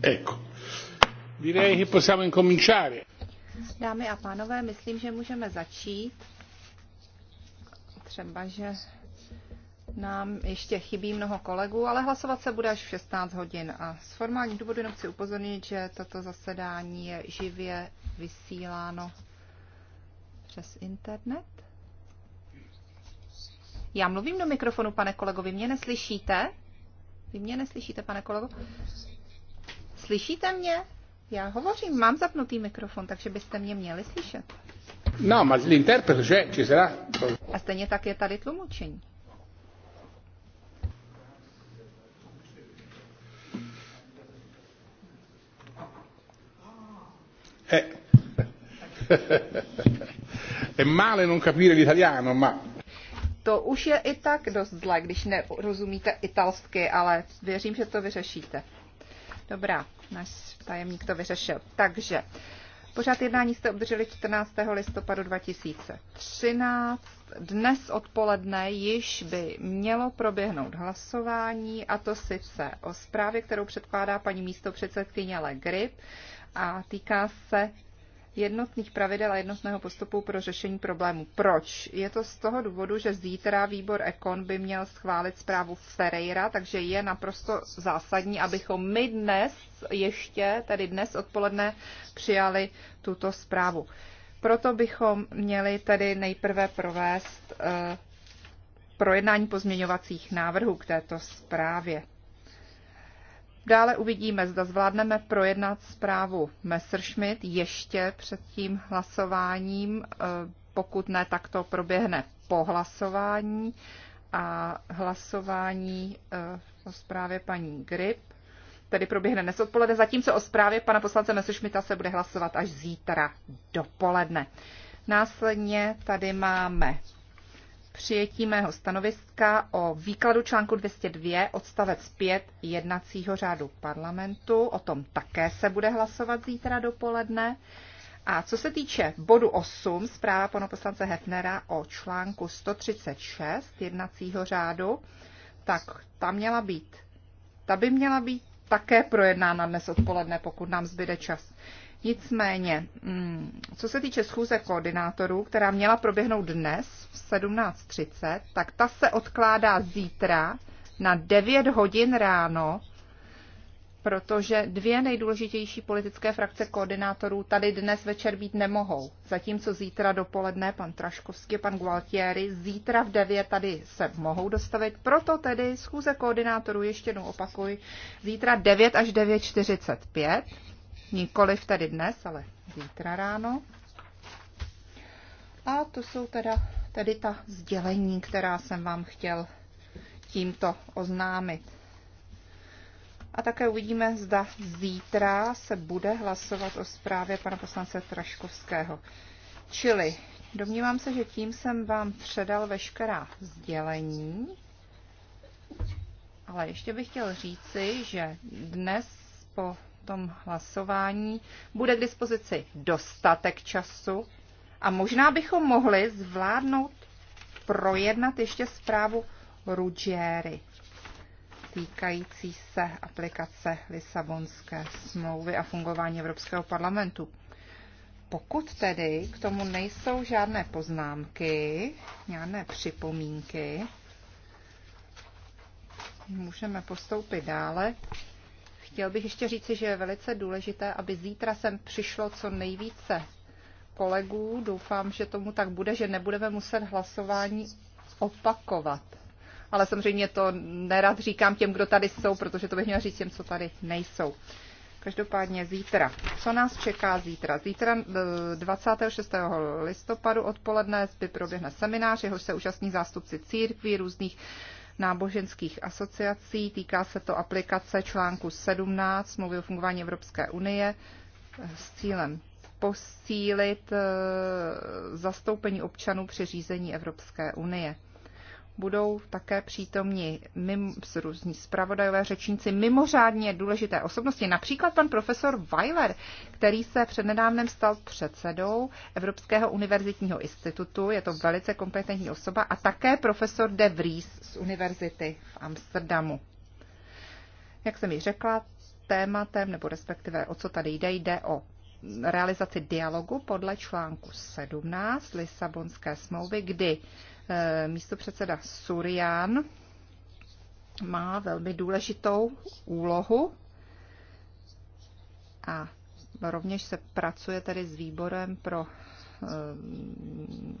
Ecco. Direi che possiamo incominciare. Dámy a pánové, myslím, že můžeme začít. Třeba, že nám ještě chybí mnoho kolegů, ale hlasovat se bude až v 16 hodin. A z formálních důvodů jenom chci upozornit, že toto zasedání je živě vysíláno přes internet. Já mluvím do mikrofonu, pane kolego, vy mě neslyšíte? Vy mě neslyšíte, pane kolego? Slyšíte mě? Já hovořím, mám zapnutý mikrofon, takže byste mě měli slyšet. No, ma l'interpreto že? Či sarà. A stejně tak je tady tlumočení. Eh. È male non capire l'italiano, ma... To už je i tak dost zle, když nerozumíte italsky, ale věřím, že to vyřešíte. Dobrá, náš tajemník to vyřešil. Takže pořád jednání jste obdrželi 14. listopadu 2013. Dnes odpoledne již by mělo proběhnout hlasování, a to sice o zprávě, kterou předkládá paní místo předsedkyně Le Grip a týká se jednotných pravidel a jednotného postupu pro řešení problému. Proč? Je to z toho důvodu, že zítra výbor Ekon by měl schválit zprávu Ferreira, takže je naprosto zásadní, abychom my dnes ještě, tedy dnes odpoledne, přijali tuto zprávu. Proto bychom měli tedy nejprve provést eh, projednání pozměňovacích návrhů k této zprávě. Dále uvidíme, zda zvládneme projednat zprávu Messerschmitt ještě před tím hlasováním. Eh, pokud ne, tak to proběhne po hlasování a hlasování eh, o zprávě paní Grip tedy proběhne dnes odpoledne, zatímco o zprávě pana poslance Messerschmitta se bude hlasovat až zítra dopoledne. Následně tady máme přijetí mého stanoviska o výkladu článku 202 odstavec 5 jednacího řádu parlamentu. O tom také se bude hlasovat zítra dopoledne. A co se týče bodu 8, zpráva pana poslance Hefnera o článku 136 jednacího řádu, tak ta měla být, ta by měla být také projednána dnes odpoledne, pokud nám zbyde čas. Nicméně, mm, co se týče schůze koordinátorů, která měla proběhnout dnes v 17.30, tak ta se odkládá zítra na 9 hodin ráno, protože dvě nejdůležitější politické frakce koordinátorů tady dnes večer být nemohou. Zatímco zítra dopoledne pan Traškovský a pan Gualtieri zítra v 9 tady se mohou dostavit. Proto tedy schůze koordinátorů, ještě jednou opakuj, zítra 9 až 9.45 Nikoliv tady dnes, ale zítra ráno. A to jsou teda tedy ta sdělení, která jsem vám chtěl tímto oznámit. A také uvidíme, zda zítra se bude hlasovat o zprávě pana poslance Traškovského. Čili domnívám se, že tím jsem vám předal veškerá sdělení, ale ještě bych chtěl říci, že dnes po tom hlasování bude k dispozici dostatek času a možná bychom mohli zvládnout projednat ještě zprávu Ruggieri týkající se aplikace Lisabonské smlouvy a fungování Evropského parlamentu. Pokud tedy k tomu nejsou žádné poznámky, žádné připomínky, můžeme postoupit dále Chtěl bych ještě říci, že je velice důležité, aby zítra sem přišlo co nejvíce kolegů. Doufám, že tomu tak bude, že nebudeme muset hlasování opakovat. Ale samozřejmě to nerad říkám těm, kdo tady jsou, protože to bych měla říct těm, co tady nejsou. Každopádně zítra. Co nás čeká zítra? Zítra 26. Eh, listopadu odpoledne by proběhne seminář, jehož se účastní zástupci církví, různých náboženských asociací. Týká se to aplikace článku 17 smlouvy o fungování Evropské unie s cílem posílit eh, zastoupení občanů při řízení Evropské unie budou také přítomni mimo, různí zpravodajové řečníci mimořádně důležité osobnosti. Například pan profesor Weiler, který se přednedávnem stal předsedou Evropského univerzitního institutu, je to velice kompetentní osoba, a také profesor De Vries z univerzity v Amsterdamu. Jak jsem ji řekla, tématem, nebo respektive o co tady jde, jde o realizaci dialogu podle článku 17 Lisabonské smlouvy, kdy Eh, Místo předseda Surian má velmi důležitou úlohu a rovněž se pracuje tedy s výborem pro eh,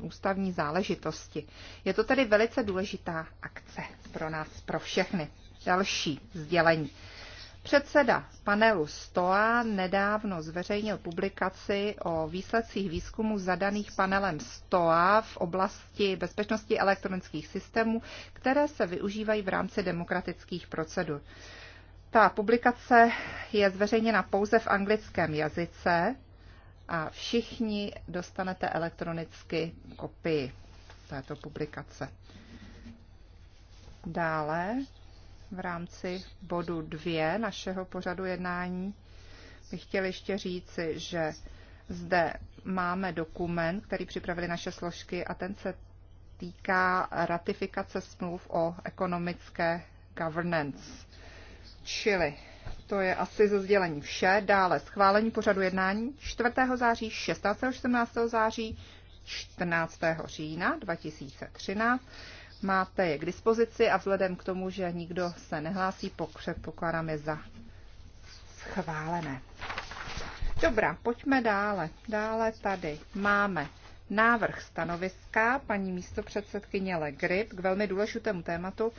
ústavní záležitosti. Je to tedy velice důležitá akce pro nás, pro všechny. Další sdělení. Předseda panelu STOA nedávno zveřejnil publikaci o výsledcích výzkumu zadaných panelem STOA v oblasti bezpečnosti elektronických systémů, které se využívají v rámci demokratických procedur. Ta publikace je zveřejněna pouze v anglickém jazyce a všichni dostanete elektronicky kopii této publikace. Dále v rámci bodu 2 našeho pořadu jednání bych chtěl ještě říci, že zde máme dokument, který připravili naše složky a ten se týká ratifikace smluv o ekonomické governance. Čili to je asi ze sdělení vše. Dále schválení pořadu jednání 4. září, 16. 17. září, 14. října 2013 Máte je k dispozici a vzhledem k tomu, že nikdo se nehlásí, předpokládám je za schválené. Dobrá, pojďme dále. Dále tady máme návrh stanoviska paní místopředsedkyně Legrip k velmi důležitému tématu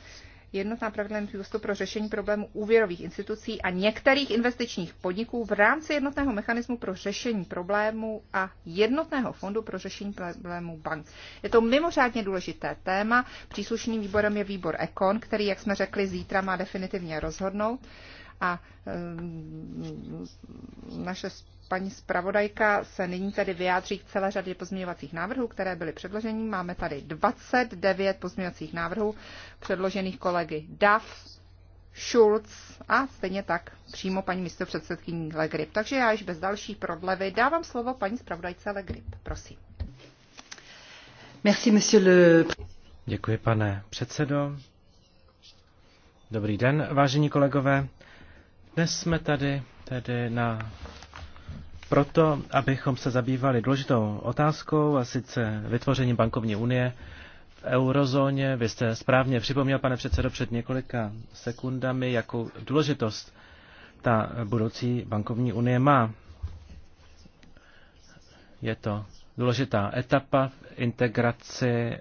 jednotná pravidla růstu pro řešení problémů úvěrových institucí a některých investičních podniků v rámci jednotného mechanismu pro řešení problémů a jednotného fondu pro řešení problémů bank. Je to mimořádně důležité téma. Příslušným výborem je výbor Econ, který, jak jsme řekli, zítra má definitivně rozhodnout a ehm, naše Paní zpravodajka se nyní tedy vyjádří k celé řadě pozměňovacích návrhů, které byly předloženy. Máme tady 29 pozměňovacích návrhů předložených kolegy DAF, Schulz a stejně tak přímo paní místopředsedkyní Legrip. Takže já již bez další prodlevy dávám slovo paní zpravodajce Legrip. Prosím. Merci, monsieur le... Děkuji, pane předsedo. Dobrý den, vážení kolegové. Dnes jsme tady tedy na proto, abychom se zabývali důležitou otázkou, a sice vytvořením bankovní unie v eurozóně. Vy jste správně připomněl, pane předsedo, před několika sekundami, jakou důležitost ta budoucí bankovní unie má. Je to důležitá etapa v integraci eh,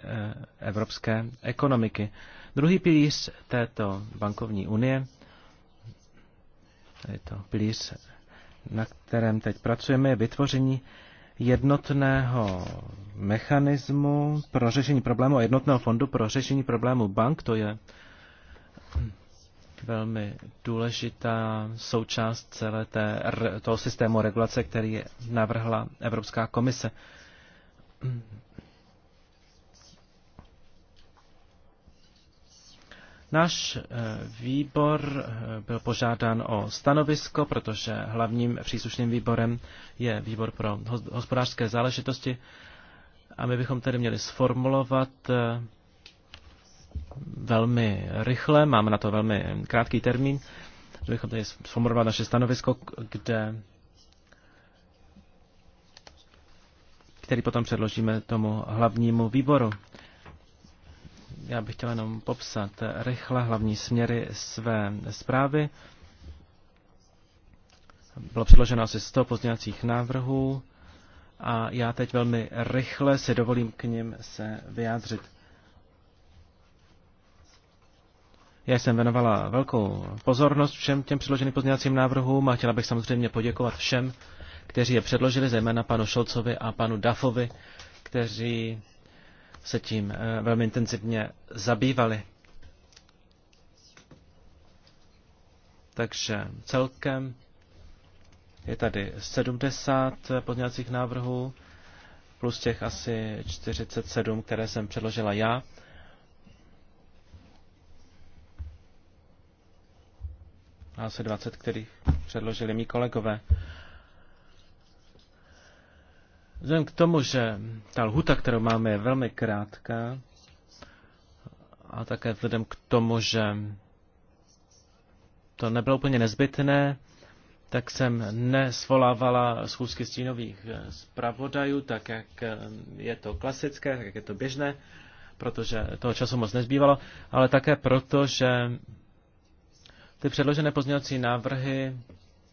evropské ekonomiky. Druhý pilíř této bankovní unie je to pilíř na kterém teď pracujeme, je vytvoření jednotného mechanismu pro řešení problému a jednotného fondu pro řešení problému bank. To je velmi důležitá součást celé té, toho systému regulace, který navrhla Evropská komise. Náš eh, výbor eh, byl požádán o stanovisko, protože hlavním příslušným výborem je výbor pro hospodářské záležitosti a my bychom tedy měli sformulovat eh, velmi rychle, máme na to velmi krátký termín, že bychom tedy sformulovat naše stanovisko, kde který potom předložíme tomu hlavnímu výboru. Já bych chtěl jenom popsat rychle hlavní směry své zprávy. Bylo předloženo asi 100 pozdějacích návrhů a já teď velmi rychle si dovolím k ním se vyjádřit. Já jsem věnovala velkou pozornost všem těm předloženým pozdějacím návrhům a chtěla bych samozřejmě poděkovat všem, kteří je předložili, zejména panu Šolcovi a panu Dafovi, kteří se tím eh, velmi intenzivně zabývali. Takže celkem je tady 70 pozměňovacích návrhů plus těch asi 47, které jsem předložila já. A asi 20, kterých předložili mý kolegové. Vzhledem k tomu, že ta lhuta, kterou máme, je velmi krátká, a také vzhledem k tomu, že to nebylo úplně nezbytné, tak jsem nesvolávala schůzky stínových eh, zpravodajů, tak jak eh, je to klasické, tak jak je to běžné, protože toho času moc nezbývalo, ale také proto, že ty předložené pozměňovací návrhy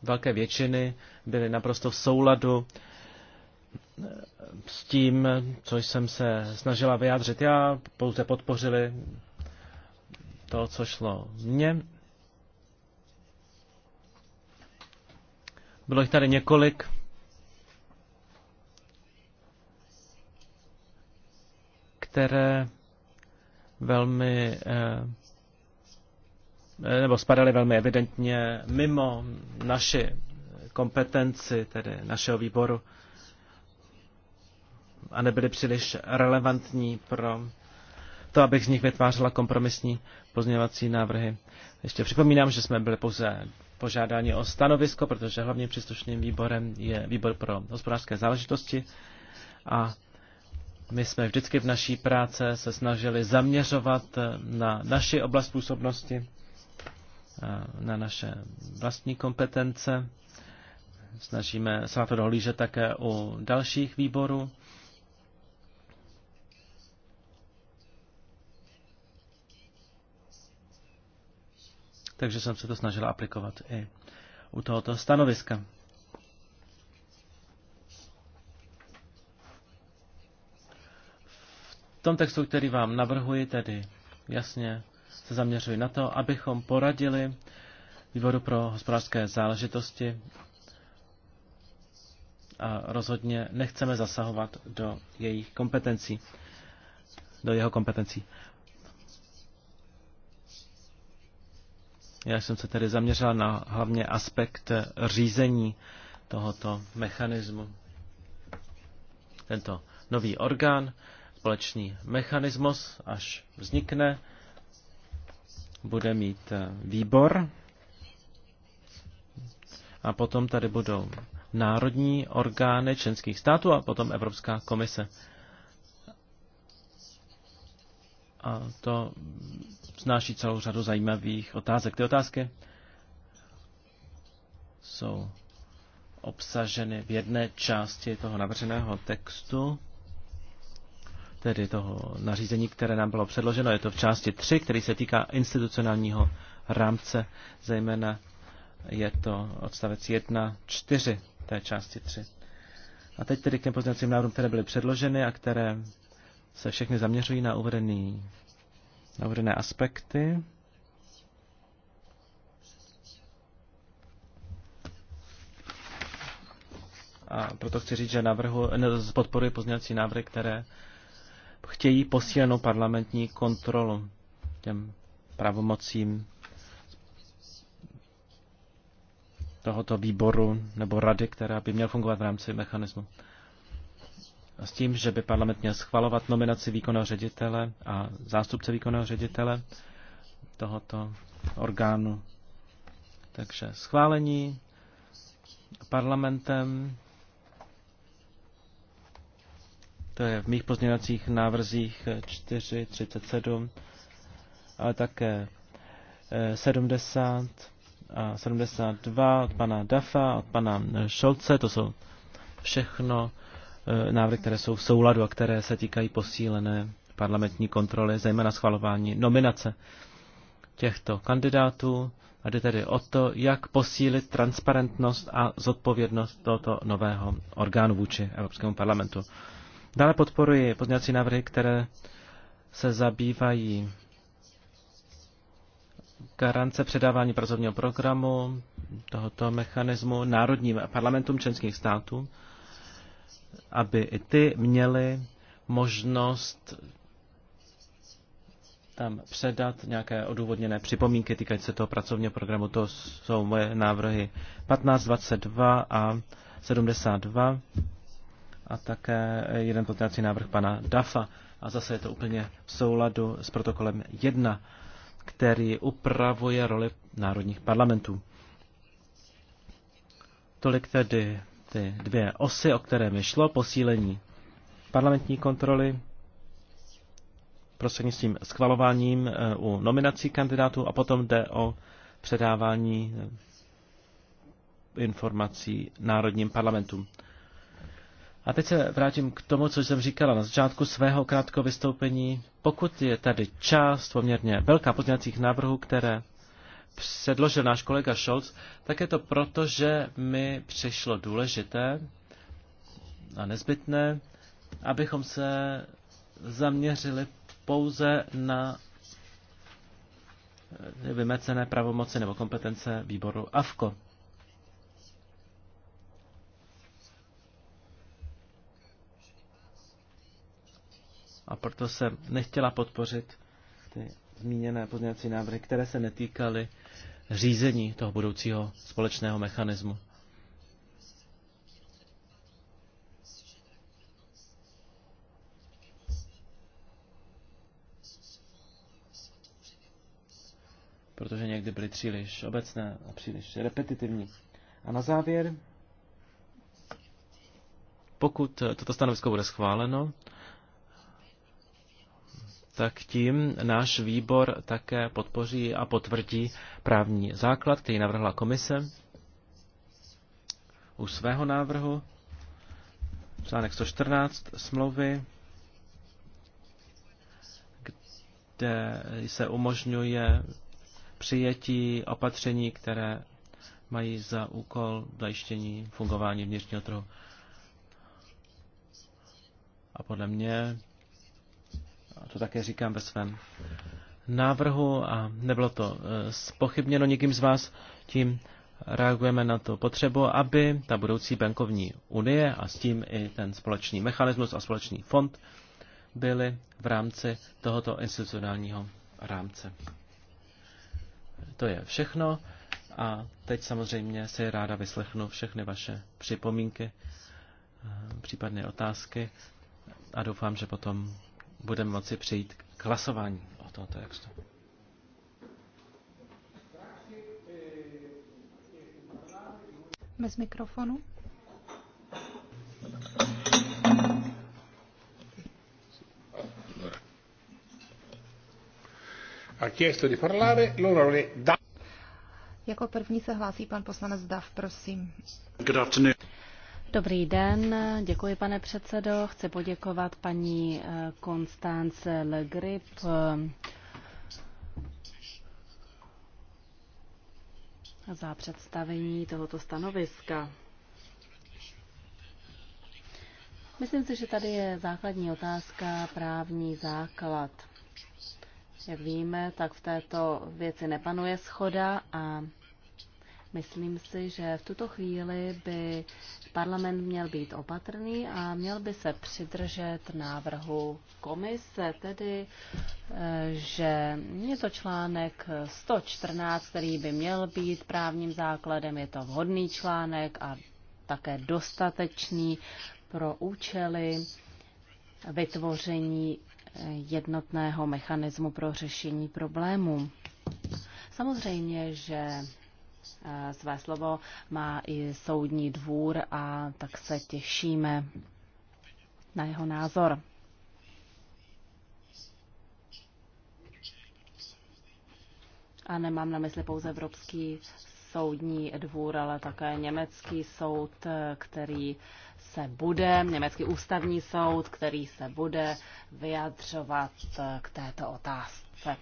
velké většiny byly naprosto v souladu s tím, co jsem se snažila vyjádřit já, pouze podpořili to, co šlo mně. Bylo jich tady několik. které velmi eh, eh, nebo spadaly velmi evidentně mimo naši kompetenci, tedy našeho výboru a nebyly příliš relevantní pro to, abych z nich vytvářela kompromisní pozměňovací návrhy. Ještě připomínám, že jsme byli pouze požádáni o stanovisko, protože hlavním příslušným výborem je výbor pro hospodářské záležitosti a my jsme vždycky v naší práce se snažili zaměřovat na naši oblast působnosti, na naše vlastní kompetence. Snažíme se na to dohlížet také u dalších výborů. takže jsem se to snažila aplikovat i u tohoto stanoviska. V tom textu, který vám navrhuji, tedy jasně se zaměřuji na to, abychom poradili výboru pro hospodářské záležitosti a rozhodně nechceme zasahovat do jejich kompetencí, do jeho kompetencí. Já jsem se tedy zaměřila na hlavně aspekt řízení tohoto mechanismu. Tento nový orgán, společný mechanismus, až vznikne, bude mít eh, výbor a potom tady budou národní orgány členských států a potom Evropská komise. A to znáší celou řadu zajímavých otázek. Ty otázky jsou obsaženy v jedné části toho navrženého textu, tedy toho nařízení, které nám bylo předloženo. Je to v části 3, který se týká institucionálního rámce, zejména je to odstavec 1, 4 té části 3. A teď tedy k těm pozměňovacím návrhům, které byly předloženy a které se všechny zaměřují na, uvedený, na uvedené aspekty. A proto chci říct, že navrhu, ne, podporuji pozměňovací návrhy, které chtějí posílenou parlamentní kontrolu těm pravomocím tohoto výboru nebo rady, která by měla fungovat v rámci mechanismu s tím, že by parlament měl schvalovat nominaci výkonného ředitele a zástupce výkonného ředitele tohoto orgánu. Takže schválení parlamentem, to je v mých pozměňovacích návrzích 4.37, ale také 70 eh, a 72 od pana Dafa, od pana Šolce, to jsou všechno Eh, návrhy, které jsou v souladu a které se týkají posílené parlamentní kontroly, zejména schvalování nominace těchto kandidátů. A jde tedy o to, jak posílit transparentnost a zodpovědnost tohoto nového orgánu vůči Evropskému parlamentu. Dále podporuji pozměňovací návrhy, které se zabývají garance předávání pracovního programu tohoto mechanismu národním parlamentům členských států aby i ty měli možnost tam předat nějaké odůvodněné připomínky týkající se toho pracovního programu. To jsou moje návrhy 15, 22 a 72 a také jeden potenciální návrh pana Dafa. A zase je to úplně v souladu s protokolem 1, který upravuje roli národních parlamentů. Tolik tedy ty dvě osy, o které mi šlo, posílení parlamentní kontroly prostřednictvím schvalováním eh, u nominací kandidátů a potom jde o předávání eh, informací národním parlamentům. A teď se vrátím k tomu, co jsem říkala na začátku svého krátkého vystoupení. Pokud je tady část poměrně velká pozměňovacích návrhů, které předložil náš kolega Scholz, tak je to proto, že mi přišlo důležité a nezbytné, abychom se zaměřili pouze na eh, vymecené pravomoci nebo kompetence výboru AFKO. A proto jsem nechtěla podpořit ty zmíněné pozměňovací návrhy, které se netýkaly řízení toho budoucího společného mechanismu. protože někdy byly příliš obecné a příliš repetitivní. A na závěr, pokud toto stanovisko bude schváleno, tak tím náš výbor také podpoří a potvrdí právní základ, který navrhla komise u svého návrhu. Článek 114 smlouvy, kde se umožňuje přijetí opatření, které mají za úkol zajištění fungování vnitřního trhu. A podle mě to také říkám ve svém návrhu a nebylo to eh, spochybněno nikým z vás, tím reagujeme na to potřebu, aby ta budoucí bankovní unie a s tím i ten společný mechanismus a společný fond byly v rámci tohoto institucionálního rámce. To je všechno a teď samozřejmě si ráda vyslechnu všechny vaše připomínky, eh, případné otázky a doufám, že potom budeme moci přejít k hlasování o tomto textu. Bez mikrofonu. A chiesto di parlare l'onorevole Jako první se hlásí pan poslanec Dav, prosím. Good afternoon. Dobrý den, děkuji pane předsedo. Chci poděkovat paní Konstance eh, Le Grip eh, za představení tohoto stanoviska. Myslím si, že tady je základní otázka právní základ. Jak víme, tak v této věci nepanuje schoda a Myslím si, že v tuto chvíli by parlament měl být opatrný a měl by se přidržet návrhu komise, tedy eh, že je to článek 114, který by měl být právním základem, je to vhodný článek a také dostatečný pro účely vytvoření eh, jednotného mechanismu pro řešení problémů. Samozřejmě, že Eh, své slovo má i soudní dvůr a tak se těšíme na jeho názor. A nemám na mysli pouze Evropský soudní dvůr, ale také německý soud, eh, který se bude, německý ústavní soud, který se bude vyjadřovat eh, k této otázce.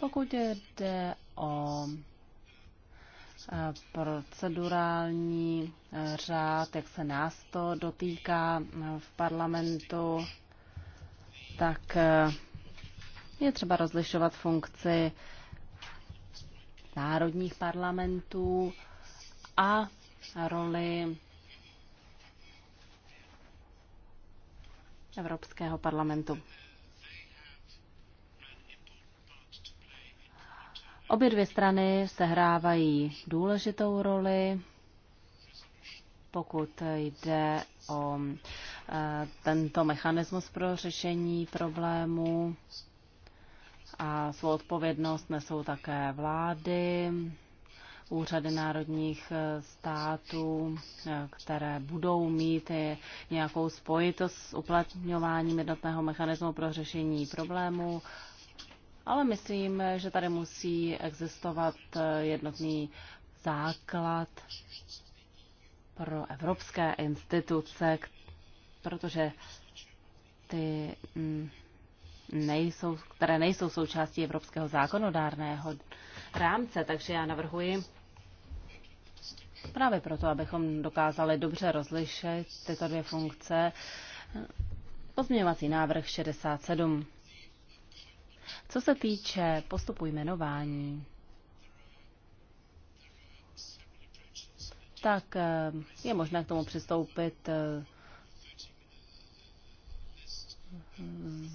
Pokud jde o eh, procedurální eh, řád, jak se nás to dotýká eh, v parlamentu, tak je třeba rozlišovat funkci národních parlamentů a roli Evropského parlamentu. Obě dvě strany sehrávají důležitou roli, pokud jde o eh, tento mechanismus pro řešení problémů. A svou odpovědnost nesou také vlády, úřady národních eh, států, eh, které budou mít nějakou spojitost s uplatňováním jednotného mechanismu pro řešení problémů ale myslím, že tady musí existovat eh, jednotný základ pro evropské instituce, protože ty mm, nejsou, které nejsou součástí evropského zákonodárného rámce, takže já navrhuji právě proto, abychom dokázali dobře rozlišit tyto dvě funkce, pozměňovací návrh 67. Co se týče postupu jmenování, tak eh, je možné k tomu přistoupit eh,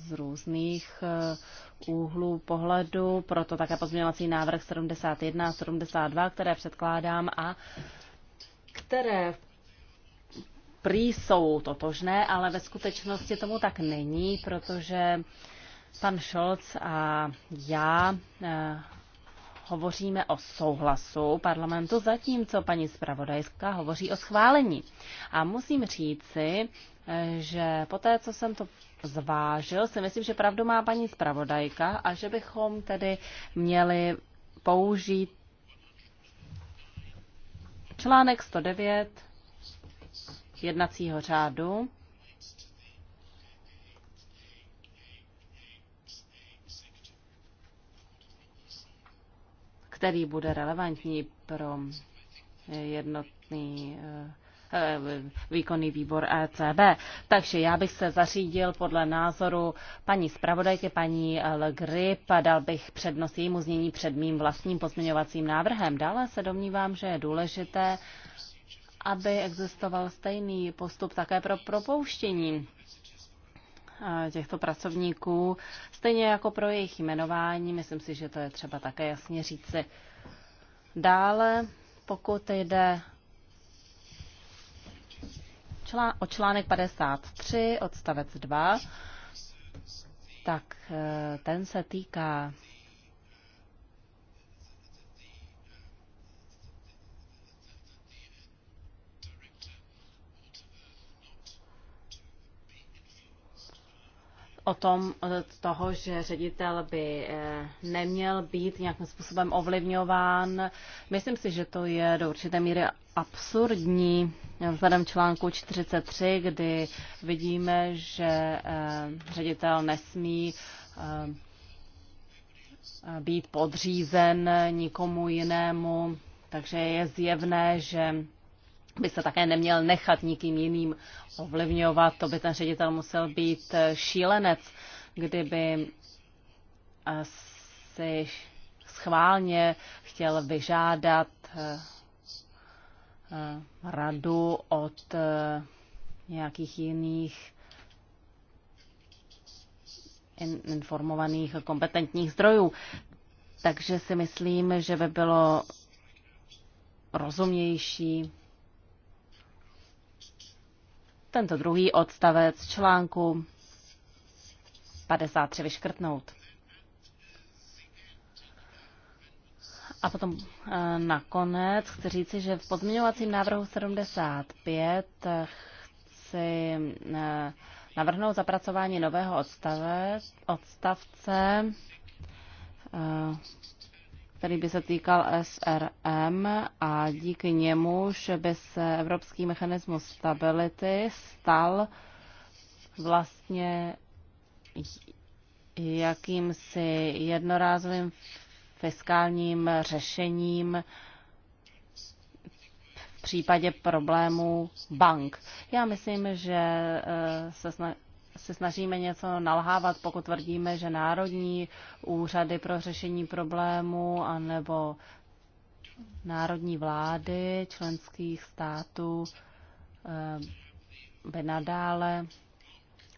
z různých eh, úhlů pohledu, proto také pozměňovací návrh 71 a 72, které předkládám a které prý jsou totožné, ale ve skutečnosti tomu tak není, protože pan Scholz a já eh, hovoříme o souhlasu parlamentu, zatímco paní zpravodajská hovoří o schválení. A musím říci, eh, že po té, co jsem to zvážil, si myslím, že pravdu má paní zpravodajka a že bychom tedy měli použít článek 109 jednacího řádu který bude relevantní pro jednotný eh, eh, výkonný výbor ECB. Takže já bych se zařídil podle názoru paní zpravodajky, paní Le Grip, a dal bych přednost jejímu znění před mým vlastním pozměňovacím návrhem. Dále se domnívám, že je důležité, aby existoval stejný postup také pro propouštění Eh, těchto pracovníků, stejně jako pro jejich jmenování. Myslím si, že to je třeba také jasně říci. Dále, pokud jde o článek 53, odstavec 2, tak eh, ten se týká o tom, od toho, že ředitel by eh, neměl být nějakým způsobem ovlivňován. Myslím si, že to je do určité míry absurdní vzhledem článku 43, kdy vidíme, že eh, ředitel nesmí eh, být podřízen nikomu jinému, takže je zjevné, že by se také neměl nechat nikým jiným ovlivňovat, to by ten ředitel musel být eh, šílenec, kdyby si schválně chtěl vyžádat eh, eh, radu od nějakých jiných informovaných kompetentních zdrojů. Takže si myslím, že by bylo rozumnější tento druhý odstavec článku 53 vyškrtnout. A potom eh, nakonec chci říci, že v pozměňovacím návrhu 75 chci eh, navrhnout zapracování nového odstave, odstavce eh, který by se týkal SRM a díky němuž by se Evropský mechanismus stability stal vlastně jakýmsi jednorázovým fiskálním řešením v případě problémů bank. Já myslím, že eh, se se snažíme něco nalhávat, pokud tvrdíme, že národní úřady pro řešení problému anebo národní vlády členských států eh, by nadále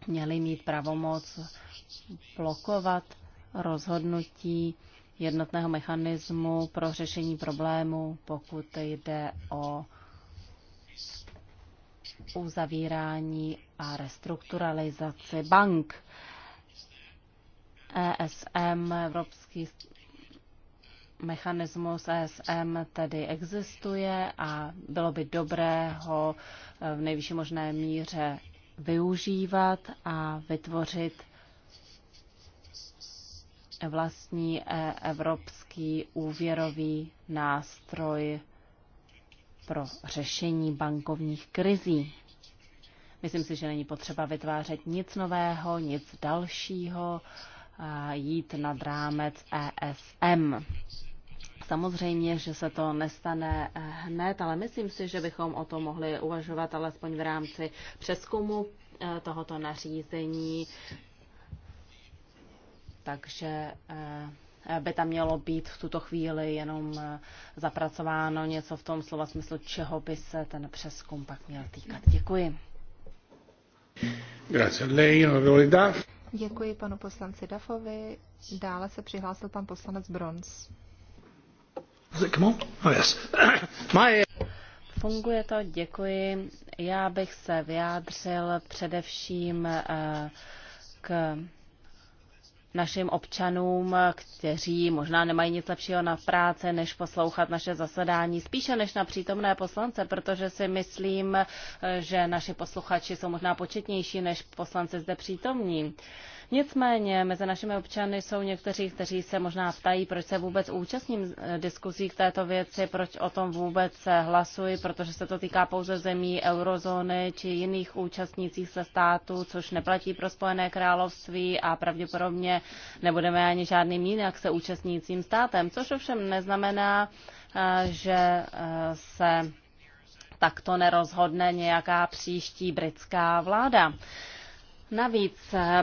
měly mít pravomoc blokovat rozhodnutí jednotného mechanismu pro řešení problému, pokud jde o uzavírání a restrukturalizaci bank. ESM, Evropský mechanismus ESM tedy existuje a bylo by dobré ho v nejvyšší možné míře využívat a vytvořit vlastní evropský úvěrový nástroj pro řešení bankovních krizí. Myslím si, že není potřeba vytvářet nic nového, nic dalšího, jít nad rámec ESM. Samozřejmě, že se to nestane hned, ale myslím si, že bychom o tom mohli uvažovat alespoň v rámci přeskumu eh, tohoto nařízení. Takže eh, by tam mělo být v tuto chvíli jenom eh, zapracováno něco v tom slova smyslu, čeho by se ten přeskum pak měl týkat. Děkuji. Děkuji panu poslanci Dafovi. Dále se přihlásil pan poslanec Bronz. Oh, Funguje to, děkuji. Já bych se vyjádřil především eh, k našim občanům, kteří možná nemají nic lepšího na práce, než poslouchat naše zasedání, spíše než na přítomné poslance, protože si myslím, že naši posluchači jsou možná početnější než poslanci zde přítomní. Nicméně mezi našimi občany jsou někteří, kteří se možná ptají, proč se vůbec účastním eh, diskuzí k této věci, proč o tom vůbec hlasuji, protože se to týká pouze zemí eurozóny či jiných účastnících se států, což neplatí pro Spojené království a pravděpodobně nebudeme ani žádným jinak se účastnícím státem, což ovšem neznamená, eh, že eh, se takto nerozhodne nějaká příští britská vláda. Navíc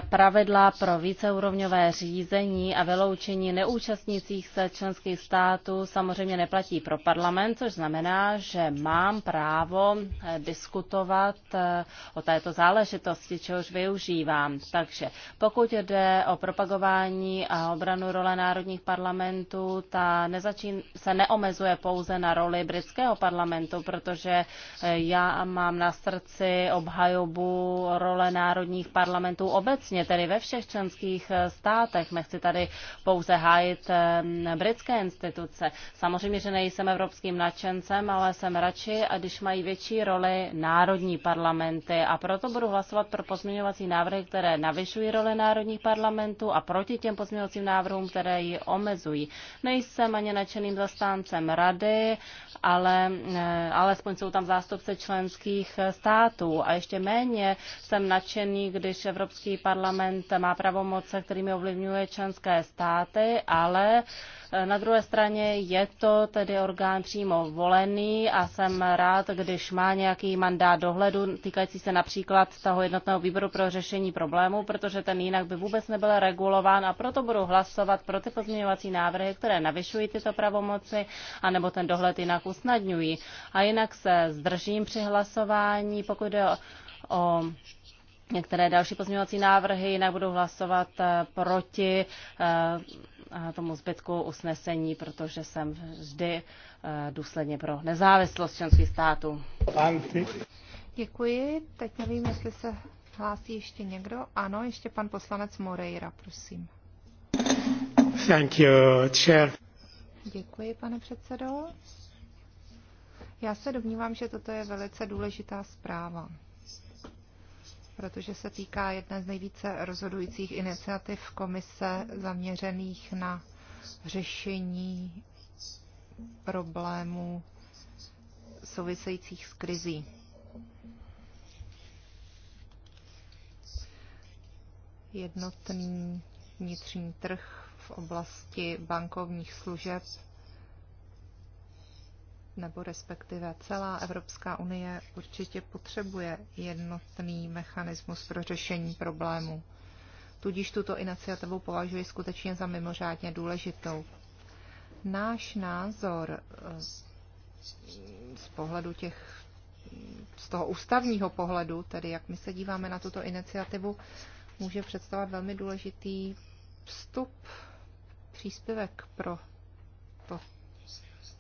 pravidla pro víceúrovňové řízení a vyloučení neúčastnících se členských států samozřejmě neplatí pro parlament, což znamená, že mám právo eh, diskutovat eh, o této záležitosti, čehož využívám. Takže pokud jde o propagování a obranu role národních parlamentů, ta nezačín, se neomezuje pouze na roli britského parlamentu, protože eh, já mám na srdci obhajobu role národních parlamentů obecně, tedy ve všech členských eh, státech. Nechci tady pouze hájit eh, britské instituce. Samozřejmě, že nejsem evropským nadšencem, ale jsem radši, a když mají větší roli národní parlamenty. A proto budu hlasovat pro pozměňovací návrhy, které navyšují roli národních parlamentů a proti těm pozměňovacím návrhům, které ji omezují. Nejsem ani nadšeným zastáncem rady, ale eh, alespoň jsou tam zástupce členských států. A ještě méně jsem nadšený, když Evropský parlament má pravomoce, kterými ovlivňuje členské státy, ale eh, na druhé straně je to tedy orgán přímo volený a jsem rád, když má nějaký mandát dohledu týkající se například toho jednotného výboru pro řešení problémů, protože ten jinak by vůbec nebyl regulován a proto budu hlasovat pro ty pozměňovací návrhy, které navyšují tyto pravomoci anebo ten dohled jinak usnadňují. A jinak se zdržím při hlasování, pokud jde o, o Některé další pozměňovací návrhy jinak budou hlasovat eh, proti eh, tomu zbytku usnesení, protože jsem vždy eh, důsledně pro nezávislost členských států. Děkuji. Teď nevím, jestli se hlásí ještě někdo. Ano, ještě pan poslanec Moreira, prosím. Thank you, chair. Děkuji, pane předsedo. Já se domnívám, že toto je velice důležitá zpráva protože se týká jedné z nejvíce rozhodujících iniciativ komise zaměřených na řešení problémů souvisejících s krizí. Jednotný vnitřní trh v oblasti bankovních služeb nebo respektive celá Evropská unie určitě potřebuje jednotný mechanismus pro řešení problémů. Tudíž tuto iniciativu považuji skutečně za mimořádně důležitou. Náš názor eh, z pohledu těch, z toho ústavního pohledu, tedy jak my se díváme na tuto iniciativu, může představovat velmi důležitý vstup, příspěvek pro to,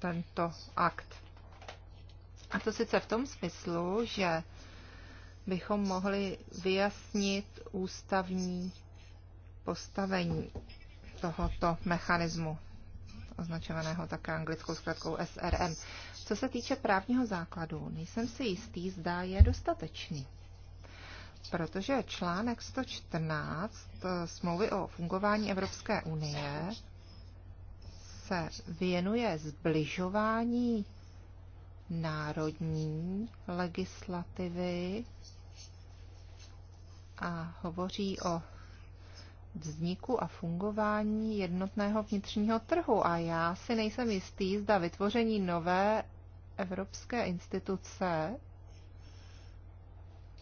tento akt. A to sice v tom smyslu, že bychom mohli vyjasnit ústavní postavení tohoto mechanismu, označovaného také anglickou zkratkou SRM. Co se týče právního základu, nejsem si jistý, zda je dostatečný. Protože článek 114 eh, smlouvy o fungování Evropské unie se věnuje zbližování národní legislativy a hovoří o vzniku a fungování jednotného vnitřního trhu. A já si nejsem jistý, zda vytvoření nové evropské instituce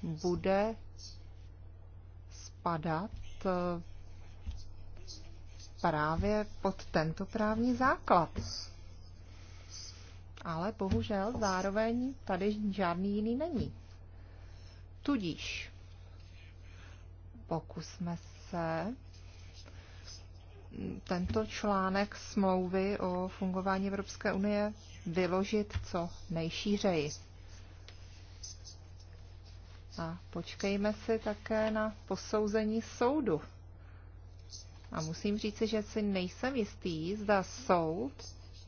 bude spadat právě pod tento právní základ. Ale bohužel zároveň tady žádný jiný není. Tudíž pokusme se tento článek smlouvy o fungování Evropské unie vyložit co nejšířeji. A počkejme si také na posouzení soudu a musím říci, že si nejsem jistý, zda soud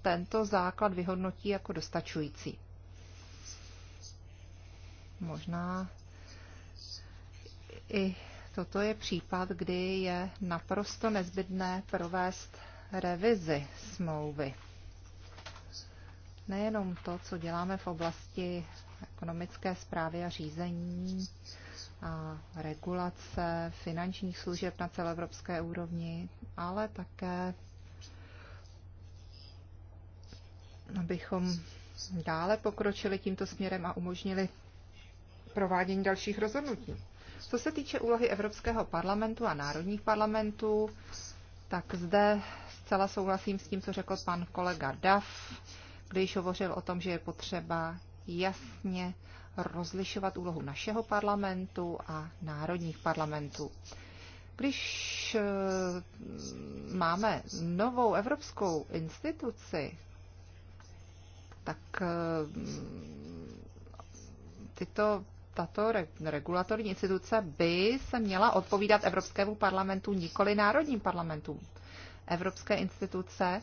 tento základ vyhodnotí jako dostačující. Možná i toto je případ, kdy je naprosto nezbytné provést revizi smlouvy. Nejenom to, co děláme v oblasti ekonomické zprávy a řízení, a regulace finančních služeb na celoevropské úrovni, ale také abychom dále pokročili tímto směrem a umožnili provádění dalších rozhodnutí. Co se týče úlohy Evropského parlamentu a národních parlamentů, tak zde zcela souhlasím s tím, co řekl pan kolega Duff, když hovořil o tom, že je potřeba jasně rozlišovat úlohu našeho parlamentu a národních parlamentů. Když eh, máme novou evropskou instituci, tak eh, tyto, tato regulatorní instituce by se měla odpovídat Evropskému parlamentu, nikoli národním parlamentům. Evropské instituce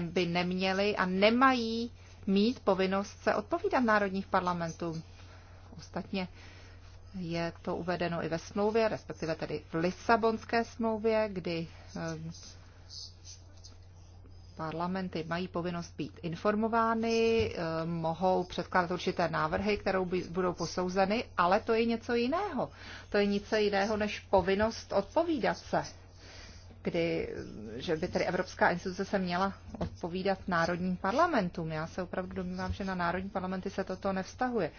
by neměly a nemají mít povinnost se odpovídat národních parlamentům. Ostatně je to uvedeno i ve smlouvě, respektive tedy v Lisabonské smlouvě, kdy eh, parlamenty mají povinnost být informovány, eh, mohou předkládat určité návrhy, které budou posouzeny, ale to je něco jiného. To je něco jiného než povinnost odpovídat se kdy, že by tedy Evropská instituce se měla odpovídat národním parlamentům. Já se opravdu domnívám, že na národní parlamenty se toto nevztahuje.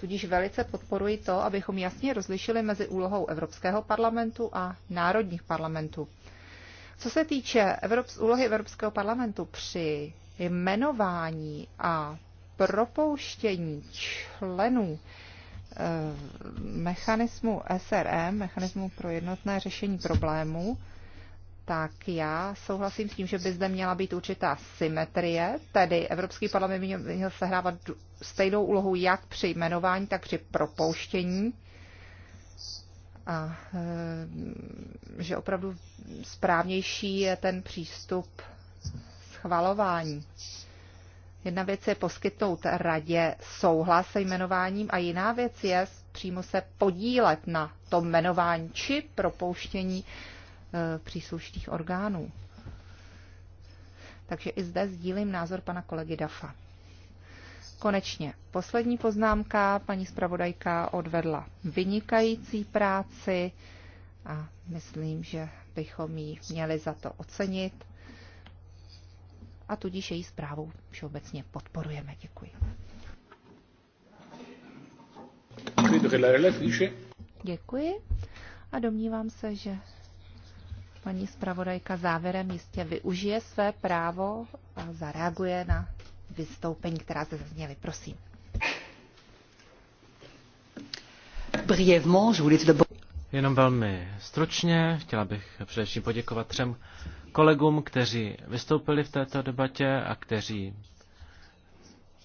Tudíž velice podporuji to, abychom jasně rozlišili mezi úlohou Evropského parlamentu a národních parlamentů. Co se týče Evrops, úlohy Evropského parlamentu při jmenování a propouštění členů eh, mechanismu SRM, mechanismu pro jednotné řešení problémů, tak já souhlasím s tím, že by zde měla být určitá symetrie, tedy Evropský parlament by měl sehrávat stejnou úlohu jak při jmenování, tak při propouštění. A eh, že opravdu správnější je ten přístup schvalování. Jedna věc je poskytnout radě souhlas se jmenováním a jiná věc je přímo se podílet na tom jmenování či propouštění Eh, příslušných orgánů. Takže i zde sdílím názor pana kolegy Dafa. Konečně poslední poznámka. Paní zpravodajka odvedla vynikající práci a myslím, že bychom ji měli za to ocenit a tudíž její zprávu všeobecně podporujeme. Děkuji. Děkuji a domnívám se, že paní zpravodajka závěrem jistě využije své právo a zareaguje na vystoupení, která se zazněly. Prosím. Jenom velmi stručně, chtěla bych především poděkovat třem kolegům, kteří vystoupili v této debatě a kteří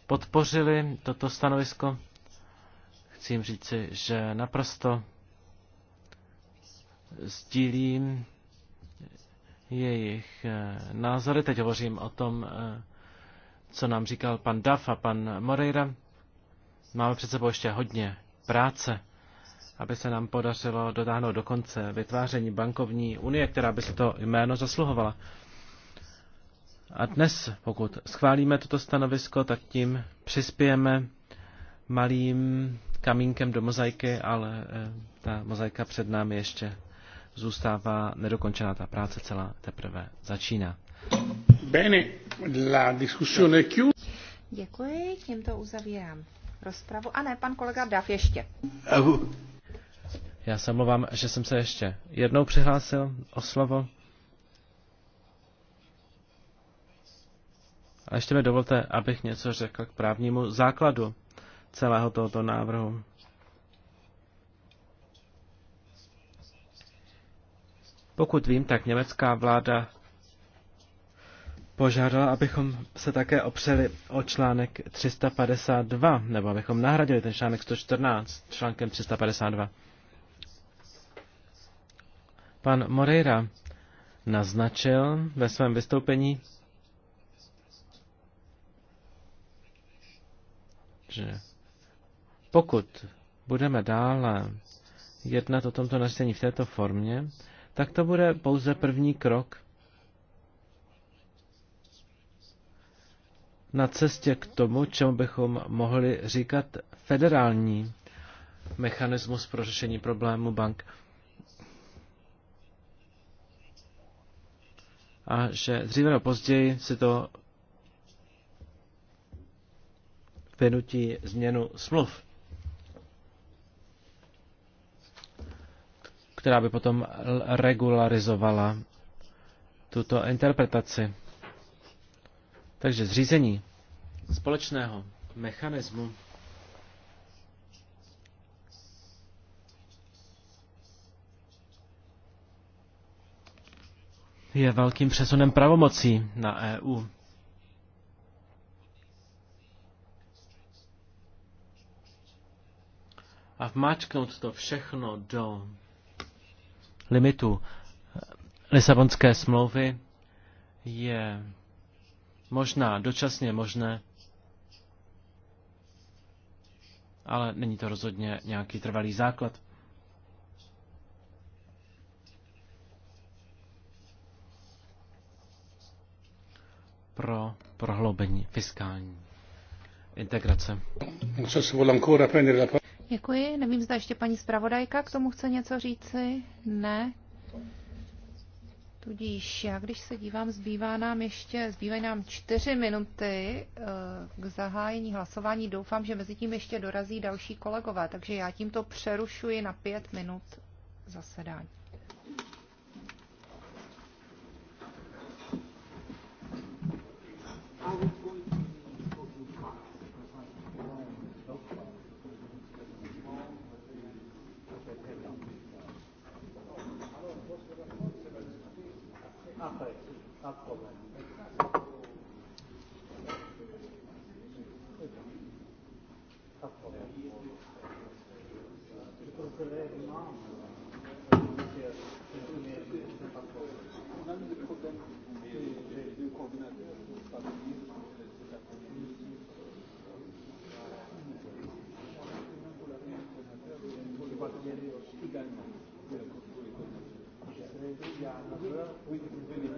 podpořili toto stanovisko. Chci jim říci, že naprosto sdílím jejich eh, názory. Teď hovořím o tom, eh, co nám říkal pan Duff a pan Moreira. Máme před sebou ještě hodně práce, aby se nám podařilo dotáhnout do konce vytváření bankovní unie, která by si to jméno zasluhovala. A dnes, pokud schválíme toto stanovisko, tak tím přispějeme malým kamínkem do mozaiky, ale eh, ta mozaika před námi ještě zůstává nedokončená ta práce celá teprve začíná. Bene, la discussione chiusa. Děkuji, tímto uzavírám rozpravu. A ne, pan kolega Dav ještě. Já se omlouvám, že jsem se ještě jednou přihlásil o slovo. A ještě mi dovolte, abych něco řekl k právnímu základu celého tohoto návrhu. Pokud vím, tak německá vláda požádala, abychom se také opřeli o článek 352, nebo abychom nahradili ten článek 114 článkem 352. Pan Moreira naznačil ve svém vystoupení, že pokud budeme dále jednat o tomto nařízení v této formě, tak to bude pouze první krok na cestě k tomu, čemu bychom mohli říkat federální mechanismus pro řešení problému bank. A že dříve nebo později si to vynutí změnu smluv. která by potom regularizovala tuto interpretaci. Takže zřízení společného mechanismu je velkým přesunem pravomocí na EU. A vmáčknout to všechno do limitu Lisabonské smlouvy je možná dočasně možné, ale není to rozhodně nějaký trvalý základ. pro prohloubení fiskální integrace. Děkuji. Nevím, zda ještě paní zpravodajka k tomu chce něco říci. Ne. Tudíž já, když se dívám, zbývá nám ještě, zbývají nám čtyři minuty eh, k zahájení hlasování. Doufám, že mezi tím ještě dorazí další kolegové, takže já tímto přerušuji na pět minut zasedání. Après. Oui, vous venez.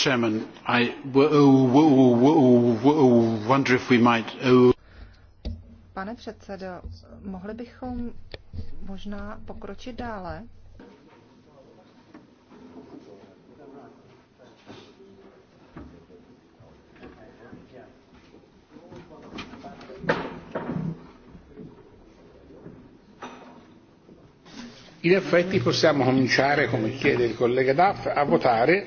Chairman, I wonder if we might... Uh, Pane předsedo, mohli bychom možná pokročit dále? In effetti possiamo cominciare, come chiede il collega Duff, a votare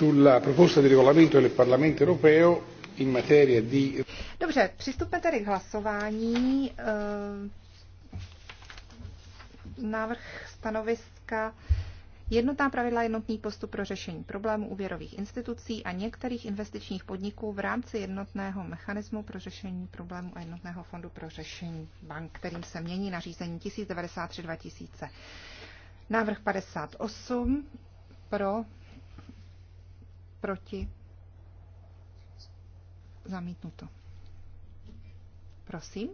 sulla proposta di regolamento del Parlamento europeo in materia di... Dobře, přistupme tedy k hlasování. Eh, návrh stanoviska Jednotná pravidla jednotný postup pro řešení problémů úvěrových institucí a některých investičních podniků v rámci jednotného mechanismu pro řešení problémů a jednotného fondu pro řešení bank, kterým se mění nařízení 1093-2000. Návrh 58 pro, proti, zamítnuto. Prosím.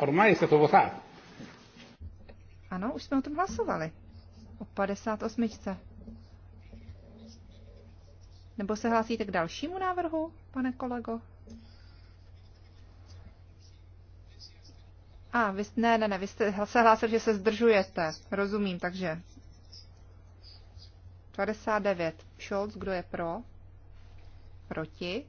ormai è stato Ano, už jsme o tom hlasovali. O 58. Nebo se hlásíte k dalšímu návrhu, pane kolego? A, vy, ne, ne, ne, vy jste se hlásil, že se zdržujete. Rozumím, takže 59. Scholz, kdo je pro? Proti?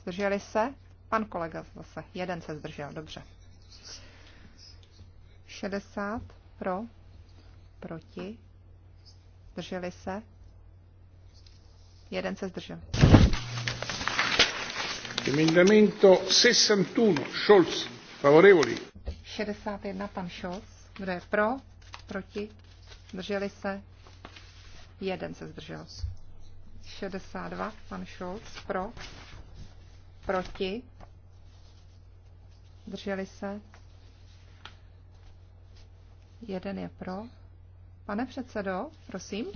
Zdrželi se? Pan kolega zase. Jeden se zdržel, dobře. 60. Pro? Proti? Zdrželi se? Jeden se zdržel. Emendamento 61, Scholz, favorevoli. 61, pan Scholz. Kdo je pro? Proti? Zdrželi se? Jeden se zdržel. 62, pan Scholz, pro? Proti? Zdrželi se? Jeden je pro. Pane předsedo, prosím.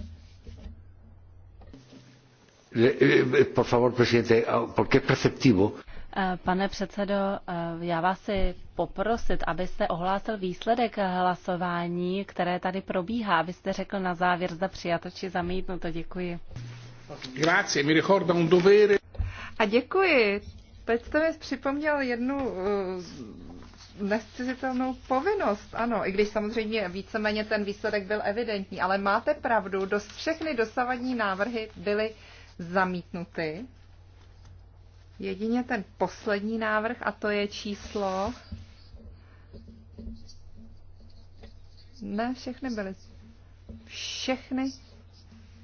Eh, eh, ah, eh, pane předsedo, já vás si poprosit, abyste ohlásil výsledek hlasování, které tady probíhá, abyste řekl na závěr, zda přijato či zamítnuto. Děkuji. A děkuji. Teď jste mi připomněl jednu uh, nescizitelnou povinnost, ano, i když samozřejmě víceméně ten výsledek byl evidentní, ale máte pravdu, dost všechny dosavadní návrhy byly uh, zamítnuty. Jedině ten poslední návrh, a to je číslo. Ne, všechny byly. Všechny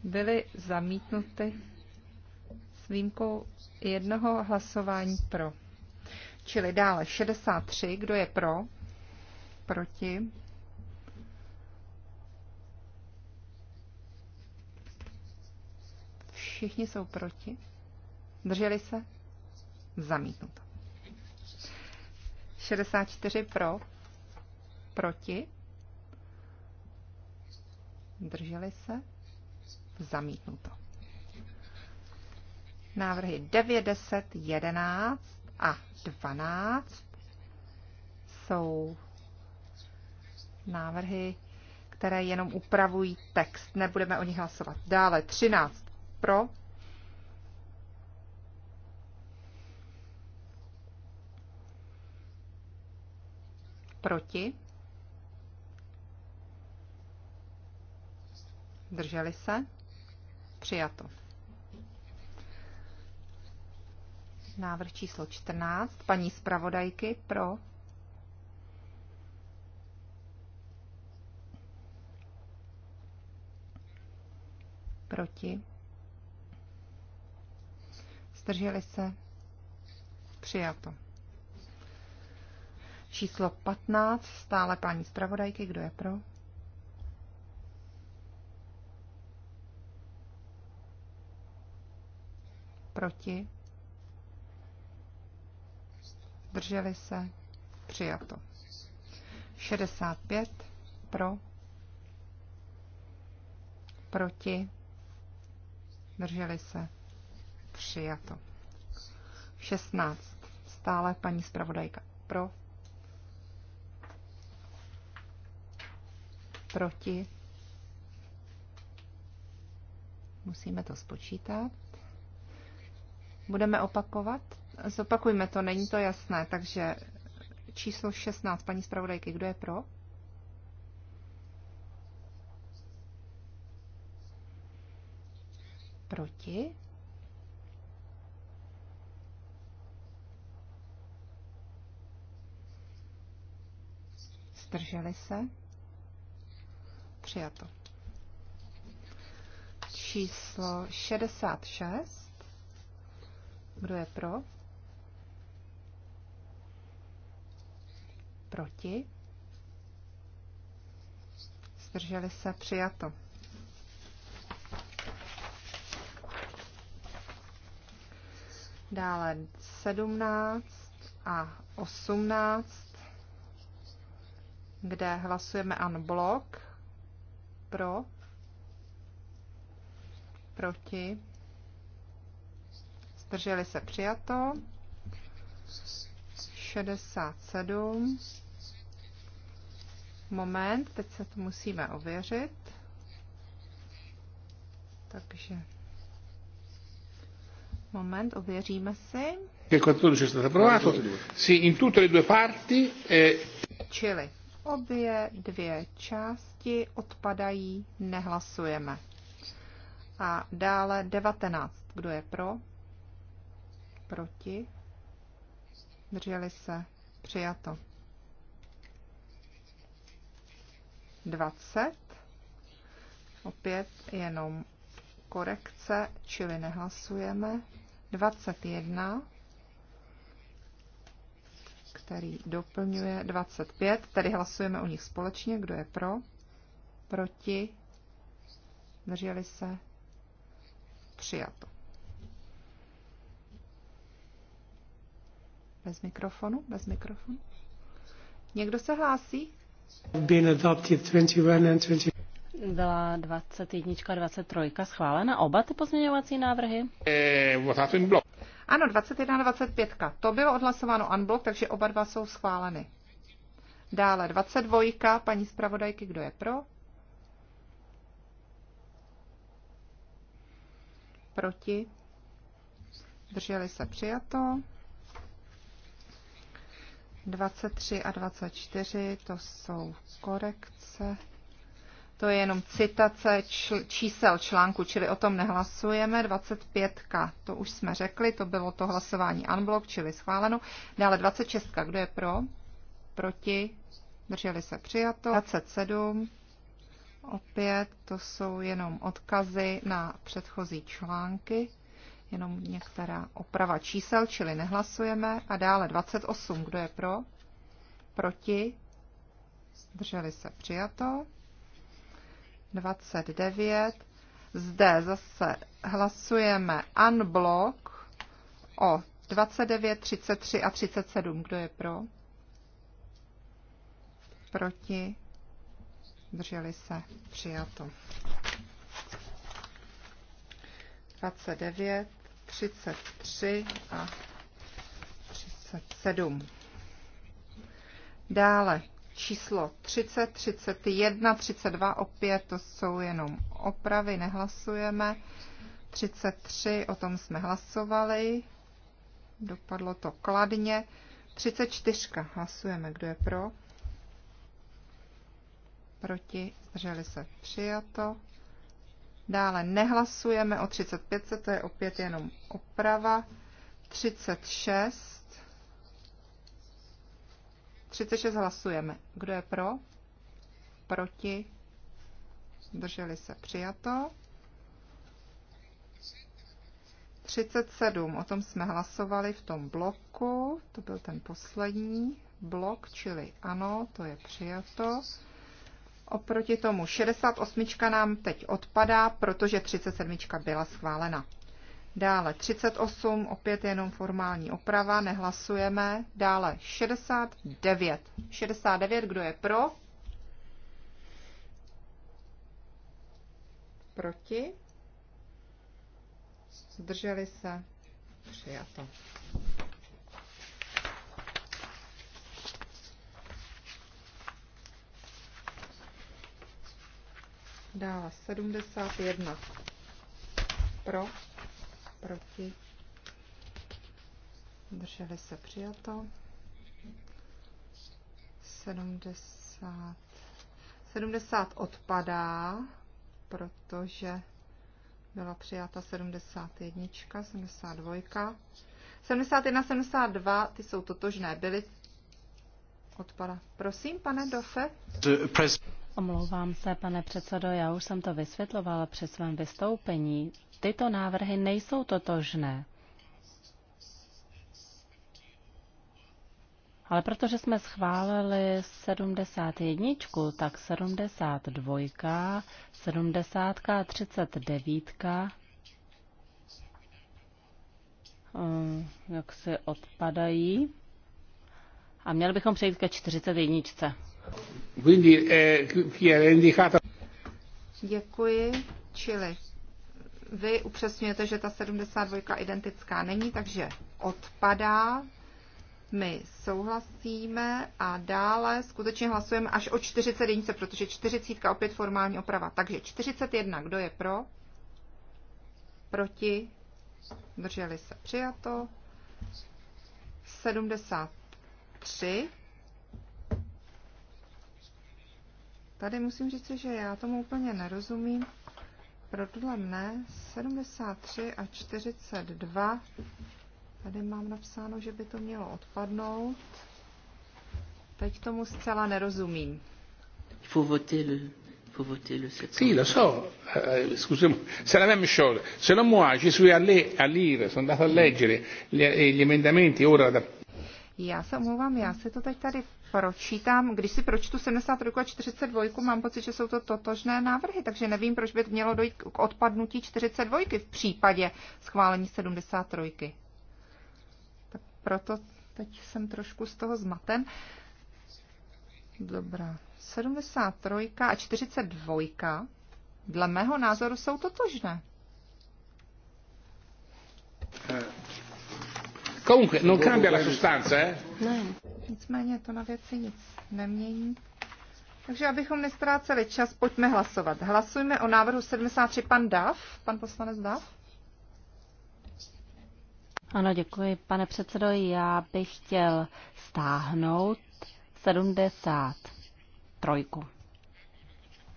byly zamítnuty s výjimkou jednoho hlasování pro. Čili dále 63, kdo je pro, proti, všichni jsou proti. Drželi se? Zamítnuto. 64 pro, proti, drželi se, zamítnuto. Návrhy 9, 10, 11 a 12 jsou návrhy, které jenom upravují text. Nebudeme o nich hlasovat. Dále 13 pro, proti, Drželi se? Přijato. Návrh číslo 14. Paní zpravodajky pro. Proti. Zdrželi se? Přijato. Číslo 15, stále paní zpravodajky, kdo je pro? Proti? Zdrželi se? Přijato. 65 pro, proti, drželi se přijato. 16. Stále paní zpravodajka pro. Proti. Musíme to spočítat. Budeme opakovat? Zopakujme to, není to jasné. Takže číslo 16, paní zpravodajky, kdo je pro? Proti? zdrželi se, přijato. Číslo 66, kdo je pro, proti, zdrželi se, přijato. Dále 17 a 18 kde hlasujeme unblock pro, proti, zdrželi se přijato, 67, moment, teď se to musíme ověřit, takže moment, ověříme si. Je 14 è stato in tutte le due parti. Eh... Čili Obě dvě části odpadají, nehlasujeme. A dále 19. Kdo je pro? Proti? Drželi se? Přijato. 20. Opět jenom korekce, čili nehlasujeme. 21 který doplňuje 25. Tady hlasujeme o nich společně. Kdo je pro? Proti? Drželi se? Přijato. Bez mikrofonu, bez mikrofonu. Někdo se hlásí? 21 20. Byla 21 a 23 schválena oba ty pozměňovací návrhy? Eh, ano, 21 a 25. To bylo odhlasováno unblock, takže oba dva jsou schváleny. Dále 22. Paní zpravodajky, kdo je pro? Proti? Drželi se přijato. 23 a 24, to jsou korekce. To je jenom citace čl- čísel článku, čili o tom nehlasujeme. 25. To už jsme řekli, to bylo to hlasování unblock, čili schváleno. Dále 26. Kdo je pro? Proti? Drželi se přijato. 27. Opět to jsou jenom odkazy na předchozí články, jenom některá oprava čísel, čili nehlasujeme. A dále 28. Kdo je pro? Proti? Drželi se přijato. 29. Zde zase hlasujeme unblock o 29, 33 a 37. Kdo je pro? Proti? Drželi se? Přijato. 29, 33 a 37. Dále číslo 30, 31, 32, opět to jsou jenom opravy, nehlasujeme. 33, o tom jsme hlasovali, dopadlo to kladně. 34, hlasujeme, kdo je pro. Proti, zdrželi se, přijato. Dále nehlasujeme o 35, to je opět jenom oprava. 36, 36 hlasujeme. Kdo je pro? Proti? Drželi se přijato. 37, o tom jsme hlasovali v tom bloku, to byl ten poslední blok, čili ano, to je přijato. Oproti tomu 68 nám teď odpadá, protože 37 byla schválena. Dále 38, opět jenom formální oprava, nehlasujeme. Dále 69. 69, kdo je pro? Proti? Zdrželi se? Přijato. Dále 71. Pro? proti, drželi se přijato, 70, 70 odpadá, protože byla přijata 71, 72, 71, 72, ty jsou totožné, byly odpada. Prosím, pane Dofe. Omlouvám se, pane předsedo, já už jsem to vysvětlovala při svém vystoupení tyto návrhy nejsou totožné. Ale protože jsme schválili 71, tak 72, 70 a 39 eh, jak se odpadají. A měli bychom přejít ke 41. Eh, Děkuji, čili vy upřesňujete, že ta 72 identická není, takže odpadá. My souhlasíme a dále skutečně hlasujeme až o 40 41, protože 40 opět formální oprava. Takže 41, kdo je pro? Proti? Drželi se přijato. 73. Tady musím říct, že já tomu úplně nerozumím. Rodle ne, 73 a 42. Tady mám napsáno, že by to mělo odpadnout. Teď tomu zcela nerozumím. Il faut voter le, faut voter le Sì, lo so, eh, eh scusami, c'est la même chose. Selon moi, je suis allé à lire, sono andato a leggere gli, eh, gli emendamenti ora da... Já se omlouvám, já si to teď tady pročítám, když si pročtu 72 a 42, mám pocit, že jsou to totožné návrhy, takže nevím, proč by mělo dojít k odpadnutí 42 v případě schválení 73. Tak proto teď jsem trošku z toho zmaten. Dobrá. 73 a 42 dle mého názoru jsou totožné. Eh, Comunque, non cambia la sostanza, eh? Ne, nicméně to na věci nic nemění. Takže abychom nestráceli čas, pojďme hlasovat. Hlasujme o návrhu 73. Pan Dav, pan poslanec Dav. Ano, děkuji. Pane předsedo, já bych chtěl stáhnout 73.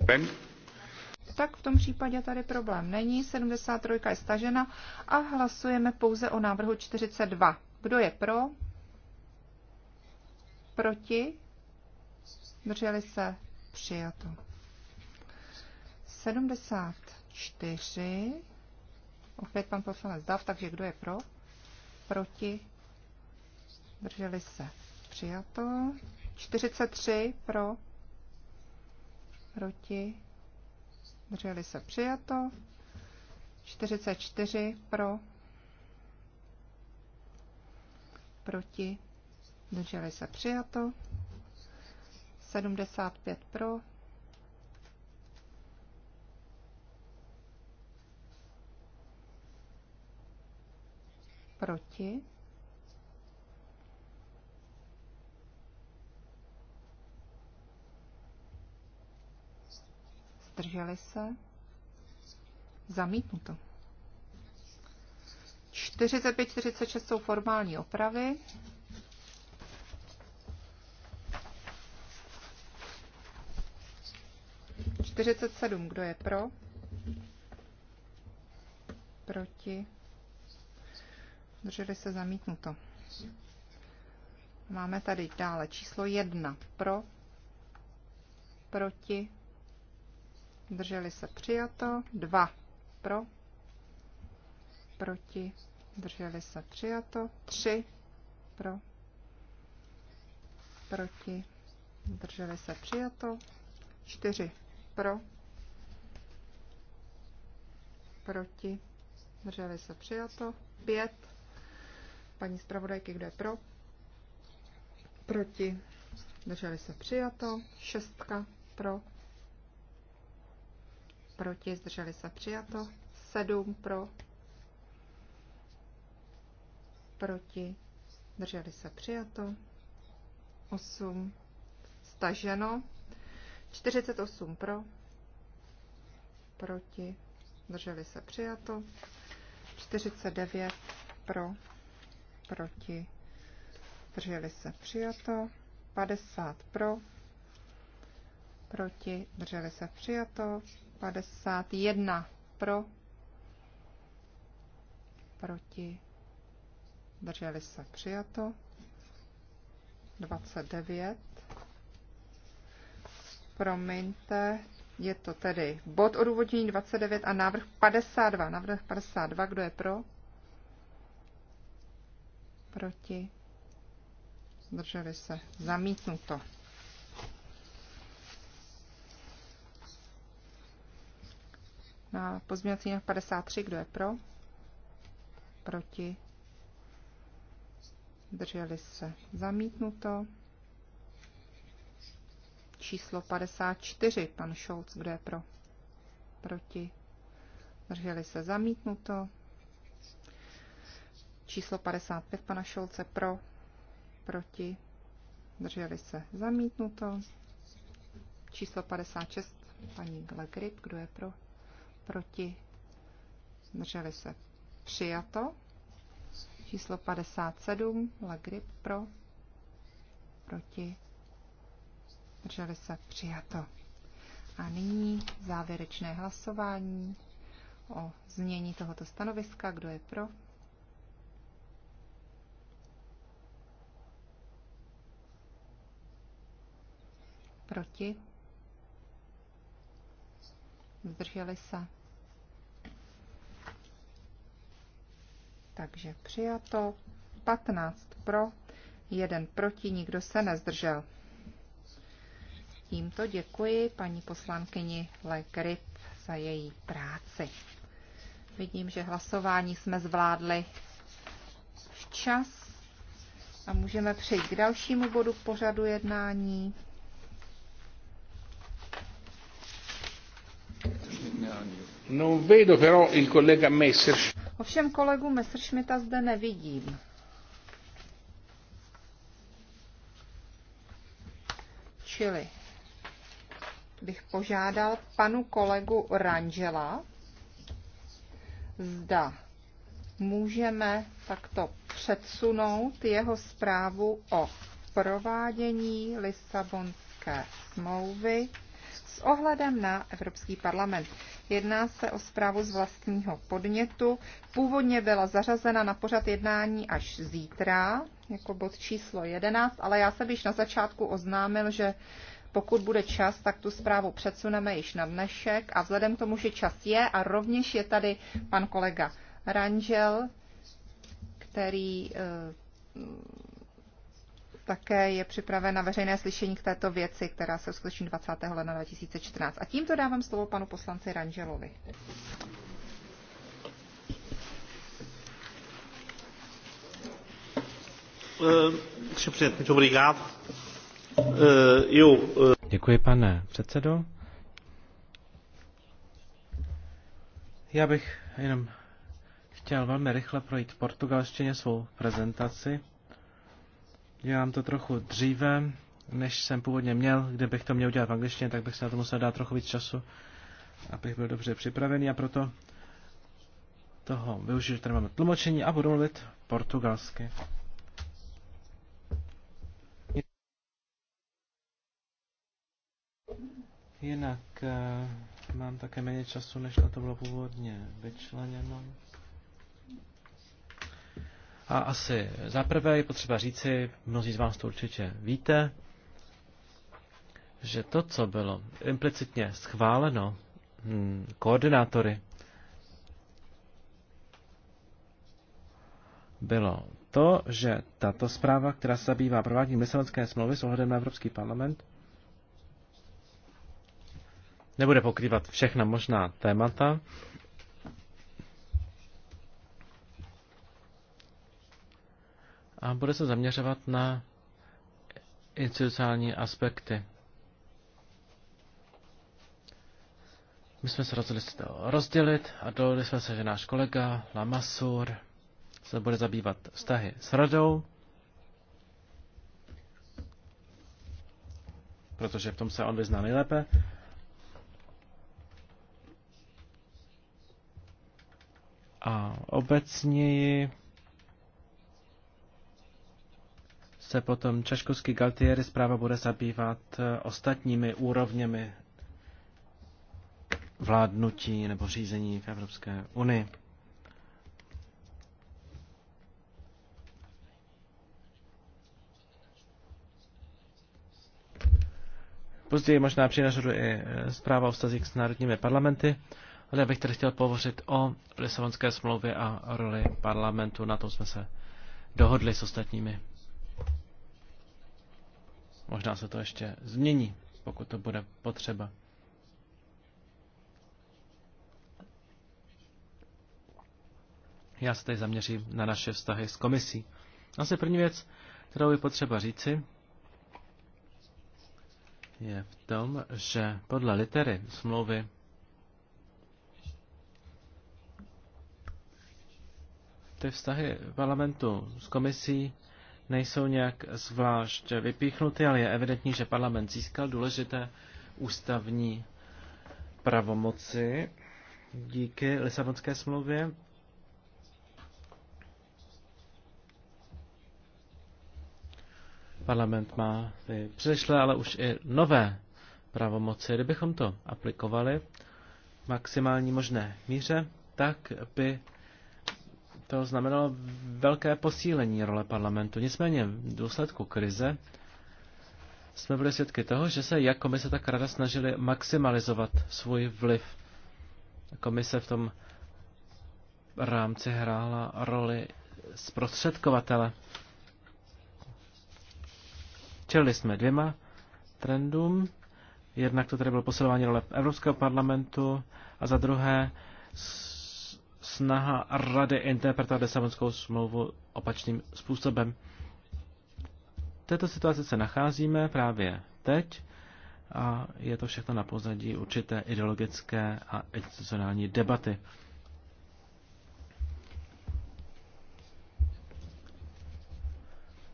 Ben? tak v tom případě tady problém není. 73 je stažena a hlasujeme pouze o návrhu 42. Kdo je pro? Proti? Drželi se? Přijato. 74. Opět pan poslanec Dav, takže kdo je pro? Proti? Drželi se? Přijato. 43 pro? Proti? Drželi se přijato. 44 pro. Proti. Drželi se přijato. 75 pro. Proti. zdrželi se, zamítnuto. 45, 46 jsou formální opravy. Čtyřicet sedm, kdo je pro? Proti? Drželi se zamítnuto. Máme tady dále číslo jedna pro, proti, drželi se přijato, 2 pro, proti, drželi se přijato, 3 pro, proti, drželi se přijato, 4 pro, proti, drželi se přijato, 5 paní zpravodajky, kdo je pro, proti, drželi se přijato, 6 pro, proti, zdrželi se přijato, 7 pro, proti, zdrželi se přijato, 8 staženo, 48 pro, proti, zdrželi se přijato, 49 pro, proti, zdrželi se přijato, 50 pro, proti, zdrželi se přijato, 51 pro, proti, drželi se přijato, 29, promiňte, je to tedy bod odůvodnění 29 a návrh 52. Návrh 52, kdo je pro? Proti. drželi se. Zamítnuto. na pozměňovací 53, kdo je pro, proti, drželi se zamítnuto. Číslo 54, pan Šolc, kdo je pro, proti, drželi se zamítnuto. Číslo 55, pana Šolce, pro, proti, drželi se zamítnuto. Číslo 56, paní Glegrip, kdo je pro, proti, zdrželi se přijato. Číslo 57, Lagrip pro, proti, zdrželi se přijato. A nyní závěrečné hlasování o změní tohoto stanoviska. Kdo je pro? Proti? zdrželi se. Takže přijato 15 pro, 1 proti, nikdo se nezdržel. Tímto děkuji paní poslankyni Legrip za její práci. Vidím, že hlasování jsme zvládli včas a můžeme přejít k dalšímu bodu pořadu jednání. Non vedo però il collega Ovšem kolegu Messerschmitta zde nevidím. Čili bych požádal panu kolegu Rangela, zda můžeme takto předsunout jeho zprávu o provádění Lisabonské smlouvy s ohledem na Evropský parlament. Jedná se o zprávu z vlastního podnětu. Původně byla zařazena na pořad jednání až zítra, jako bod číslo 11, ale já jsem již na začátku oznámil, že pokud bude čas, tak tu zprávu přesuneme již na dnešek a vzhledem k tomu, že čas je a rovněž je tady pan kolega Ranžel, který eh, také je na veřejné slyšení k této věci, která se uskuteční 20. ledna 2014. A tímto dávám slovo panu poslanci Ranželovi. Děkuji, pane předsedo. Já bych jenom chtěl velmi rychle projít portugalštině svou prezentaci. Dělám to trochu dříve, než jsem původně měl. Kdybych to měl dělat v angličtině, tak bych se na to musel dát trochu víc času, abych byl dobře připravený a proto toho využiju, že tady máme tlumočení a budu mluvit portugalsky. Jinak eh, mám také méně času, než na to bylo původně vyčleněno. A asi zaprvé je potřeba říci, mnozí z vás to určitě víte, že to, co bylo implicitně schváleno hmm, koordinátory, bylo to, že tato zpráva, která se zabývá prováděním Lisabonské smlouvy s ohledem na Evropský parlament, nebude pokrývat všechna možná témata, a bude se zaměřovat na institucionální aspekty. My jsme se rozhodli se to rozdělit a dohodli jsme se, že náš kolega Lamasur se bude zabývat vztahy s radou, protože v tom se on vyzná nejlépe. A obecněji se potom Češkovský Galtieri zpráva bude zabývat eh, ostatními úrovněmi vládnutí nebo řízení v Evropské unii. Později možná přijde i eh, zpráva o vztazích s národními parlamenty, ale já bych tady chtěl povořit o Lisabonské smlouvě a roli parlamentu, na tom jsme se dohodli s ostatními. Možná se to ještě změní, pokud to bude potřeba. Já se tady zaměřím na naše vztahy s komisí. Asi první věc, kterou je potřeba říci, je v tom, že podle litery smlouvy ty vztahy parlamentu s komisí nejsou nějak zvlášť vypíchnuty, ale je evidentní, že parlament získal důležité ústavní pravomoci díky Lisabonské smlouvě. Parlament má ty přišlé, ale už i nové pravomoci. Kdybychom to aplikovali v maximální možné míře, tak by to znamenalo velké posílení role parlamentu. Nicméně v důsledku krize jsme byli svědky toho, že se jak komise, tak rada snažili maximalizovat svůj vliv. Komise v tom rámci hrála roli zprostředkovatele. Čelili jsme dvěma trendům. Jednak to tady bylo posilování role Evropského parlamentu a za druhé snaha rady interpretovat Lisabonskou smlouvu opačným způsobem. V této situaci se nacházíme právě teď a je to všechno na pozadí určité ideologické a institucionální debaty.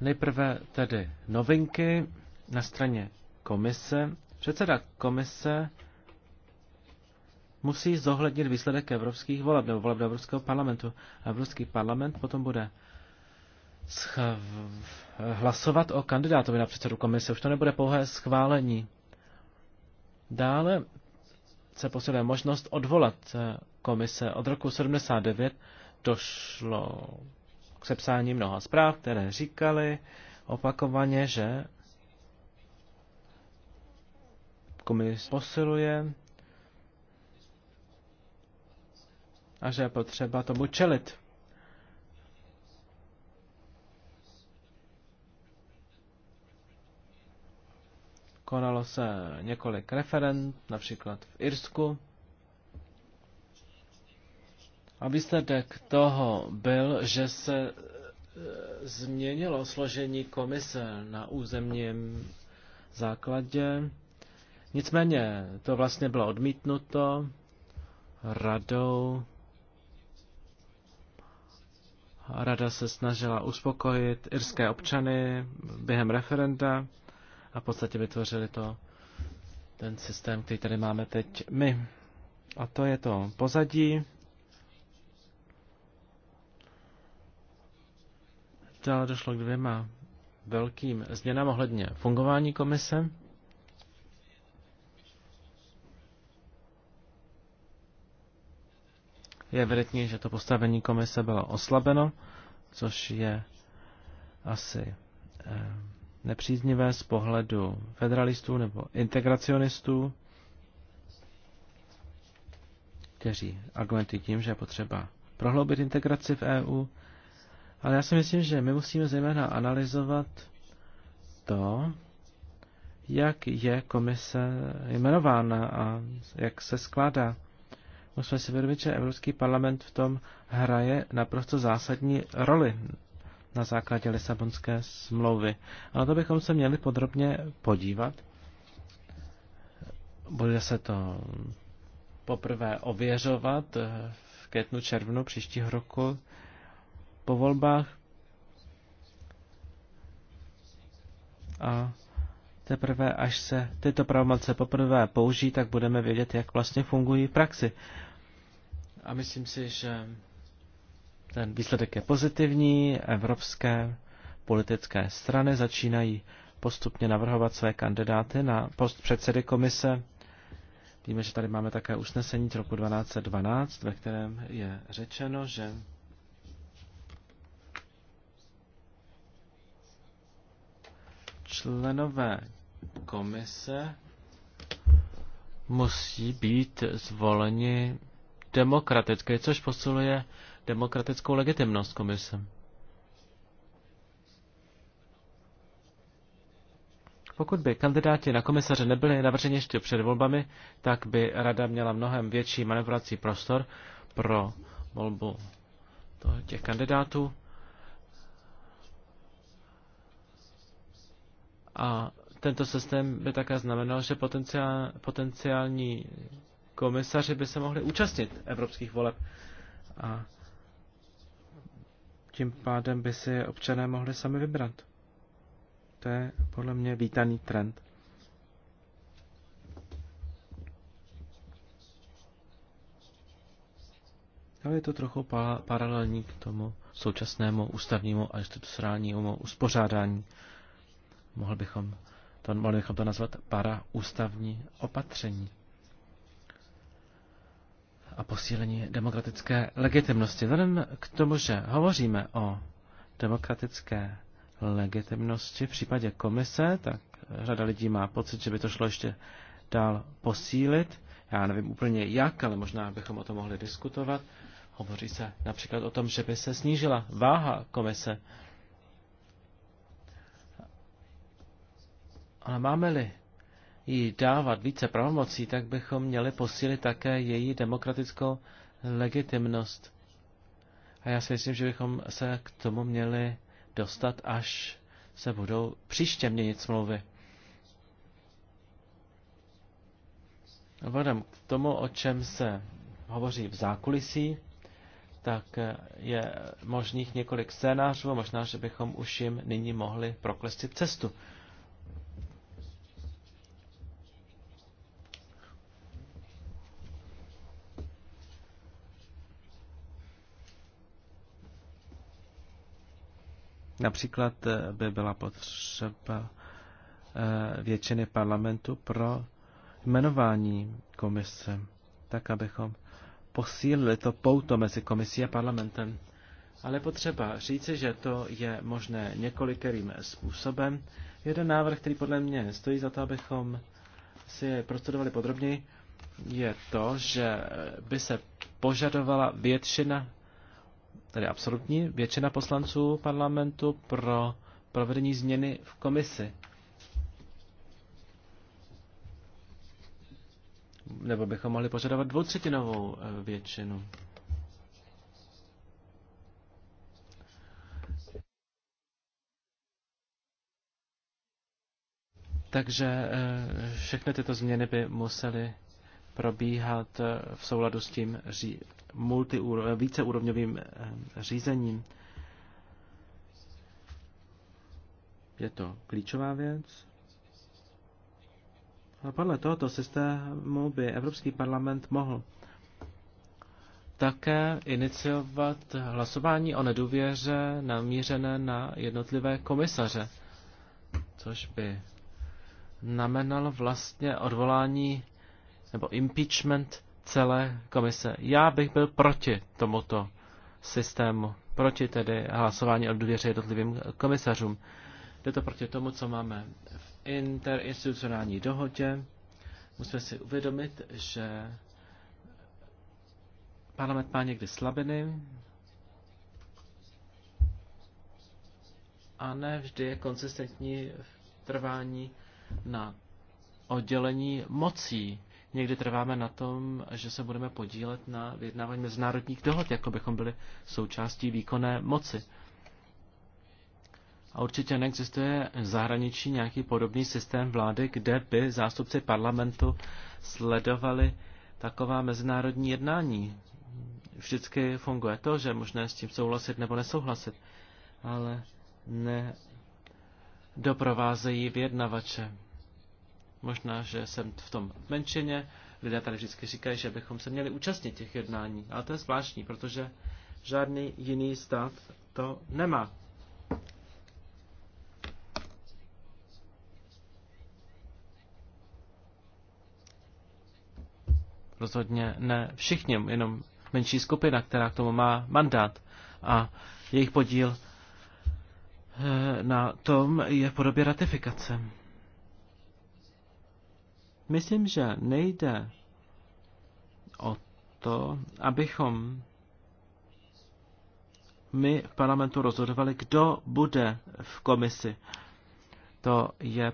Nejprve tedy novinky na straně komise. Předseda komise musí zohlednit výsledek evropských voleb nebo voleb do Evropského parlamentu. Evropský parlament potom bude hlasovat o kandidátovi na předsedu komise. Už to nebude pouhé schválení. Dále se posiluje možnost odvolat eh, komise. Od roku 79 došlo k sepsání mnoha zpráv, které říkali opakovaně, že komise posiluje a že je potřeba tomu čelit. Konalo se několik referent, například v Irsku. A výsledek toho byl, že se e, změnilo složení komise na územním základě. Nicméně to vlastně bylo odmítnuto radou Rada se snažila uspokojit irské občany během referenda a v podstatě vytvořili to ten systém, který tady máme teď my. A to je to pozadí. Dále došlo k dvěma velkým změnám ohledně fungování komise. je evidentní, že to postavení komise bylo oslabeno, což je asi eh, nepříznivé z pohledu federalistů nebo integracionistů, kteří argumentují tím, že je potřeba prohloubit integraci v EU. Ale já si myslím, že my musíme zejména analyzovat to, jak je komise jmenována a jak se skládá. Musíme si vědomit, že Evropský parlament v tom hraje naprosto zásadní roli na základě Lisabonské smlouvy. A na to bychom se měli podrobně podívat. Bude se to poprvé ověřovat v květnu, červnu příštího roku po volbách. A Teprve až se tyto pravomoce poprvé použijí, tak budeme vědět, jak vlastně fungují v praxi. A myslím si, že ten výsledek je pozitivní. Evropské politické strany začínají postupně navrhovat své kandidáty na post předsedy komise. Víme, že tady máme také usnesení z roku 1212, ve kterém je řečeno, že členové komise musí být zvoleni demokraticky, což posiluje demokratickou legitimnost komise. Pokud by kandidáti na komisaře nebyli navrženi ještě před volbami, tak by rada měla mnohem větší manevrací prostor pro volbu těch kandidátů. A tento systém by také znamenal, že potenciál, potenciální komisaři by se mohli účastnit evropských voleb a tím pádem by si občané mohli sami vybrat. To je podle mě vítaný trend. Ale je to trochu paralelní k tomu současnému ústavnímu a institucionálnímu uspořádání. Mohl bychom to mohli bychom to nazvat ústavní opatření a posílení demokratické legitimnosti. Vzhledem k tomu, že hovoříme o demokratické legitimnosti v případě komise, tak řada lidí má pocit, že by to šlo ještě dál posílit. Já nevím úplně jak, ale možná bychom o tom mohli diskutovat. Hovoří se například o tom, že by se snížila váha komise Ale máme-li jí dávat více pravomocí, tak bychom měli posílit také její demokratickou legitimnost. A já si myslím, že bychom se k tomu měli dostat, až se budou příště měnit smlouvy. Vzhledem k tomu, o čem se hovoří v zákulisí, tak je možných několik scénářů, možná, že bychom už jim nyní mohli proklestit cestu. Například eh, by byla potřeba eh, většiny parlamentu pro jmenování komise, tak abychom posílili to pouto mezi komisí a parlamentem. Ale potřeba říci, že to je možné několikerým způsobem. Jeden návrh, který podle mě stojí za to, abychom si je podrobněji, je to, že by se požadovala většina tedy absolutní většina poslanců parlamentu pro provedení změny v komisi. Nebo bychom mohli požadovat dvoutřetinovou eh, většinu. Takže eh, všechny tyto změny by musely probíhat eh, v souladu s tím multi, eh, víceúrovňovým eh, řízením. Je to klíčová věc. A podle tohoto systému by Evropský parlament mohl také iniciovat hlasování o nedůvěře namířené na jednotlivé komisaře, což by znamenalo vlastně odvolání nebo impeachment celé komise. Já bych byl proti tomuto systému, proti tedy hlasování o důvěře jednotlivým komisařům. Jde to proti tomu, co máme v interinstitucionální dohodě. Musíme si uvědomit, že parlament má někdy slabiny a ne vždy je konsistentní v trvání na oddělení mocí někdy trváme na tom, že se budeme podílet na vyjednávání mezinárodních dohod, jako bychom byli součástí výkonné moci. A určitě neexistuje v zahraničí nějaký podobný systém vlády, kde by zástupci parlamentu sledovali taková mezinárodní jednání. Vždycky funguje to, že je možné s tím souhlasit nebo nesouhlasit, ale ne doprovázejí vyjednavače. Možná, že jsem v tom menšině. Lidé tady vždycky říkají, že bychom se měli účastnit těch jednání, ale to je zvláštní, protože žádný jiný stát to nemá. Rozhodně ne všichni, jenom menší skupina, která k tomu má mandát a jejich podíl eh, na tom je v podobě ratifikace. Myslím, že nejde o to, abychom my v parlamentu rozhodovali, kdo bude v komisi. To je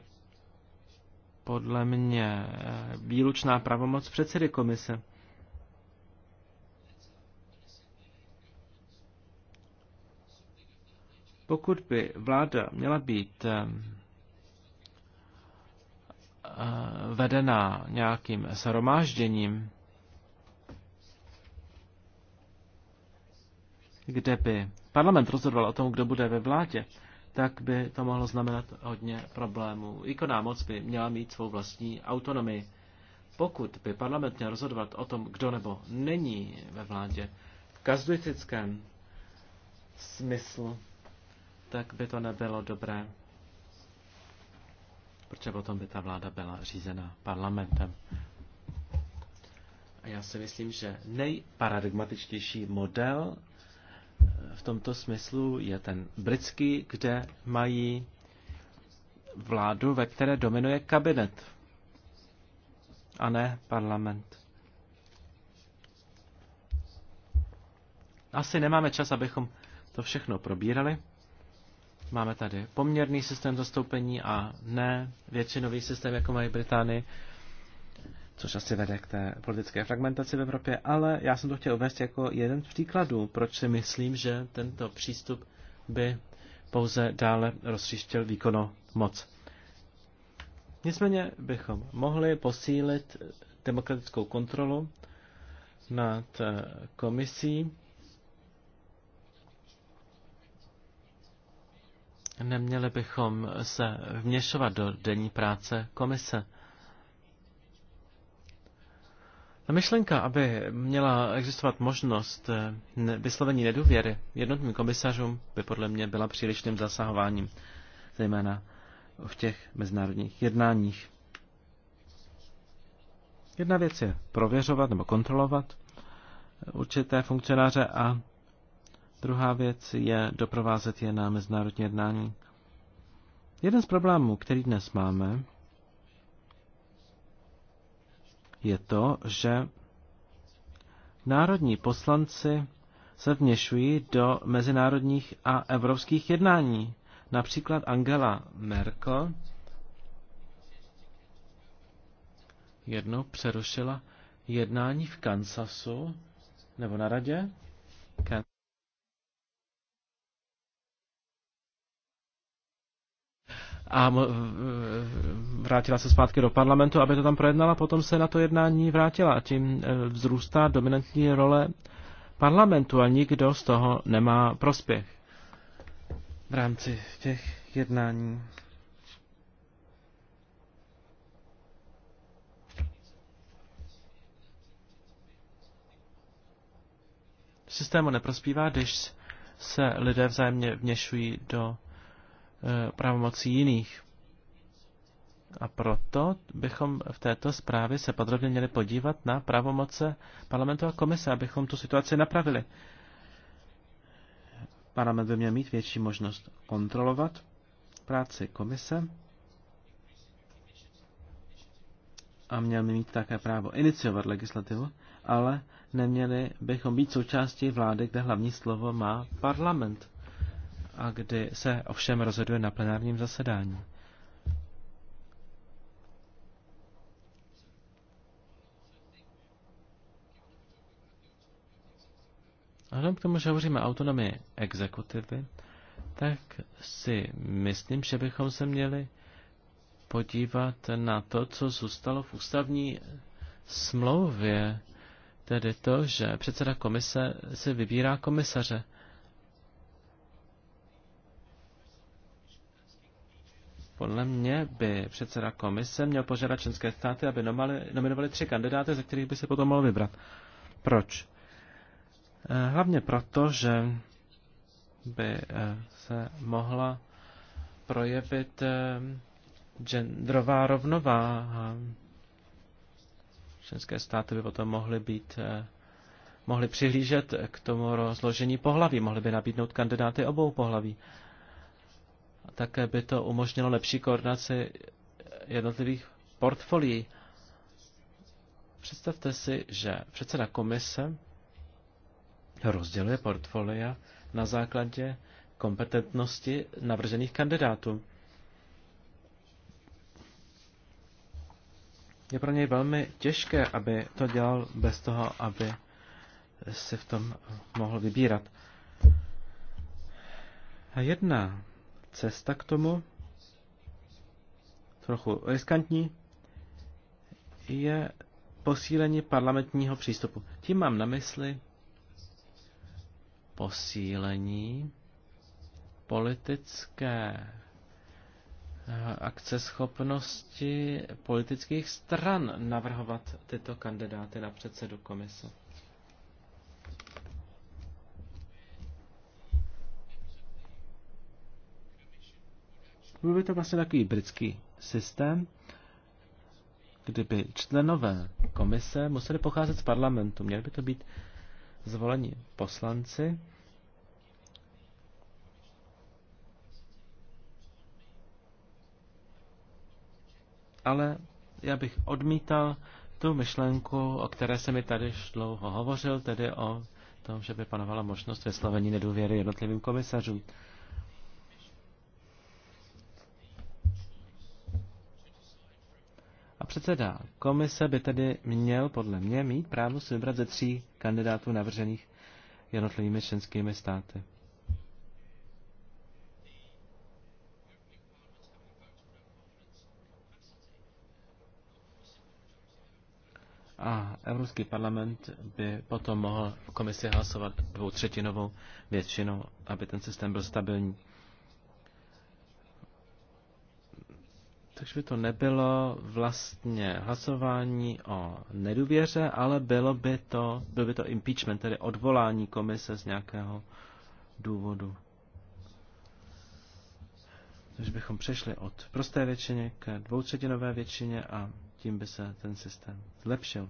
podle mě eh, výlučná pravomoc předsedy komise. Pokud by vláda měla být eh, vedena nějakým shromážděním, kde by parlament rozhodoval o tom, kdo bude ve vládě, tak by to mohlo znamenat hodně problémů. Ikoná moc by měla mít svou vlastní autonomii. Pokud by parlament měl rozhodovat o tom, kdo nebo není ve vládě, v kazuistickém smyslu, tak by to nebylo dobré protože potom by ta vláda byla řízena parlamentem. A já si myslím, že nejparadigmatičtější model eh, v tomto smyslu je ten britský, kde mají vládu, ve které dominuje kabinet a ne parlament. Asi nemáme čas, abychom to všechno probírali. Máme tady poměrný systém zastoupení a ne většinový systém, jako mají Británii, což asi vede k té politické fragmentaci v Evropě, ale já jsem to chtěl uvést jako jeden z příkladů, proč si myslím, že tento přístup by pouze dále rozstříštil výkono moc. Nicméně bychom mohli posílit demokratickou kontrolu nad eh, komisí Neměli bychom se vměšovat do denní práce komise. myšlenka, aby měla existovat možnost eh, vyslovení nedůvěry jednotným komisařům, by podle mě byla přílišným zasahováním, zejména v těch mezinárodních jednáních. Jedna věc je prověřovat nebo kontrolovat eh, určité funkcionáře a Druhá věc je doprovázet je na mezinárodní jednání. Jeden z problémů, který dnes máme, je to, že národní poslanci se vněšují do mezinárodních a evropských jednání. Například Angela Merkel jednou přerušila jednání v Kansasu, nebo na radě, a vrátila se zpátky do parlamentu, aby to tam projednala, potom se na to jednání vrátila a tím eh, vzrůstá dominantní role parlamentu a nikdo z toho nemá prospěch v rámci těch jednání. Systému neprospívá, když se lidé vzájemně vněšují do Eh, pravomocí jiných. A proto bychom v této zprávě se podrobně měli podívat na pravomoce parlamentu a komise, abychom tu situaci napravili. Parlament by měl mít větší možnost kontrolovat práci komise a měl by mít také právo iniciovat legislativu, ale neměli bychom být součástí vlády, kde hlavní slovo má parlament a kdy se ovšem rozhoduje na plenárním zasedání. A k tomu, že hovoříme autonomii exekutivy, tak si myslím, že bychom se měli podívat na to, co zůstalo v ústavní smlouvě, tedy to, že předseda komise si vybírá komisaře. Podle mě by předseda komise měl požádat členské státy, aby nominovali tři kandidáty, ze kterých by se potom mohl vybrat. Proč? Eh, hlavně proto, že by eh, se mohla projevit eh, genderová rovnováha. Členské státy by potom mohly být mohli přihlížet k tomu rozložení pohlaví, mohli by nabídnout kandidáty obou pohlaví. Také by to umožnilo lepší koordinaci jednotlivých portfolií. Představte si, že předseda komise rozděluje portfolia na základě kompetentnosti navržených kandidátů. Je pro něj velmi těžké, aby to dělal bez toho, aby si v tom mohl vybírat. A jedna cesta k tomu, trochu riskantní, je posílení parlamentního přístupu. Tím mám na mysli posílení politické eh, akceschopnosti politických stran navrhovat tyto kandidáty na předsedu komise. Byl by to vlastně takový britský systém, kdyby členové komise museli pocházet z parlamentu. Měli by to být zvolení poslanci. Ale já bych odmítal tu myšlenku, o které se mi tady dlouho hovořil, tedy o tom, že by panovala možnost vyslovení nedůvěry jednotlivým komisařům. Předseda komise by tedy měl podle mě mít právo si vybrat ze tří kandidátů navržených jednotlivými členskými státy. A Evropský parlament by potom mohl v komisi hlasovat dvoutřetinovou většinou, aby ten systém byl stabilní. Takže by to nebylo vlastně hlasování o nedůvěře, ale bylo by to, byl by to impeachment, tedy odvolání komise z nějakého důvodu. Takže bychom přešli od prosté většině k dvoutředinové většině a tím by se ten systém zlepšil.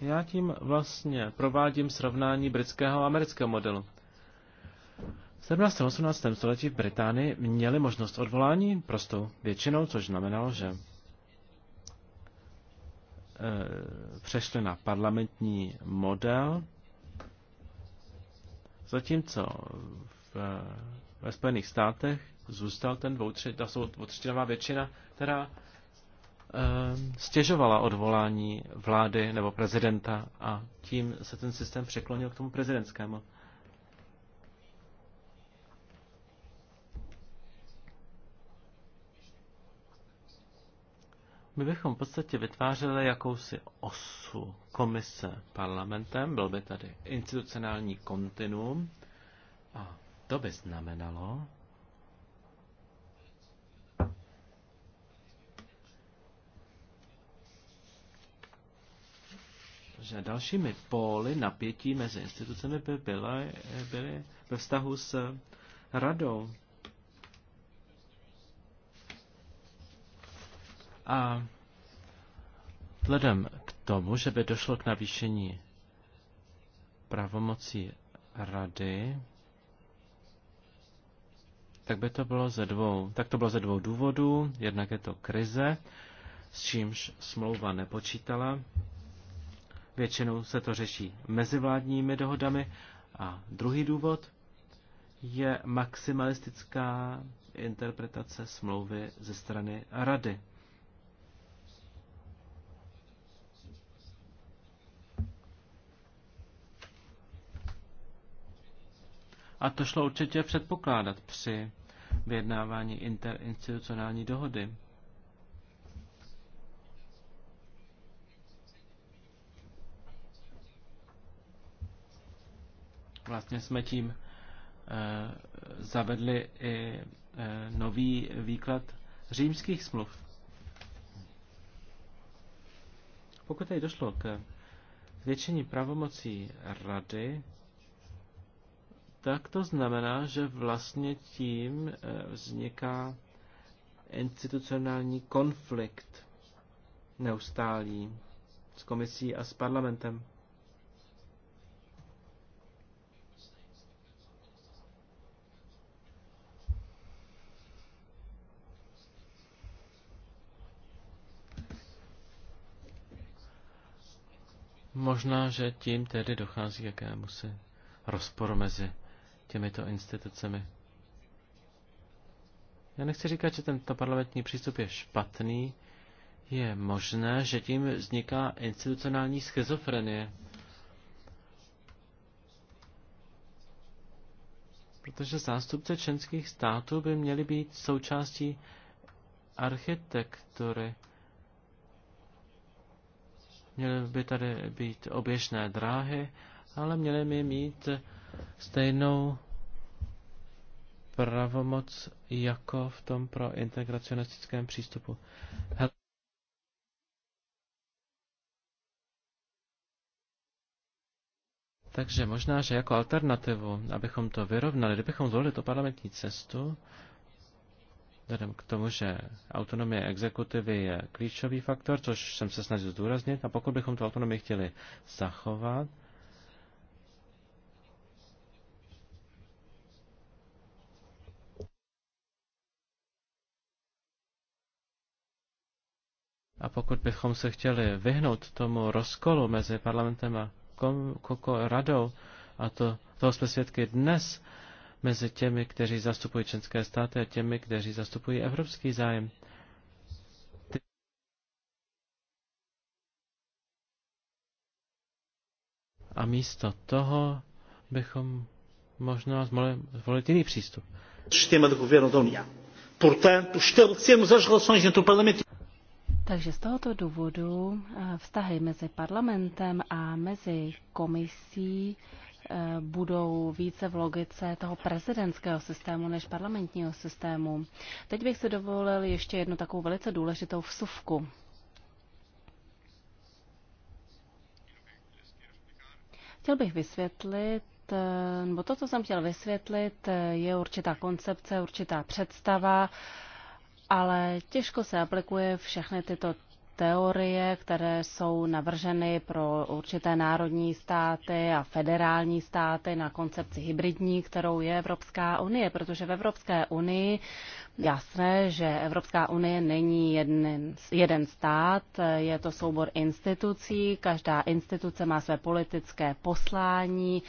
Já tím vlastně provádím srovnání britského a amerického modelu. 17. a 18. století v Británii měli možnost odvolání prostou většinou, což znamenalo, že eh, přešli na parlamentní model, zatímco v, eh, ve Spojených státech zůstal ten dvoutřetinová většina, která eh, stěžovala odvolání vlády nebo prezidenta a tím se ten systém překlonil k tomu prezidentskému. My bychom v podstatě vytvářeli jakousi osu komise parlamentem, byl by tady institucionální kontinuum a to by znamenalo, že dalšími póly napětí mezi institucemi by byly, byly ve vztahu s radou. A vzhledem k tomu, že by došlo k navýšení pravomocí rady, tak by to bylo ze dvou, tak to bylo ze dvou důvodů. Jednak je to krize, s čímž smlouva nepočítala. Většinou se to řeší mezivládními dohodami. A druhý důvod je maximalistická interpretace smlouvy ze strany rady. A to šlo určitě předpokládat při vyjednávání interinstitucionální dohody. Vlastně jsme tím e, zavedli i e, nový výklad římských smluv. Pokud tady došlo k zvětšení pravomocí rady, tak to znamená, že vlastně tím eh, vzniká institucionální konflikt neustálý s komisí a s parlamentem. Možná, že tím tedy dochází k jakémusi rozporu mezi těmito institucemi. Já nechci říkat, že tento parlamentní přístup je špatný. Je možné, že tím vzniká institucionální schizofrenie. Protože zástupce členských států by měli být součástí architektury. Měly by tady být oběžné dráhy, ale měly by mít stejnou pravomoc jako v tom pro integracionistickém přístupu. Takže možná, že jako alternativu, abychom to vyrovnali, kdybychom zvolili tu parlamentní cestu, vzhledem k tomu, že autonomie exekutivy je klíčový faktor, což jsem se snažil zdůraznit, a pokud bychom tu autonomii chtěli zachovat, A pokud bychom se chtěli vyhnout tomu rozkolu mezi parlamentem a kom, koko radou, a to, toho jsme svědky dnes, mezi těmi, kteří zastupují členské státy a těmi, kteří zastupují evropský zájem. A místo toho bychom možná zvolit jiný přístup. Portanto, estabelecemos as relações entre o Parlamento e takže z tohoto důvodu eh, vztahy mezi parlamentem a mezi komisí eh, budou více v logice toho prezidentského systému než parlamentního systému. Teď bych se dovolil ještě jednu takovou velice důležitou vsuvku. Chtěl bych vysvětlit, eh, nebo to, co jsem chtěl vysvětlit, je určitá koncepce, určitá představa, ale těžko se aplikuje všechny tyto teorie, které jsou navrženy pro určité národní státy a federální státy na koncepci hybridní, kterou je Evropská unie, protože v Evropské unii jasné, že Evropská unie není jeden, jeden stát, je to soubor institucí, každá instituce má své politické poslání,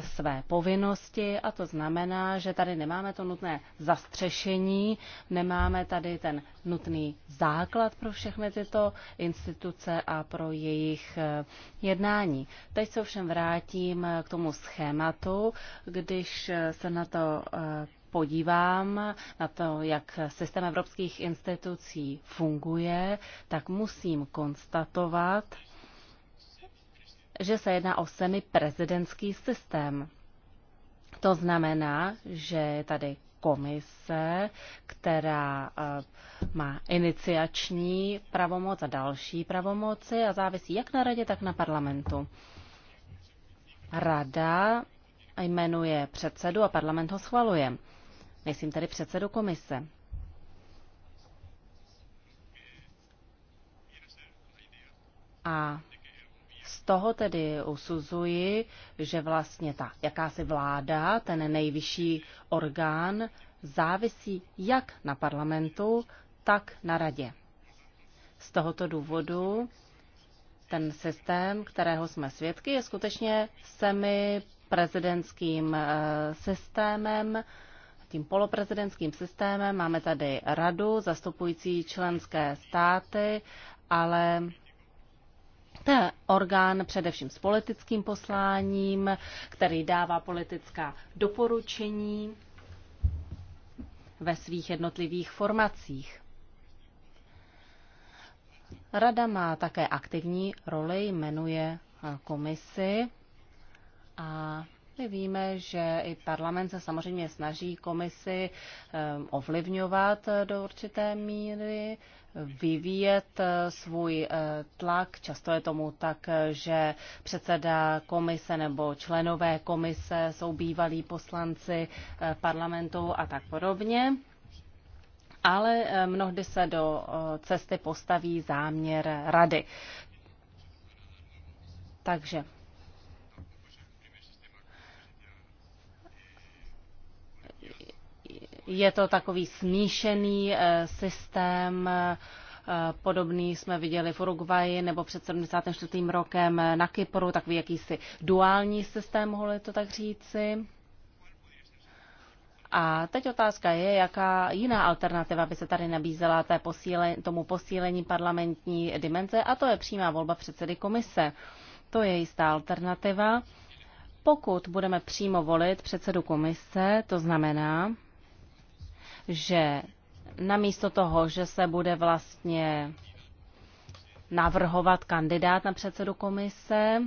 své povinnosti a to znamená, že tady nemáme to nutné zastřešení, nemáme tady ten nutný základ pro všechny tyto instituce a pro jejich eh, jednání. Teď se ovšem vrátím eh, k tomu schématu, když eh, se na to podívám na to, jak systém evropských institucí funguje, tak musím konstatovat, že se jedná o semiprezidentský systém. To znamená, že je tady komise, která eh, má iniciační pravomoc a další pravomoci a závisí jak na radě, tak na parlamentu. Rada jmenuje předsedu a parlament ho schvaluje. Myslím tedy předsedu komise. A z toho tedy usuzuji, že vlastně ta jakási vláda, ten nejvyšší orgán, závisí jak na parlamentu, tak na radě. Z tohoto důvodu ten systém, kterého jsme svědky, je skutečně semi prezidentským eh, systémem, tím poloprezidentským systémem. Máme tady radu zastupující členské státy, ale to je orgán především s politickým posláním, který dává politická doporučení ve svých jednotlivých formacích. Rada má také aktivní roli, jmenuje komisi a my víme, že i parlament se samozřejmě snaží komisi ehm, ovlivňovat eh, do určité míry, vyvíjet eh, svůj eh, tlak. Často je tomu tak, že předseda komise nebo členové komise jsou bývalí poslanci parlamentu a tak podobně. Ale mnohdy se do cesty postaví záměr rady. Takže Je to takový smíšený eh, systém, eh, Podobný jsme viděli v Uruguayi nebo před 74. rokem eh, na Kypru, takový jakýsi duální systém, mohli to tak říci. A teď otázka je, jaká jiná alternativa by se tady nabízela té posíle, tomu posílení parlamentní dimenze, a to je přímá volba předsedy komise. To je jistá alternativa. Pokud budeme přímo volit předsedu komise, to znamená, že namísto toho, že se bude vlastně navrhovat kandidát na předsedu komise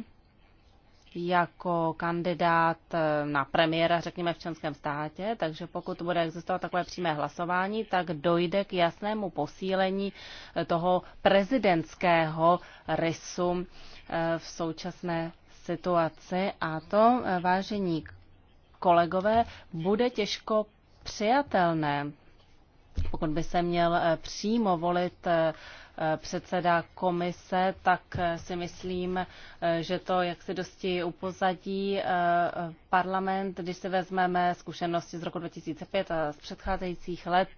jako kandidát na premiéra, řekněme, v členském státě, takže pokud bude existovat takové přímé hlasování, tak dojde k jasnému posílení toho prezidentského rysu eh, v současné situaci a to, eh, vážení kolegové, bude těžko přijatelné. Pokud by se měl eh, přímo volit eh, eh, předseda komise, tak si myslím, že to jak se dosti upozadí parlament, když si vezmeme zkušenosti z roku 2005 a z předcházejících let,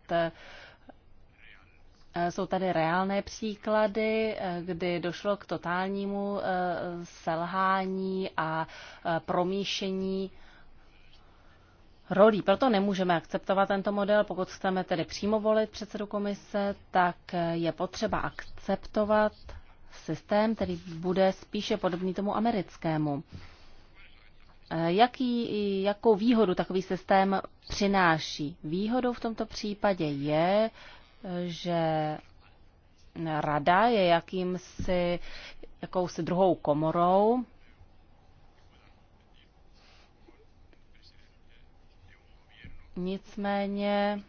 jsou tady reálné příklady, kdy došlo k totálnímu selhání a promíšení rolí. Proto nemůžeme akceptovat tento model. Pokud chceme tedy přímo volit předsedu komise, tak je potřeba akceptovat systém, který bude spíše podobný tomu americkému. Jaký, jakou výhodu takový systém přináší? Výhodou v tomto případě je, že rada je jakýmsi, jakousi druhou komorou Nicméně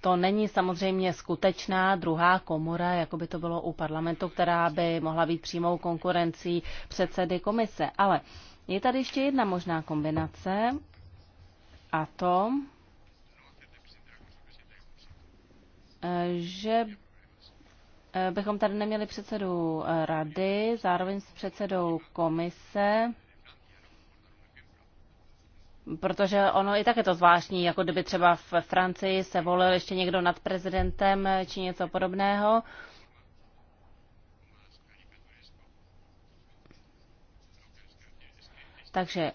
to není samozřejmě skutečná druhá komora, jako by to bylo u parlamentu, která by mohla být přímou konkurencí předsedy komise. Ale je tady ještě jedna možná kombinace a to, že eh, bychom tady neměli předsedu eh, rady, zároveň s předsedou komise, Protože ono i tak je to zvláštní, jako kdyby třeba v Francii se volil ještě někdo nad prezidentem eh, či něco podobného. Takže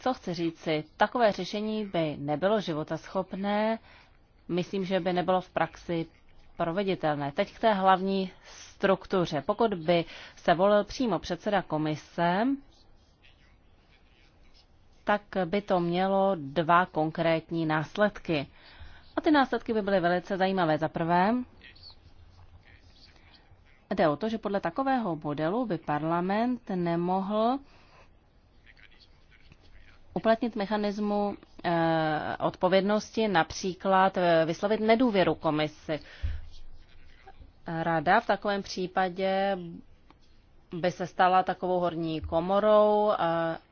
co chci říci, takové řešení by nebylo životaschopné, myslím, že by nebylo v praxi proveditelné. Teď k té hlavní struktuře. Pokud by se volil přímo předseda komise, tak by to mělo dva konkrétní následky. A ty následky by byly velice zajímavé. Za prvé, jde o to, že podle takového modelu by parlament nemohl uplatnit mechanismu eh, odpovědnosti, například eh, vyslovit nedůvěru komisi. Rada v takovém případě by se stala takovou horní komorou eh,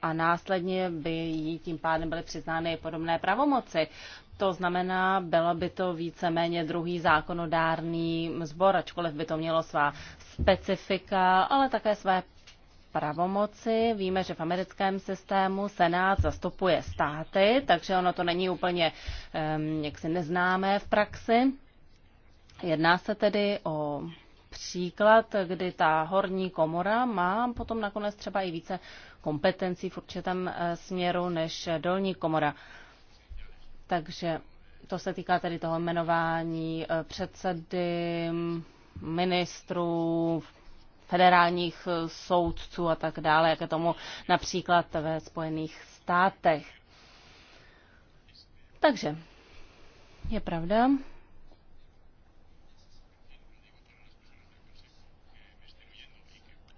a následně by jí tím pádem byly přiznány podobné pravomoci. To znamená, byla by to víceméně druhý zákonodárný sbor, ačkoliv by to mělo svá specifika, ale také své pravomoci. Víme, že v americkém systému Senát zastupuje státy, takže ono to není úplně um, jaksi neznámé v praxi. Jedná se tedy o příklad, kdy ta horní komora má potom nakonec třeba i více kompetencí v určitém eh, směru než dolní komora. Takže to se týká tedy toho jmenování eh, předsedy, ministrů, federálních eh, soudců a tak dále, jak je tomu například ve Spojených státech. Takže je pravda,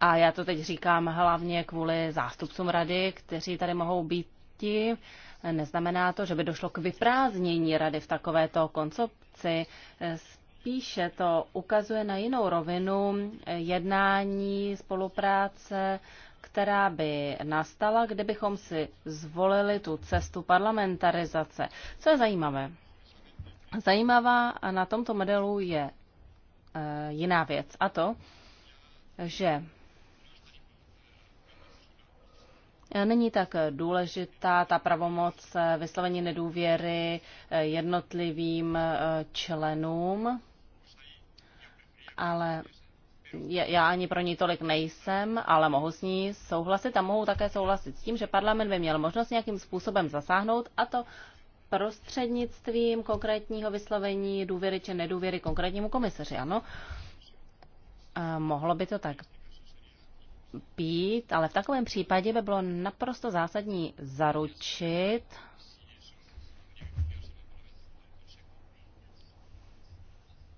a já to teď říkám hlavně kvůli zástupcům rady, kteří tady mohou být ti, neznamená to, že by došlo k vyprázdnění rady v takovéto koncepci. Spíše to ukazuje na jinou rovinu jednání, spolupráce, která by nastala, kdybychom si zvolili tu cestu parlamentarizace. Co je zajímavé? Zajímavá a na tomto modelu je eh, jiná věc a to, že není tak důležitá ta pravomoc vyslovení nedůvěry eh, jednotlivým eh, členům, ale já ani pro ní tolik nejsem, ale mohu s ní souhlasit a mohu také souhlasit s tím, že parlament by měl možnost nějakým způsobem zasáhnout a to prostřednictvím konkrétního vyslovení důvěry či nedůvěry konkrétnímu komisaři. Ano, mohlo by to tak být, ale v takovém případě by bylo naprosto zásadní zaručit,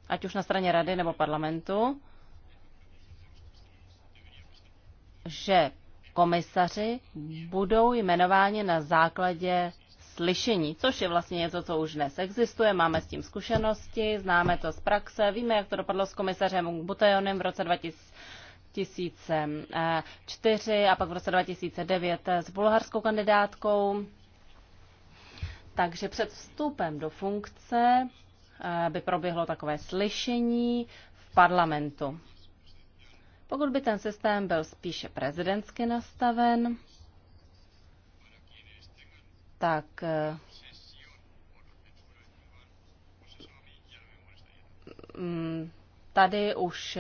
ať už na straně rady nebo parlamentu, že komisaři budou jmenováni na základě slyšení, což je vlastně něco, co už dnes existuje. Máme s tím zkušenosti, známe to z praxe, víme, jak to dopadlo s komisařem Butejonem v roce 2000 2004 eh, a pak v roce 2009 eh, s bulharskou kandidátkou. Takže před vstupem do funkce eh, by proběhlo takové slyšení v parlamentu. Pokud by ten systém byl spíše prezidentsky nastaven, tak mm, tady už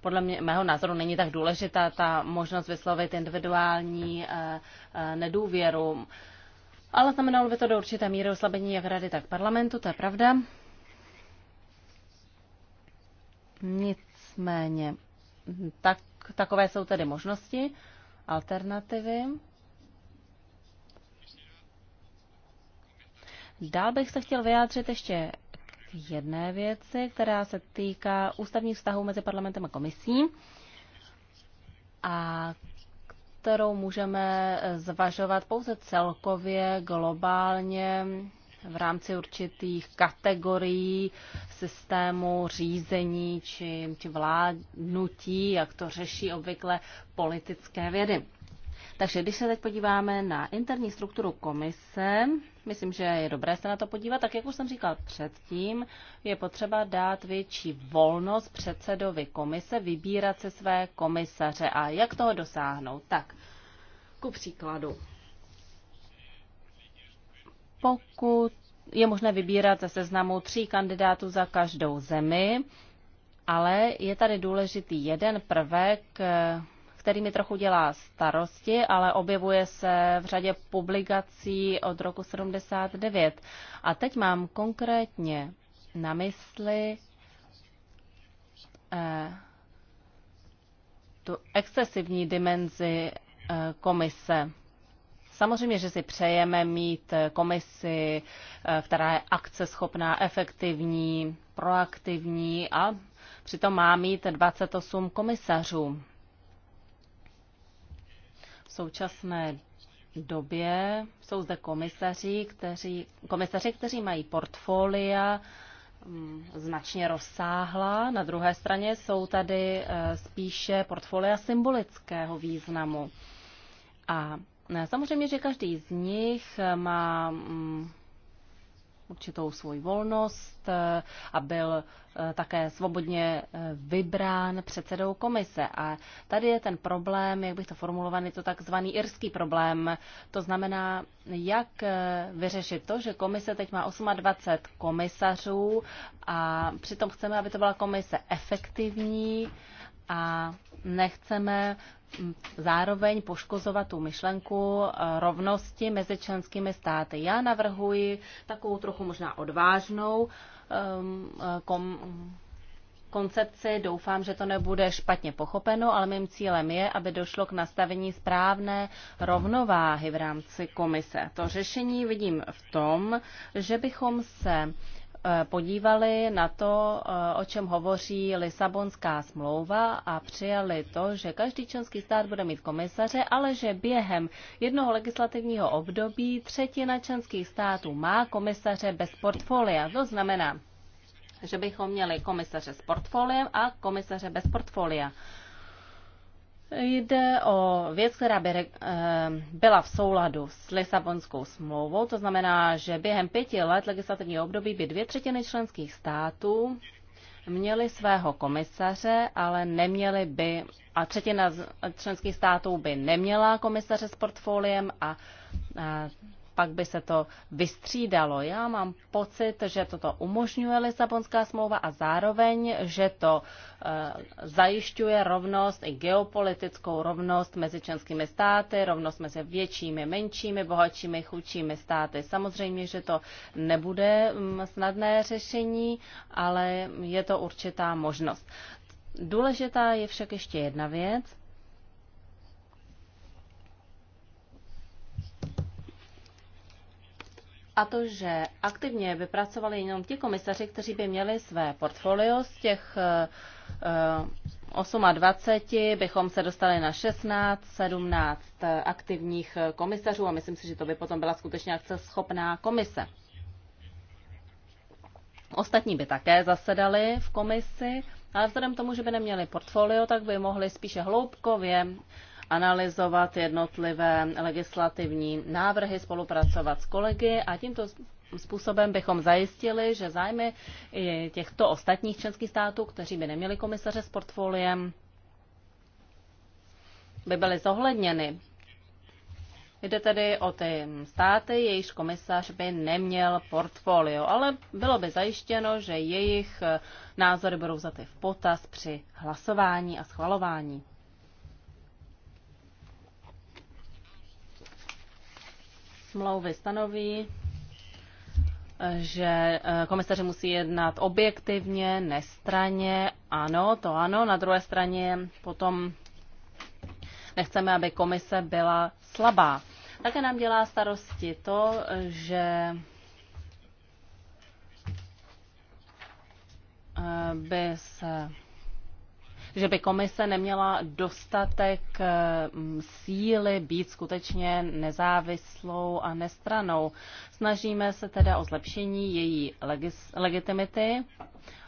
podle mě, mého názoru není tak důležitá ta možnost vyslovit individuální eh, eh, nedůvěru. Ale znamenalo by to do určité míry oslabení jak rady, tak parlamentu, to je pravda. Nicméně, tak, takové jsou tedy možnosti, alternativy. Dál bych se chtěl vyjádřit ještě jedné věci, která se týká ústavních vztahů mezi parlamentem a komisí a kterou můžeme zvažovat pouze celkově, globálně, v rámci určitých kategorií systému řízení či, či vládnutí, jak to řeší obvykle politické vědy. Takže když se teď podíváme na interní strukturu komise, myslím, že je dobré se na to podívat, tak jak už jsem říkal předtím, je potřeba dát větší volnost předsedovi komise vybírat se své komisaře. A jak toho dosáhnout? Tak, ku příkladu. Pokud je možné vybírat ze seznamu tří kandidátů za každou zemi, ale je tady důležitý jeden prvek, který mi trochu dělá starosti, ale objevuje se v řadě publikací od roku 79. A teď mám konkrétně na mysli eh, tu excesivní dimenzi eh, komise. Samozřejmě, že si přejeme mít eh, komisi, eh, která je akceschopná, efektivní, proaktivní a přitom má mít 28 komisařů. V současné době jsou zde komisaři, kteří, komisaři, kteří mají portfolia mm, značně rozsáhla. Na druhé straně jsou tady eh, spíše portfolia symbolického významu. A eh, samozřejmě, že každý z nich eh, má mm, určitou svoji volnost eh, a byl eh, také svobodně eh, vybrán předsedou komise. A tady je ten problém, jak bych to formuloval, je to takzvaný irský problém. To znamená, jak vyřešit to, že komise teď má 28 komisařů a přitom chceme, aby to byla komise efektivní, a nechceme zároveň poškozovat tu myšlenku eh, rovnosti mezi členskými státy. Já navrhuji takovou trochu možná odvážnou ehm, eh, kom, koncepci. Doufám, že to nebude špatně pochopeno, ale mým cílem je, aby došlo k nastavení správné rovnováhy v rámci komise. To řešení vidím v tom, že bychom se Eh, podívali na to, eh, o čem hovoří Lisabonská smlouva a přijali to, že každý členský stát bude mít komisaře, ale že během jednoho legislativního období třetina členských států má komisaře bez portfolia. To znamená, že bychom měli komisaře s portfoliem a komisaře bez portfolia. Jde o věc, která by eh, byla v souladu s Lisabonskou smlouvou, to znamená, že během pěti let legislativního období by dvě třetiny členských států měly svého komisaře, ale neměly by, a třetina členských států by neměla komisaře s portfoliem a, a pak by se to vystřídalo. Já mám pocit, že toto umožňuje Lisabonská smlouva a zároveň, že to eh, zajišťuje rovnost i geopolitickou rovnost mezi členskými státy, rovnost mezi většími, menšími, bohatšími, chudšími státy. Samozřejmě, že to nebude mm, snadné řešení, ale je to určitá možnost. Důležitá je však ještě jedna věc, a to, že aktivně vypracovali jenom ti komisaři, kteří by měli své portfolio z těch 28 eh, eh, bychom se dostali na 16, 17 eh, aktivních komisařů a myslím si, že to by potom byla skutečně akce schopná komise. Ostatní by také zasedali v komisi, ale vzhledem tomu, že by neměli portfolio, tak by mohli spíše hloubkově analyzovat jednotlivé legislativní návrhy, spolupracovat s kolegy a tímto způsobem bychom zajistili, že zájmy těchto ostatních členských států, kteří by neměli komisaře s portfoliem, by byly zohledněny. Jde tedy o ty státy, jejichž komisař by neměl portfolio, ale bylo by zajištěno, že jejich názory budou vzaty v potaz při hlasování a schvalování. smlouvy stanoví, že eh, komisaři musí jednat objektivně, nestraně, ano, to ano. Na druhé straně potom nechceme, aby komise byla slabá. Také nám dělá starosti to, že eh, by se že by komise neměla dostatek eh, síly být skutečně nezávislou a nestranou. Snažíme se teda o zlepšení její legitimity,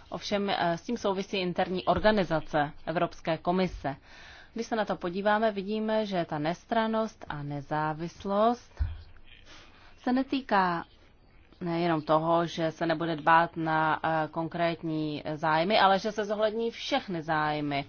ovšem eh, s tím souvisí interní organizace Evropské komise. Když se na to podíváme, vidíme, že ta nestranost a nezávislost se netýká nejenom toho, že se nebude dbát na eh, konkrétní zájmy, ale že se zohlední všechny zájmy.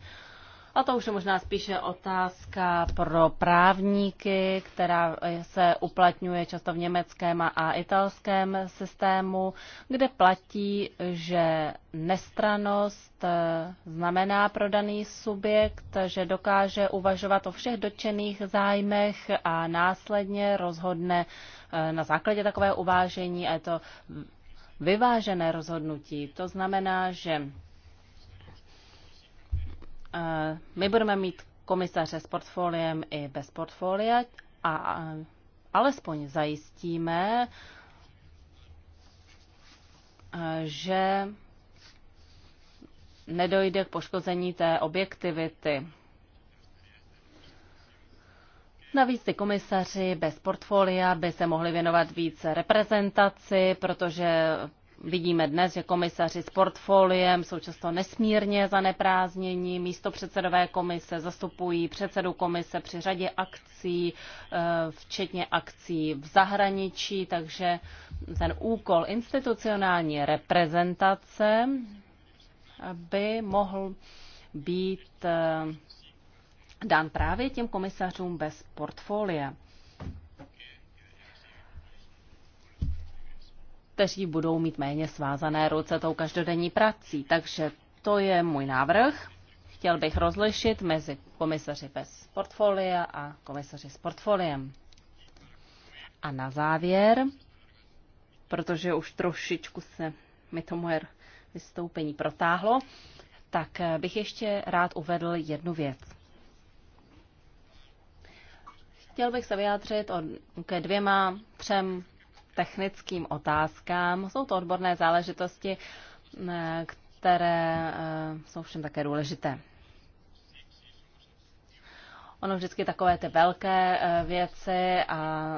A to už je možná spíše otázka pro právníky, která eh, se uplatňuje často v německém a italském systému, kde platí, že nestranost eh, znamená pro daný subjekt, že dokáže uvažovat o všech dotčených zájmech a následně rozhodne Eh, na základě takového uvážení a je to vyvážené rozhodnutí. To znamená, že eh, my budeme mít komisaře s portfoliem i bez portfolia a alespoň zajistíme, eh, že nedojde k poškození té objektivity. Navíc ty komisaři bez portfolia by se mohli věnovat více reprezentaci, protože vidíme dnes, že komisaři s portfoliem jsou často nesmírně zaneprázdnění. Místo předsedové komise zastupují předsedu komise při řadě akcí, eh, včetně akcí v zahraničí, takže ten úkol institucionální reprezentace by mohl být eh, dán právě těm komisařům bez portfolia, kteří budou mít méně svázané ruce tou každodenní prací. Takže to je můj návrh. Chtěl bych rozlišit mezi komisaři bez portfolia a komisaři s portfoliem. A na závěr, protože už trošičku se mi to moje vystoupení protáhlo, tak bych ještě rád uvedl jednu věc. Chtěl bych se vyjádřit o, ke dvěma, třem technickým otázkám. Jsou to odborné záležitosti, e, které e, jsou všem také důležité. Ono vždycky takové ty velké e, věci a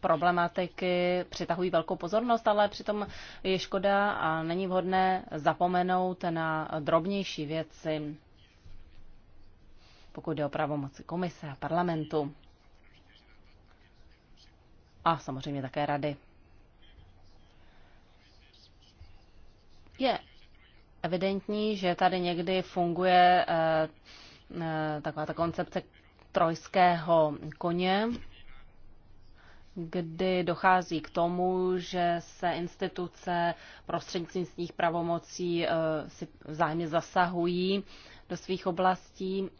problematiky přitahují velkou pozornost, ale přitom je škoda a není vhodné zapomenout na drobnější věci, pokud jde o pravomoci komise a parlamentu a samozřejmě také rady. Je evidentní, že tady někdy funguje eh, eh, taková ta koncepce trojského koně, kdy dochází k tomu, že se instituce prostřednictvím svých pravomocí eh, si vzájemně zasahují do svých oblastí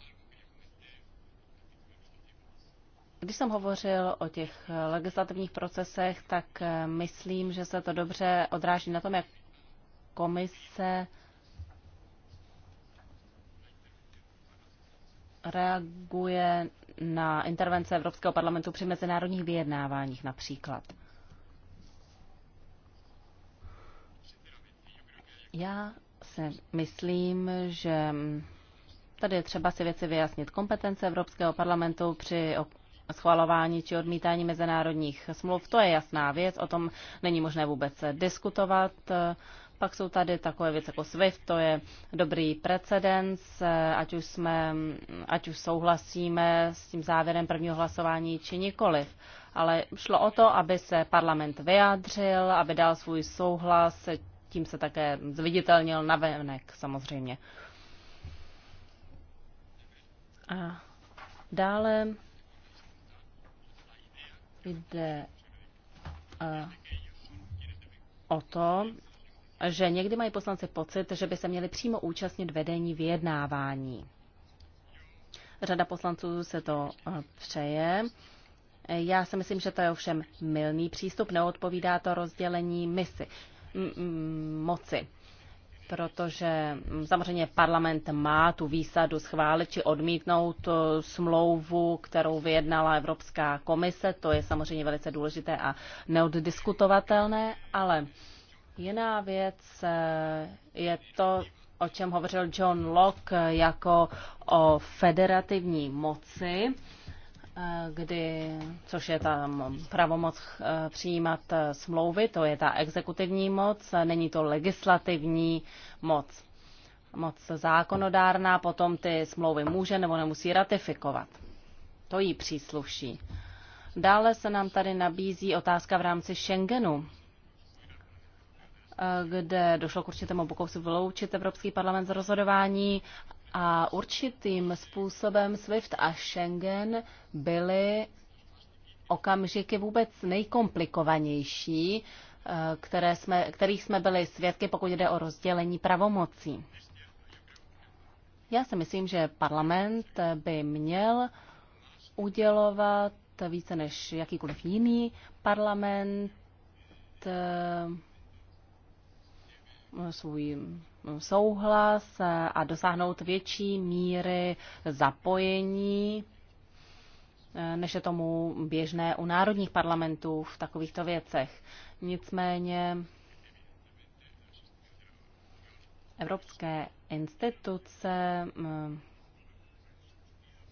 když jsem hovořil o těch legislativních procesech, tak eh, myslím, že se to dobře odráží na tom, jak komise reaguje na intervence Evropského parlamentu při mezinárodních vyjednáváních například. Já si myslím, že tady je třeba si věci vyjasnit. Kompetence Evropského parlamentu při schvalování či odmítání mezinárodních smluv. To je jasná věc, o tom není možné vůbec diskutovat. Pak jsou tady takové věci jako SWIFT, to je dobrý precedens, ať už, jsme, ať už souhlasíme s tím závěrem prvního hlasování či nikoliv. Ale šlo o to, aby se parlament vyjádřil, aby dal svůj souhlas, tím se také zviditelnil navenek samozřejmě. A dále Jde e, o to, že někdy mají poslanci pocit, že by se měli přímo účastnit vedení vyjednávání. Řada poslanců se to e, přeje. Já si myslím, že to je ovšem milný přístup, neodpovídá to rozdělení misi, moci protože samozřejmě parlament má tu výsadu schválit či odmítnout eh, smlouvu, kterou vyjednala Evropská komise. To je samozřejmě velice důležité a neoddiskutovatelné, ale jiná věc eh, je to, o čem hovořil John Locke jako o federativní moci. Eh, kdy, což je ta pravomoc eh, přijímat eh, smlouvy, to je ta exekutivní moc, není to legislativní moc. Moc zákonodárná potom ty smlouvy může nebo nemusí ratifikovat. To jí přísluší. Dále se nám tady nabízí otázka v rámci Schengenu, kde došlo k určitému pokusu vyloučit Evropský parlament z rozhodování a určitým způsobem SWIFT a Schengen byly okamžiky vůbec nejkomplikovanější, eh, které jsme, kterých jsme byli svědky, pokud jde o rozdělení pravomocí. Já si myslím, že parlament by měl udělovat více než jakýkoliv jiný parlament eh, svůj souhlas eh, a dosáhnout větší míry zapojení, eh, než je tomu běžné u národních parlamentů v takovýchto věcech. Nicméně evropské instituce eh,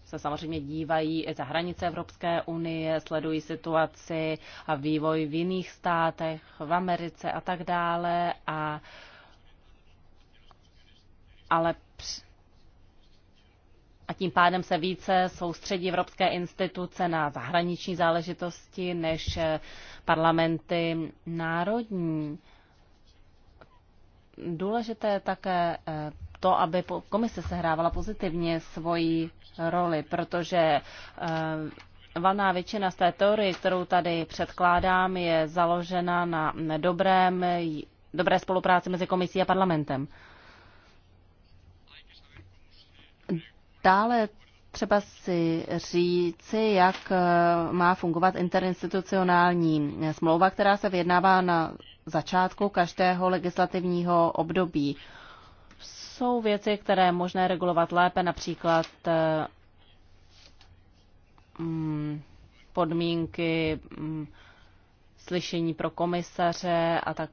se samozřejmě dívají i za hranice Evropské unie, sledují situaci a vývoj v jiných státech, v Americe a tak dále a ale a tím pádem se více soustředí evropské instituce na zahraniční záležitosti než eh, parlamenty národní. Důležité je také eh, to, aby komise sehrávala pozitivně svoji roli, protože eh, valná většina z té teorie, kterou tady předkládám, je založena na dobrém, dobré spolupráci mezi komisí a parlamentem. Dále třeba si říci, jak eh, má fungovat interinstitucionální smlouva, která se vyjednává na začátku každého legislativního období. Jsou věci, které je možné regulovat lépe, například eh, mm, podmínky mm, slyšení pro komisaře a tak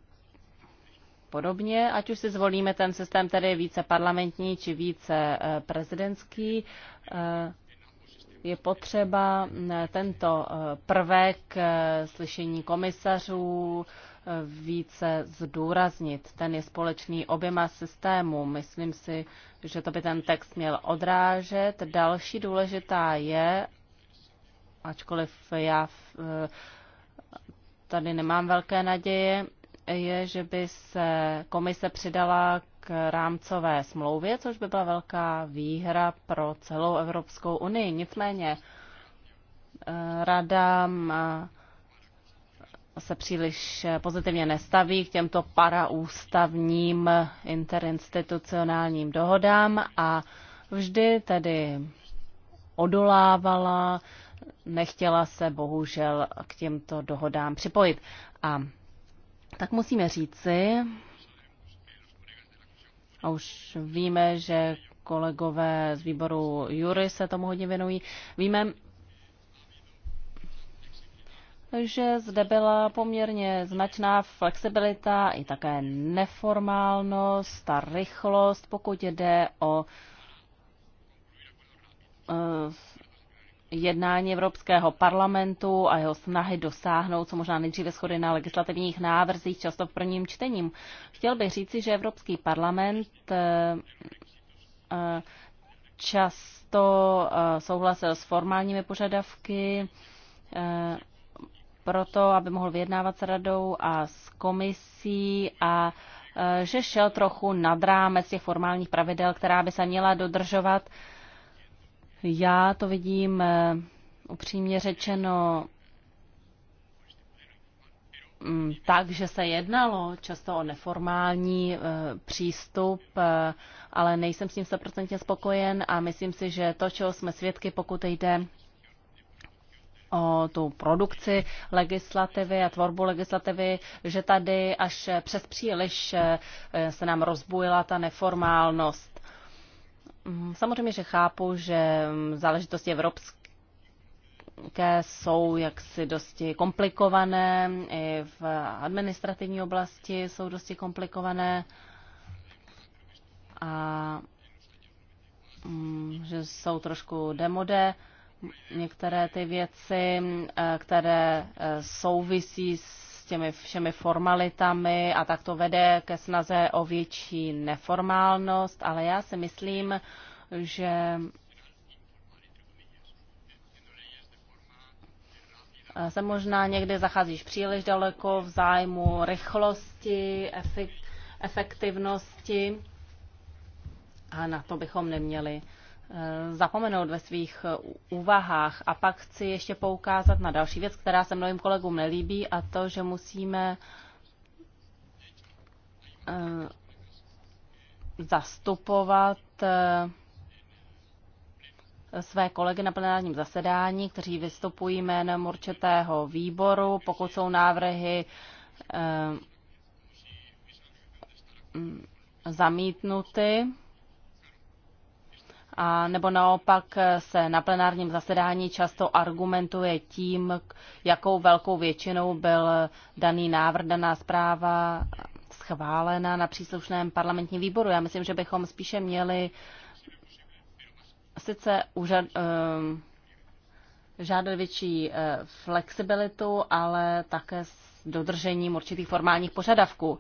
podobně, ať už si zvolíme ten systém je více parlamentní či více eh, prezidentský, eh, je potřeba mm, tento eh, prvek slyšení komisařů více zdůraznit. Ten je společný oběma systémům. Myslím si, že to by ten text měl odrážet. Další důležitá je, ačkoliv já tady nemám velké naděje, je, že by se komise přidala k rámcové smlouvě, což by byla velká výhra pro celou Evropskou unii. Nicméně eh, rada se příliš pozitivně nestaví k těmto paraústavním interinstitucionálním dohodám a vždy tedy odolávala, nechtěla se bohužel k těmto dohodám připojit. A tak musíme říci, a už víme, že kolegové z výboru Jury se tomu hodně věnují, víme, že zde byla poměrně značná flexibilita i také neformálnost, ta rychlost, pokud jde o eh, jednání Evropského parlamentu a jeho snahy dosáhnout co možná nejdříve schody na legislativních návrzích, často v prvním čtením. Chtěl bych říci, že Evropský parlament eh, eh, často eh, souhlasil s formálními požadavky proto, aby mohl vyjednávat s radou a s komisí a že šel trochu nad rámec těch formálních pravidel, která by se měla dodržovat já to vidím eh, upřímně řečeno mm, tak, že se jednalo často o neformální eh, přístup, eh, ale nejsem s tím 100% spokojen a myslím si, že to, čeho jsme svědky, pokud jde o tu produkci legislativy a tvorbu legislativy, že tady až přes příliš se nám rozbujila ta neformálnost. Mm, samozřejmě, že chápu, že mm, záležitosti evropské jsou jaksi dosti komplikované, i v administrativní oblasti jsou dosti komplikované a mm, že jsou trošku demode některé ty věci, eh, které eh, souvisí s těmi všemi formalitami a tak to vede ke snaze o větší neformálnost, ale já si myslím, že se možná někdy zacházíš příliš daleko v zájmu rychlosti, efektivnosti a na to bychom neměli Eh, zapomenout ve svých eh, úvahách. A pak chci ještě poukázat na další věc, která se mnohým kolegům nelíbí, a to, že musíme eh, zastupovat své kolegy na plenárním zasedání, kteří vystupují jménem určitého výboru, pokud jsou návrhy mm, zamítnuty a nebo naopak se na plenárním zasedání často argumentuje tím, jakou velkou většinou byl daný návrh, daná zpráva schválena na příslušném parlamentním výboru. Já myslím, že bychom spíše měli sice úřad, ehm, žádat větší eh, flexibilitu, ale také s dodržením určitých formálních požadavků.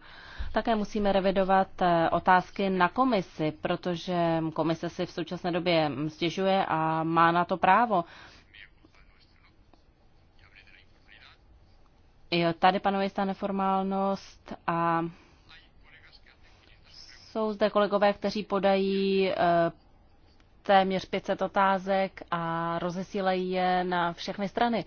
Také musíme revidovat eh, otázky na komisi, protože komise si v současné době stěžuje a má na to právo. Jo, tady panuje ta neformálnost a jsou zde kolegové, kteří podají eh, téměř 500 otázek a rozesílejí je na všechny strany.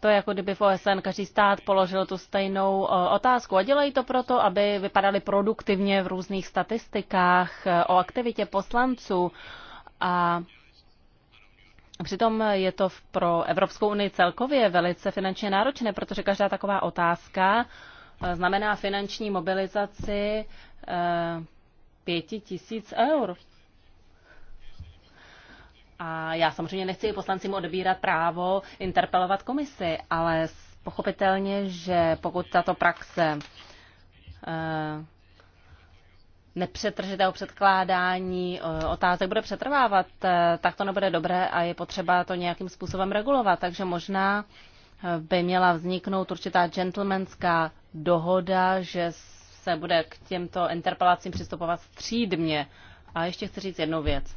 to je jako kdyby v OSN každý stát položil tu stejnou otázku. A dělají to proto, aby vypadali produktivně v různých statistikách e, o aktivitě poslanců. A přitom je to pro Evropskou unii celkově velice finančně náročné, protože každá taková otázka e, znamená finanční mobilizaci e, pěti tisíc eur. A já samozřejmě nechci poslancím odbírat právo interpelovat komisi, ale pochopitelně, že pokud tato praxe eh, nepřetržitého předkládání eh, otázek bude přetrvávat, eh, tak to nebude dobré a je potřeba to nějakým způsobem regulovat. Takže možná by měla vzniknout určitá gentlemanská dohoda, že se bude k těmto interpelacím přistupovat střídmě. A ještě chci říct jednu věc.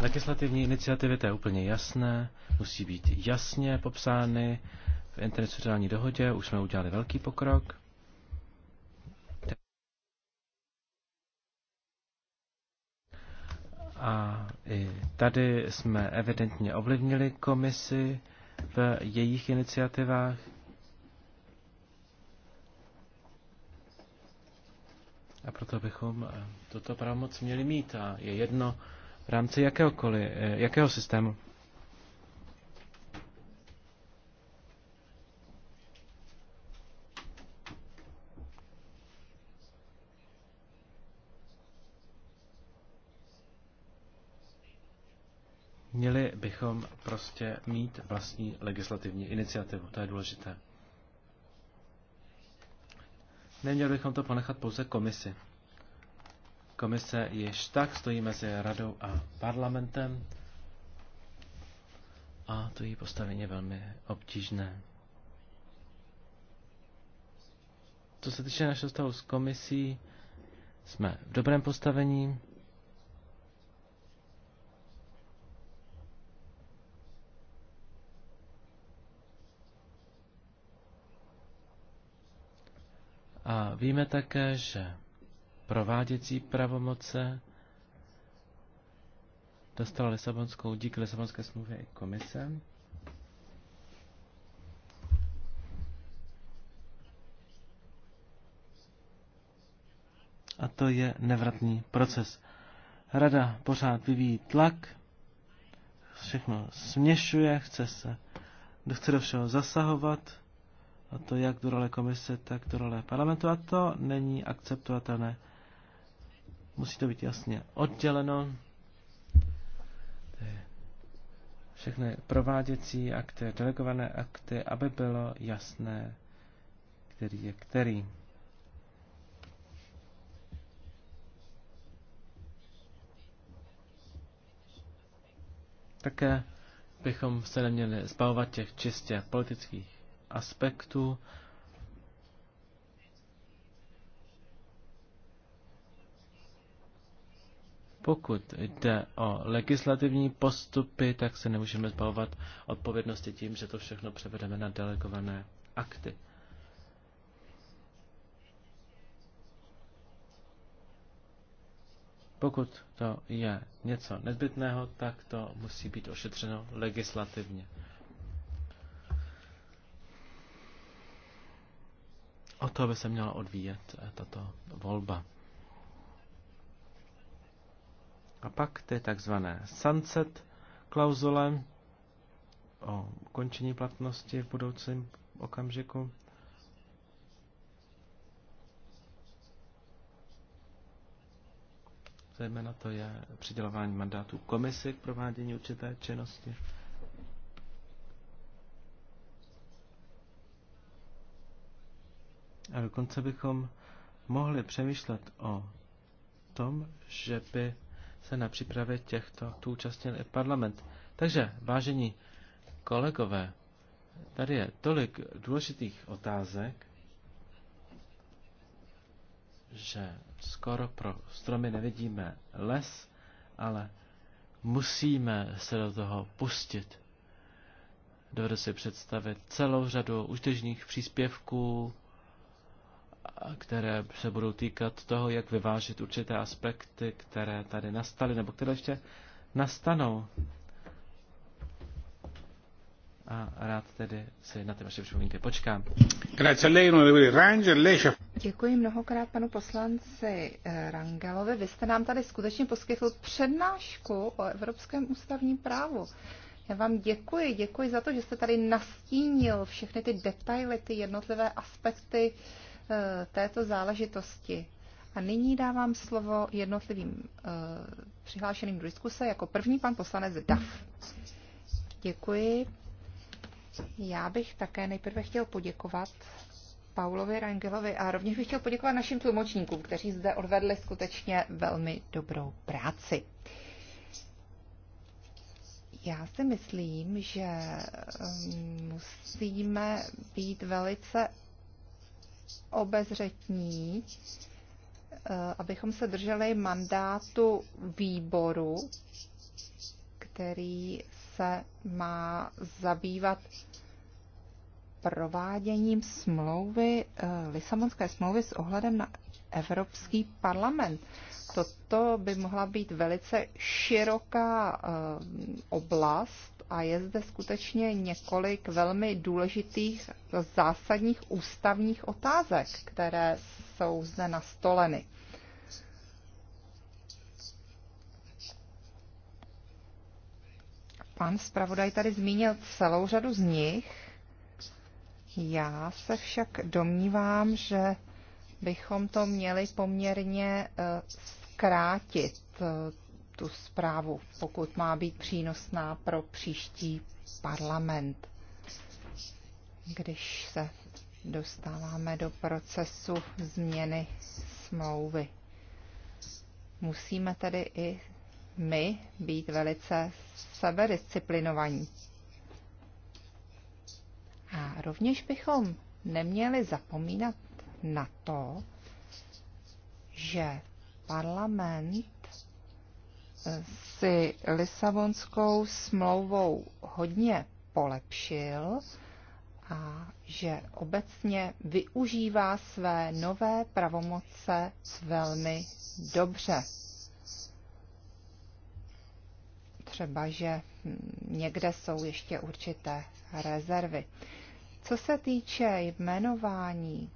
Legislativní iniciativy, to je úplně jasné, musí být jasně popsány v internacionální dohodě, už jsme udělali velký pokrok. A i tady jsme evidentně ovlivnili komisi v jejich iniciativách. A proto bychom eh, toto pravomoc měli mít a je jedno v rámci jakéhokoliv, eh, jakého systému. Měli bychom prostě mít vlastní legislativní iniciativu, to je důležité. Neměli bychom to ponechat pouze komisi. Komise již tak stojí mezi radou a parlamentem a to její postavení je velmi obtížné. Co se týče našeho stavu s komisí, jsme v dobrém postavení. A víme také, že prováděcí pravomoce dostala Lisabonskou díky Lisabonské smlouvě i komise. A to je nevratný proces. Rada pořád vyvíjí tlak, všechno směšuje, chce se, chce do všeho zasahovat a to jak do role komise, tak do role parlamentu a to není akceptovatelné. Musí to být jasně odděleno. Všechny prováděcí akty, delegované akty, aby bylo jasné, který je který. Také bychom se neměli zbavovat těch čistě politických Aspektu, Pokud jde o legislativní postupy, tak se nemůžeme zbavovat odpovědnosti tím, že to všechno převedeme na delegované akty. Pokud to je něco nezbytného, tak to musí být ošetřeno legislativně. o to by se měla odvíjet eh, tato volba. A pak ty takzvané sunset klauzule o ukončení platnosti v budoucím okamžiku. Zejména to je přidělování mandátů komisi k provádění určité činnosti. A dokonce bychom mohli přemýšlet o tom, že by se na přípravě těchto tu účastnil i parlament. Takže, vážení kolegové, tady je tolik důležitých otázek, že skoro pro stromy nevidíme les, ale musíme se do toho pustit. Dovedu si představit celou řadu užitečných příspěvků, které se budou týkat toho, jak vyvážit určité aspekty, které tady nastaly nebo které ještě nastanou. A rád tedy si na ty vaše připomínky počkám. Děkuji mnohokrát panu poslanci eh, Rangelovi. Vy jste nám tady skutečně poskytl přednášku o evropském ústavním právu. Já vám děkuji, děkuji za to, že jste tady nastínil všechny ty detaily, ty jednotlivé aspekty uh, Eh, této záležitosti. A nyní dávám slovo jednotlivým eh, přihlášeným do diskuse. Jako první pan poslanec Daf. Děkuji. Já bych také nejprve chtěl poděkovat Paulovi Rangelovi a rovněž bych chtěl poděkovat našim tlumočníkům, kteří zde odvedli skutečně velmi dobrou práci. Já si myslím, že eh, musíme být velice obezřetní, eh, abychom se drželi mandátu výboru, který se má zabývat prováděním smlouvy, eh, Lisabonské smlouvy s ohledem na Evropský parlament. Toto by mohla být velice široká eh, oblast, a je zde skutečně několik velmi důležitých zásadních ústavních otázek, které jsou zde nastoleny. Pan zpravodaj tady zmínil celou řadu z nich. Já se však domnívám, že bychom to měli poměrně eh, zkrátit eh, tu zprávu, pokud má být přínosná pro příští parlament. Když se dostáváme do procesu změny smlouvy. Musíme tedy i my být velice sebedisciplinovaní. A rovněž bychom neměli zapomínat na to, že parlament si Lisabonskou smlouvou hodně polepšil a že obecně využívá své nové pravomoce velmi dobře. Třeba, že někde jsou ještě určité rezervy. Co se týče jmenování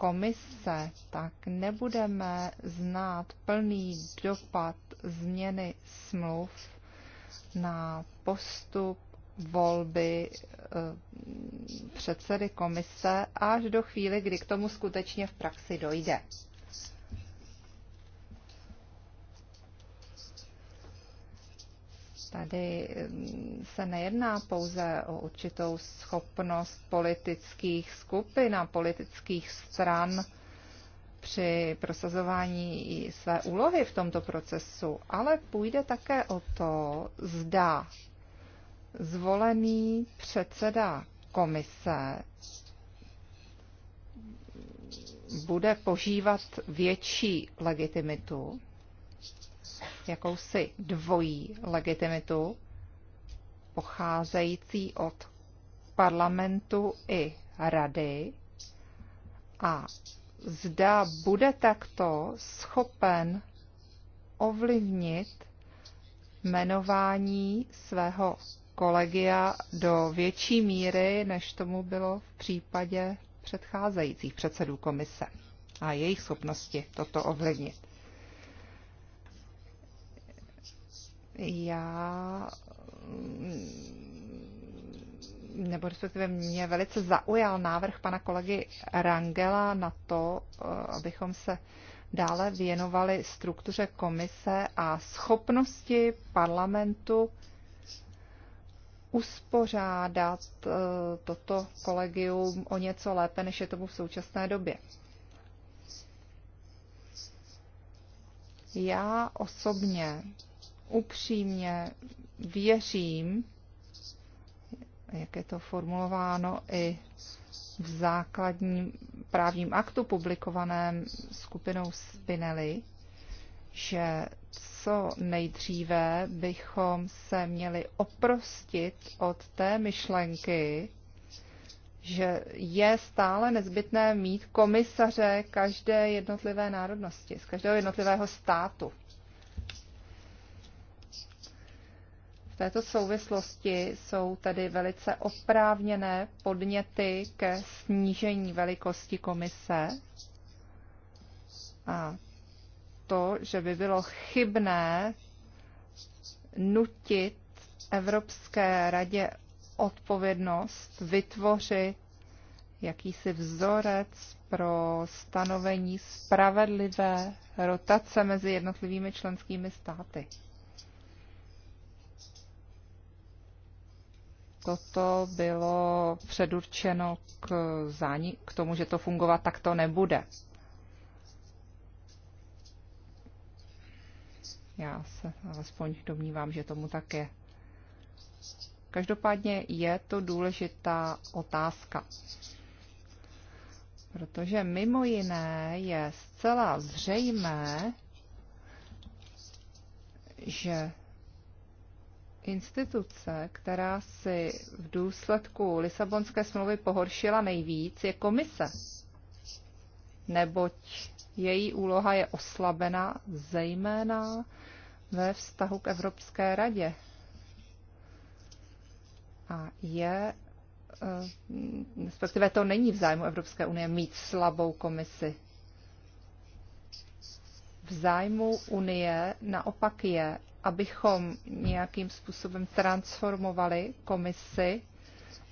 komise, tak nebudeme znát plný dopad změny smluv na postup volby eh, předsedy komise až do chvíli, kdy k tomu skutečně v praxi dojde. Tady se nejedná pouze o určitou schopnost politických skupin a politických stran při prosazování své úlohy v tomto procesu, ale půjde také o to, zda zvolený předseda komise bude požívat větší legitimitu jakousi dvojí legitimitu, pocházející od parlamentu i rady a zda bude takto schopen ovlivnit jmenování svého kolegia do větší míry, než tomu bylo v případě předcházejících předsedů komise a jejich schopnosti toto ovlivnit. Já nebo respektive mě velice zaujal návrh pana kolegy Rangela na to, eh, abychom se dále věnovali struktuře komise a schopnosti parlamentu uspořádat eh, toto kolegium o něco lépe, než je tomu v současné době. Já osobně upřímně věřím, jak je to formulováno i v základním právním aktu publikovaném skupinou Spinelli, že co nejdříve bychom se měli oprostit od té myšlenky, že je stále nezbytné mít komisaře každé jednotlivé národnosti, z každého jednotlivého státu. této souvislosti jsou tedy velice oprávněné podněty ke snížení velikosti komise a to, že by bylo chybné nutit Evropské radě odpovědnost vytvořit jakýsi vzorec pro stanovení spravedlivé rotace mezi jednotlivými členskými státy. toto bylo předurčeno k, záni- k tomu, že to fungovat takto nebude. Já se alespoň domnívám, že tomu tak je. Každopádně je to důležitá otázka, protože mimo jiné je zcela zřejmé, že instituce, která si v důsledku Lisabonské smlouvy pohoršila nejvíc, je komise. Neboť její úloha je oslabena zejména ve vztahu k Evropské radě. A je, eh, respektive to není v zájmu Evropské unie mít slabou komisi. V zájmu unie naopak je, abychom nějakým způsobem transformovali komisi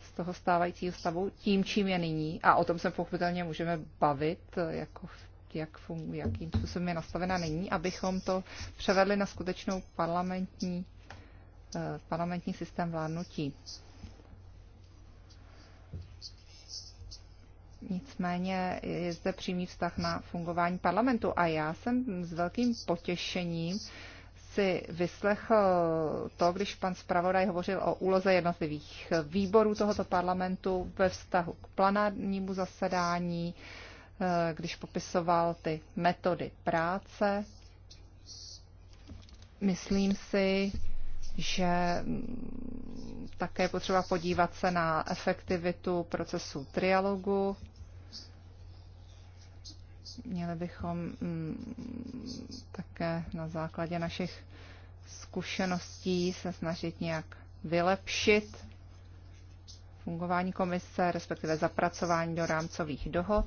z toho stávajícího stavu tím, čím je nyní. A o tom se pochopitelně můžeme bavit, jako jak fun- jakým způsobem je nastavena nyní, abychom to převedli na skutečnou parlamentní, eh, parlamentní systém vládnutí. Nicméně je zde přímý vztah na fungování parlamentu a já jsem s velkým potěšením si vyslechl to, když pan zpravodaj hovořil o úloze jednotlivých výborů tohoto parlamentu ve vztahu k planárnímu zasedání, eh, když popisoval ty metody práce. Myslím si, že také potřeba podívat se na efektivitu procesu trialogu Měli bychom mm, také na základě našich zkušeností se snažit nějak vylepšit fungování komise, respektive zapracování do rámcových dohod.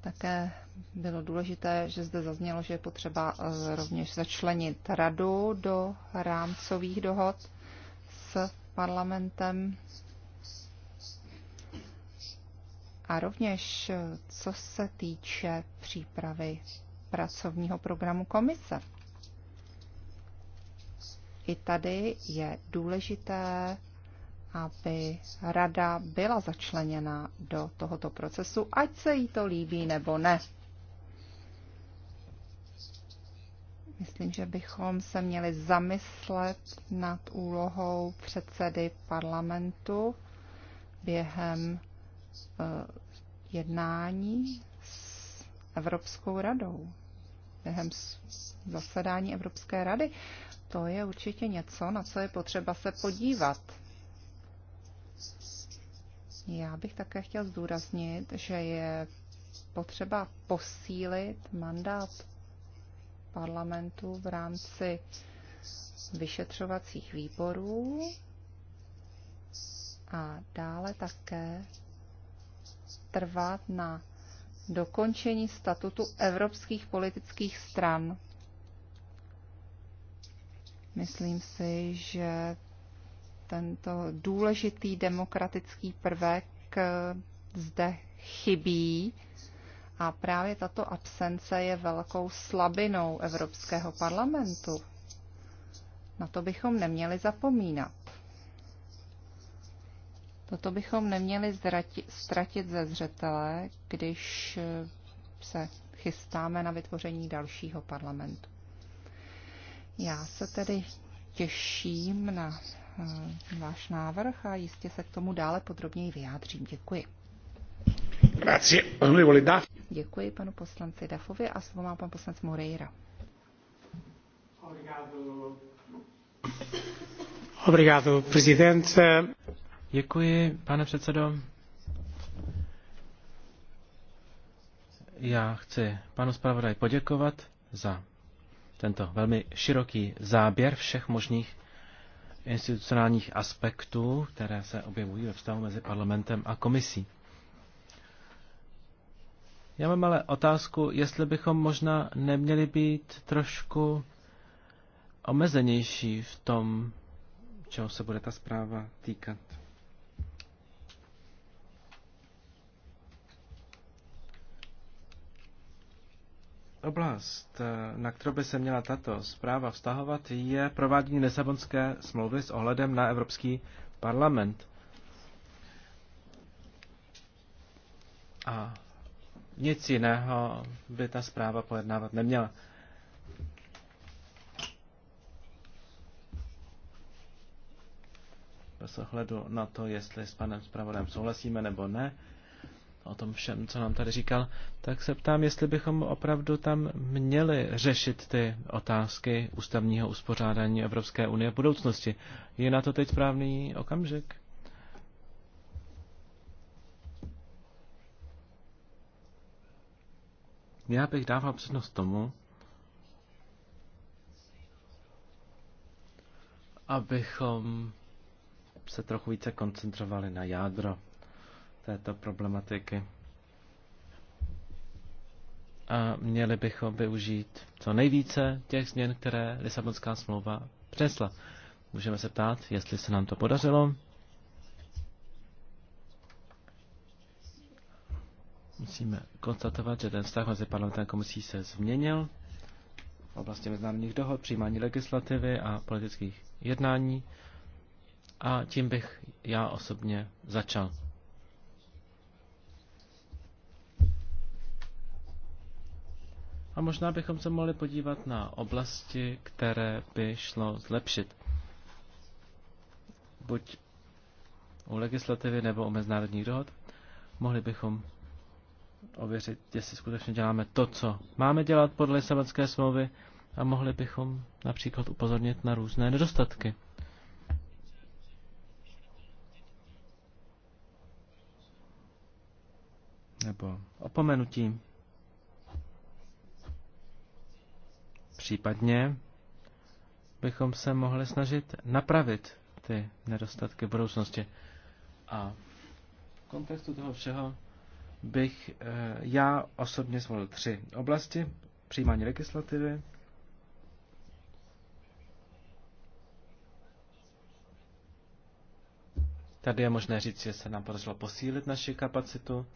Také bylo důležité, že zde zaznělo, že je potřeba eh, rovněž začlenit radu do rámcových dohod s parlamentem a rovněž, co se týče přípravy pracovního programu komise. I tady je důležité, aby rada byla začleněna do tohoto procesu, ať se jí to líbí nebo ne. Myslím, že bychom se měli zamyslet nad úlohou předsedy parlamentu během Eh, jednání s Evropskou radou, během zasedání Evropské rady. To je určitě něco, na co je potřeba se podívat. Já bych také chtěl zdůraznit, že je potřeba posílit mandát parlamentu v rámci vyšetřovacích výborů a dále také trvat na dokončení statutu evropských politických stran. Myslím si, že tento důležitý demokratický prvek eh, zde chybí a právě tato absence je velkou slabinou Evropského parlamentu. Na to bychom neměli zapomínat. Toto bychom neměli zrati, ztratit ze zřetele, když se chystáme na vytvoření dalšího parlamentu. Já se tedy těším na eh, váš návrh a jistě se k tomu dále podrobněji vyjádřím. Děkuji. Děkuji panu poslanci Dafovi a slovo má pan poslanec Moreira. Obrigado, presidente. Děkuji, pane předsedo. Já chci panu zpravodaj poděkovat za tento velmi široký záběr všech možných institucionálních aspektů, které se objevují ve vztahu mezi parlamentem a komisí. Já mám ale otázku, jestli bychom možná neměli být trošku omezenější v tom, čeho se bude ta zpráva týkat. Oblast, eh, na kterou by se měla tato zpráva vztahovat, je provádění Lisabonské smlouvy s ohledem na Evropský parlament. A nic jiného by ta zpráva pojednávat neměla. Bez ohledu na to, jestli s panem zpravodajem souhlasíme nebo ne, o tom všem, co nám tady říkal, tak se ptám, jestli bychom opravdu tam měli řešit ty otázky ústavního uspořádání Evropské unie v budoucnosti. Je na to teď správný okamžik? Já bych dával přednost tomu, abychom se trochu více koncentrovali na jádro této problematiky. A měli bychom využít co nejvíce těch změn, které Lisabonská smlouva přesla. Můžeme se ptát, jestli se nám to podařilo. Musíme konstatovat, že ten vztah mezi parlamentem a komisí se změnil v oblasti mezinárodních dohod, přijímání legislativy a politických jednání. A tím bych já osobně začal. A možná bychom se mohli podívat na oblasti, které by šlo zlepšit. Buď u legislativy nebo u mezinárodních dohod. Mohli bychom ověřit, jestli skutečně děláme to, co máme dělat podle Lisabonské smlouvy a mohli bychom například upozornit na různé nedostatky. Nebo opomenutím. Případně bychom se mohli snažit napravit ty nedostatky budoucnosti. A v kontextu toho všeho bych eh, já osobně zvolil tři oblasti. Přijímání legislativy, Tady je možné říct, že se nám podařilo posílit naši kapacitu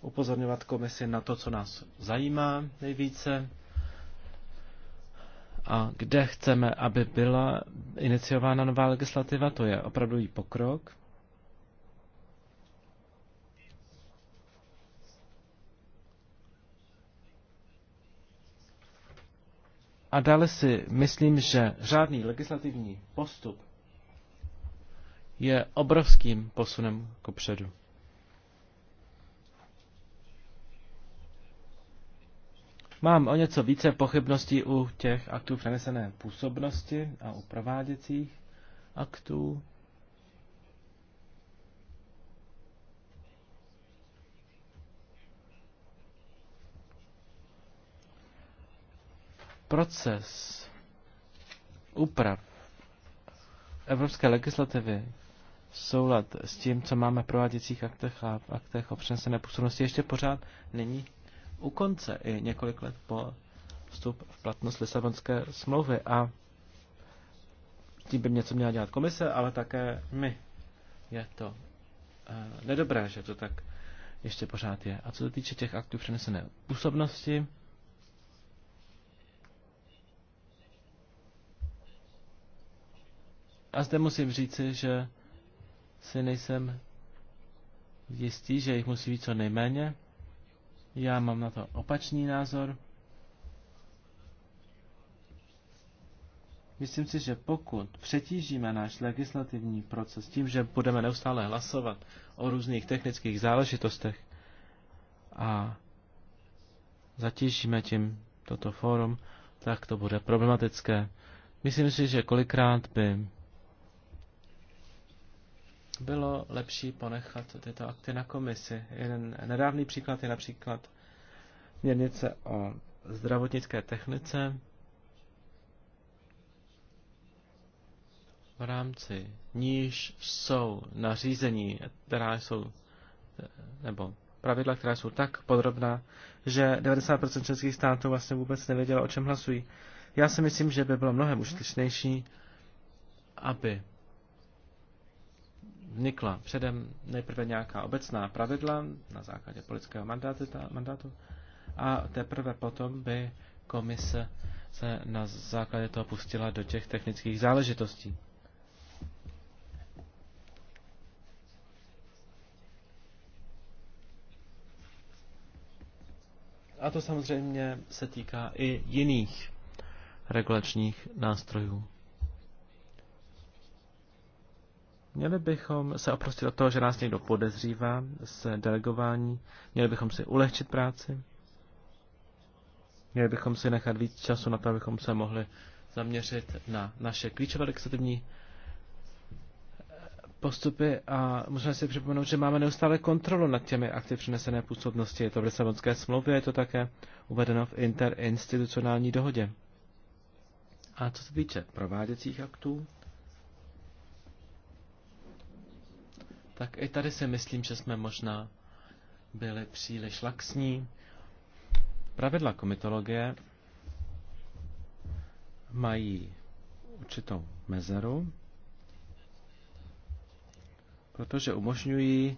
upozorňovat komisi na to, co nás zajímá nejvíce a kde chceme, aby byla iniciována nová legislativa, to je opravdu jí pokrok. A dále si myslím, že řádný legislativní postup je obrovským posunem ku předu. Mám o něco více pochybností u těch aktů přenesené působnosti a u prováděcích aktů. Proces úprav evropské legislativy soulad s tím, co máme v prováděcích aktech a v aktech o přenesené působnosti, ještě pořád není u konce i několik let po vstup v platnost Lisabonské smlouvy a tím by něco měla dělat komise, ale také my. Je to uh, nedobré, že to tak ještě pořád je. A co se týče těch aktů přenesené působnosti, a zde musím říci, že si nejsem jistý, že jich musí být co nejméně. Já mám na to opačný názor. Myslím si, že pokud přetížíme náš legislativní proces tím, že budeme neustále hlasovat o různých technických záležitostech a zatížíme tím toto fórum, tak to bude problematické. Myslím si, že kolikrát by bylo lepší ponechat tyto akty na komisi. Jeden nedávný příklad je například měrnice o zdravotnické technice. V rámci níž jsou nařízení, která jsou, nebo pravidla, která jsou tak podrobná, že 90% českých států vlastně vůbec nevědělo, o čem hlasují. Já si myslím, že by bylo mnohem užitečnější, aby vznikla předem nejprve nějaká obecná pravidla na základě politického mandátu, mandátu a teprve potom by komise se na základě toho pustila do těch technických záležitostí. A to samozřejmě se týká i jiných regulačních nástrojů. Měli bychom se oprostit od toho, že nás někdo podezřívá z delegování, měli bychom si ulehčit práci, měli bychom si nechat víc času na to, abychom se mohli zaměřit na naše klíčové legislativní postupy a musíme si připomenout, že máme neustále kontrolu nad těmi akty přenesené působnosti. Je to v Lisabonské smlouvě, je to také uvedeno v interinstitucionální dohodě. A co se týče prováděcích aktů, tak i tady si myslím, že jsme možná byli příliš laxní. Pravidla komitologie mají určitou mezeru, protože umožňují,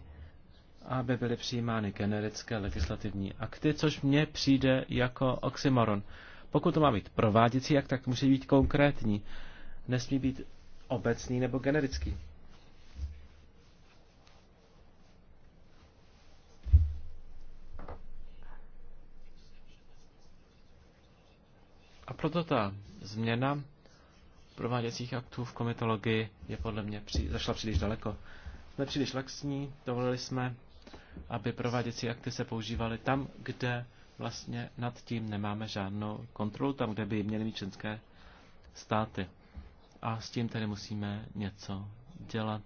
aby byly přijímány generické legislativní akty, což mně přijde jako oxymoron. Pokud to má být prováděcí akt, tak to musí být konkrétní. Nesmí být obecný nebo generický. proto ta změna prováděcích aktů v komitologii je podle mě při, zašla příliš daleko. Jsme příliš laxní, dovolili jsme, aby prováděcí akty se používaly tam, kde vlastně nad tím nemáme žádnou kontrolu, tam, kde by měly mít členské státy. A s tím tedy musíme něco dělat,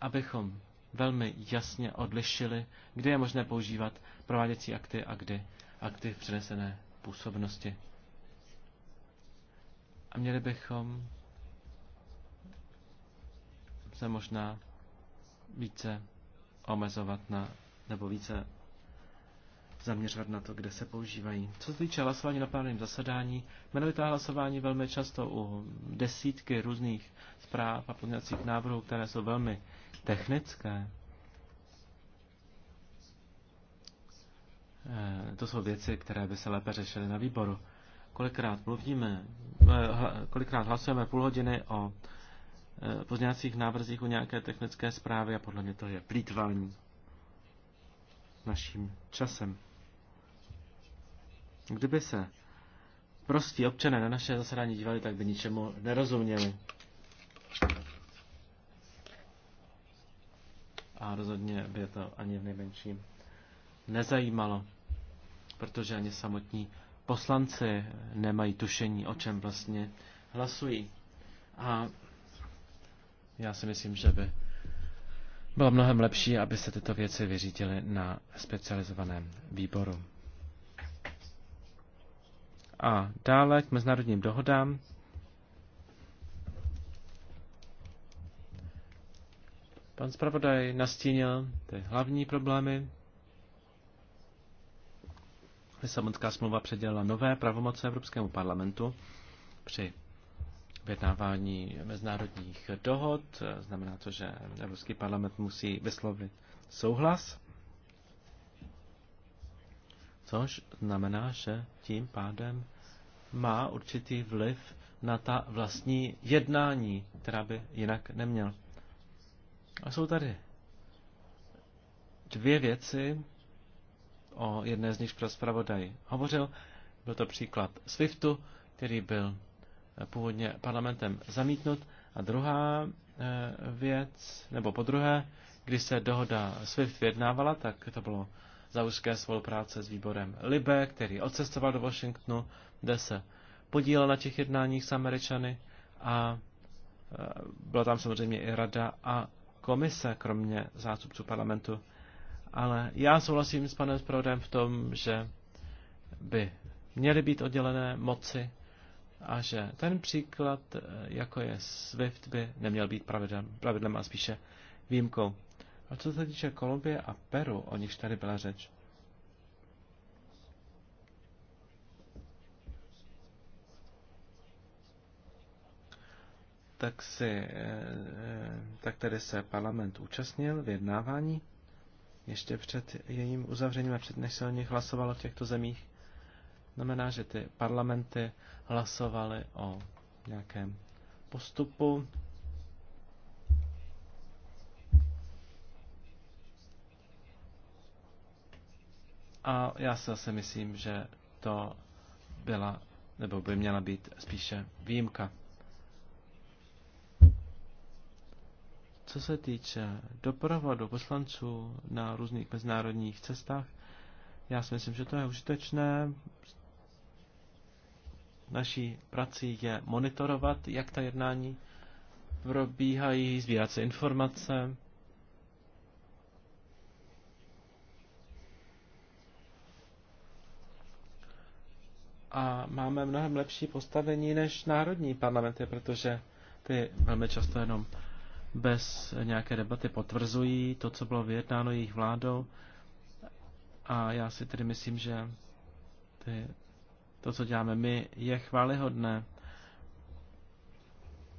abychom velmi jasně odlišili, kde je možné používat prováděcí akty a kdy akty v přenesené působnosti. Měli bychom se možná více omezovat na, nebo více zaměřovat na to, kde se používají. Co se týče hlasování na plánovém zasedání, jmenovitá hlasování velmi často u desítky různých zpráv a podněcích návrhů, které jsou velmi technické. Eh, to jsou věci, které by se lépe řešily na výboru kolikrát mluvíme, eh, kolikrát hlasujeme půl hodiny o eh, pozněcích návrzích u nějaké technické zprávy a podle mě to je plítvání naším časem. Kdyby se prostí občané na naše zasedání dívali, tak by ničemu nerozuměli. A rozhodně by to ani v nejmenším nezajímalo, protože ani samotní poslanci nemají tušení, o čem vlastně hlasují. A já si myslím, že by bylo mnohem lepší, aby se tyto věci vyřídily na specializovaném výboru. A dále k mezinárodním dohodám. Pan zpravodaj nastínil ty hlavní problémy, Lisabonská smlouva předělala nové pravomoce Evropskému parlamentu při vyjednávání mezinárodních dohod. Znamená to, že Evropský parlament musí vyslovit souhlas, což znamená, že tím pádem má určitý vliv na ta vlastní jednání, která by jinak neměl. A jsou tady dvě věci, o jedné z nich pro zpravodaj hovořil. Byl to příklad SWIFTu, který byl eh, původně parlamentem zamítnut. A druhá eh, věc, nebo po druhé, když se dohoda SWIFT vyjednávala, tak to bylo za úzké spolupráce s výborem Libe, který odcestoval do Washingtonu, kde se podílel na těch jednáních s Američany a eh, byla tam samozřejmě i rada a komise, kromě zástupců parlamentu. Ale já souhlasím s panem Sprodem v tom, že by měly být oddělené moci a že ten příklad, eh, jako je SWIFT, by neměl být pravidlem, pravidlem a spíše výjimkou. A co se týče Kolumbie a Peru, o nichž tady byla řeč, tak, si, eh, eh, tak tedy se parlament účastnil jednávání ještě před jejím uzavřením a před než se o nich hlasovalo v těchto zemích. Znamená, že ty parlamenty hlasovaly o nějakém postupu. A já si zase myslím, že to byla, nebo by měla být spíše výjimka. Co se týče doprovodu poslanců na různých mezinárodních cestách, já si myslím, že to je užitečné. Naší prací je monitorovat, jak ta jednání probíhají, sbírat se informace. A máme mnohem lepší postavení než národní parlamenty, protože ty velmi často jenom bez nějaké debaty potvrzují to, co bylo vyjednáno jejich vládou. A já si tedy myslím, že ty, to, co děláme my, je chválihodné.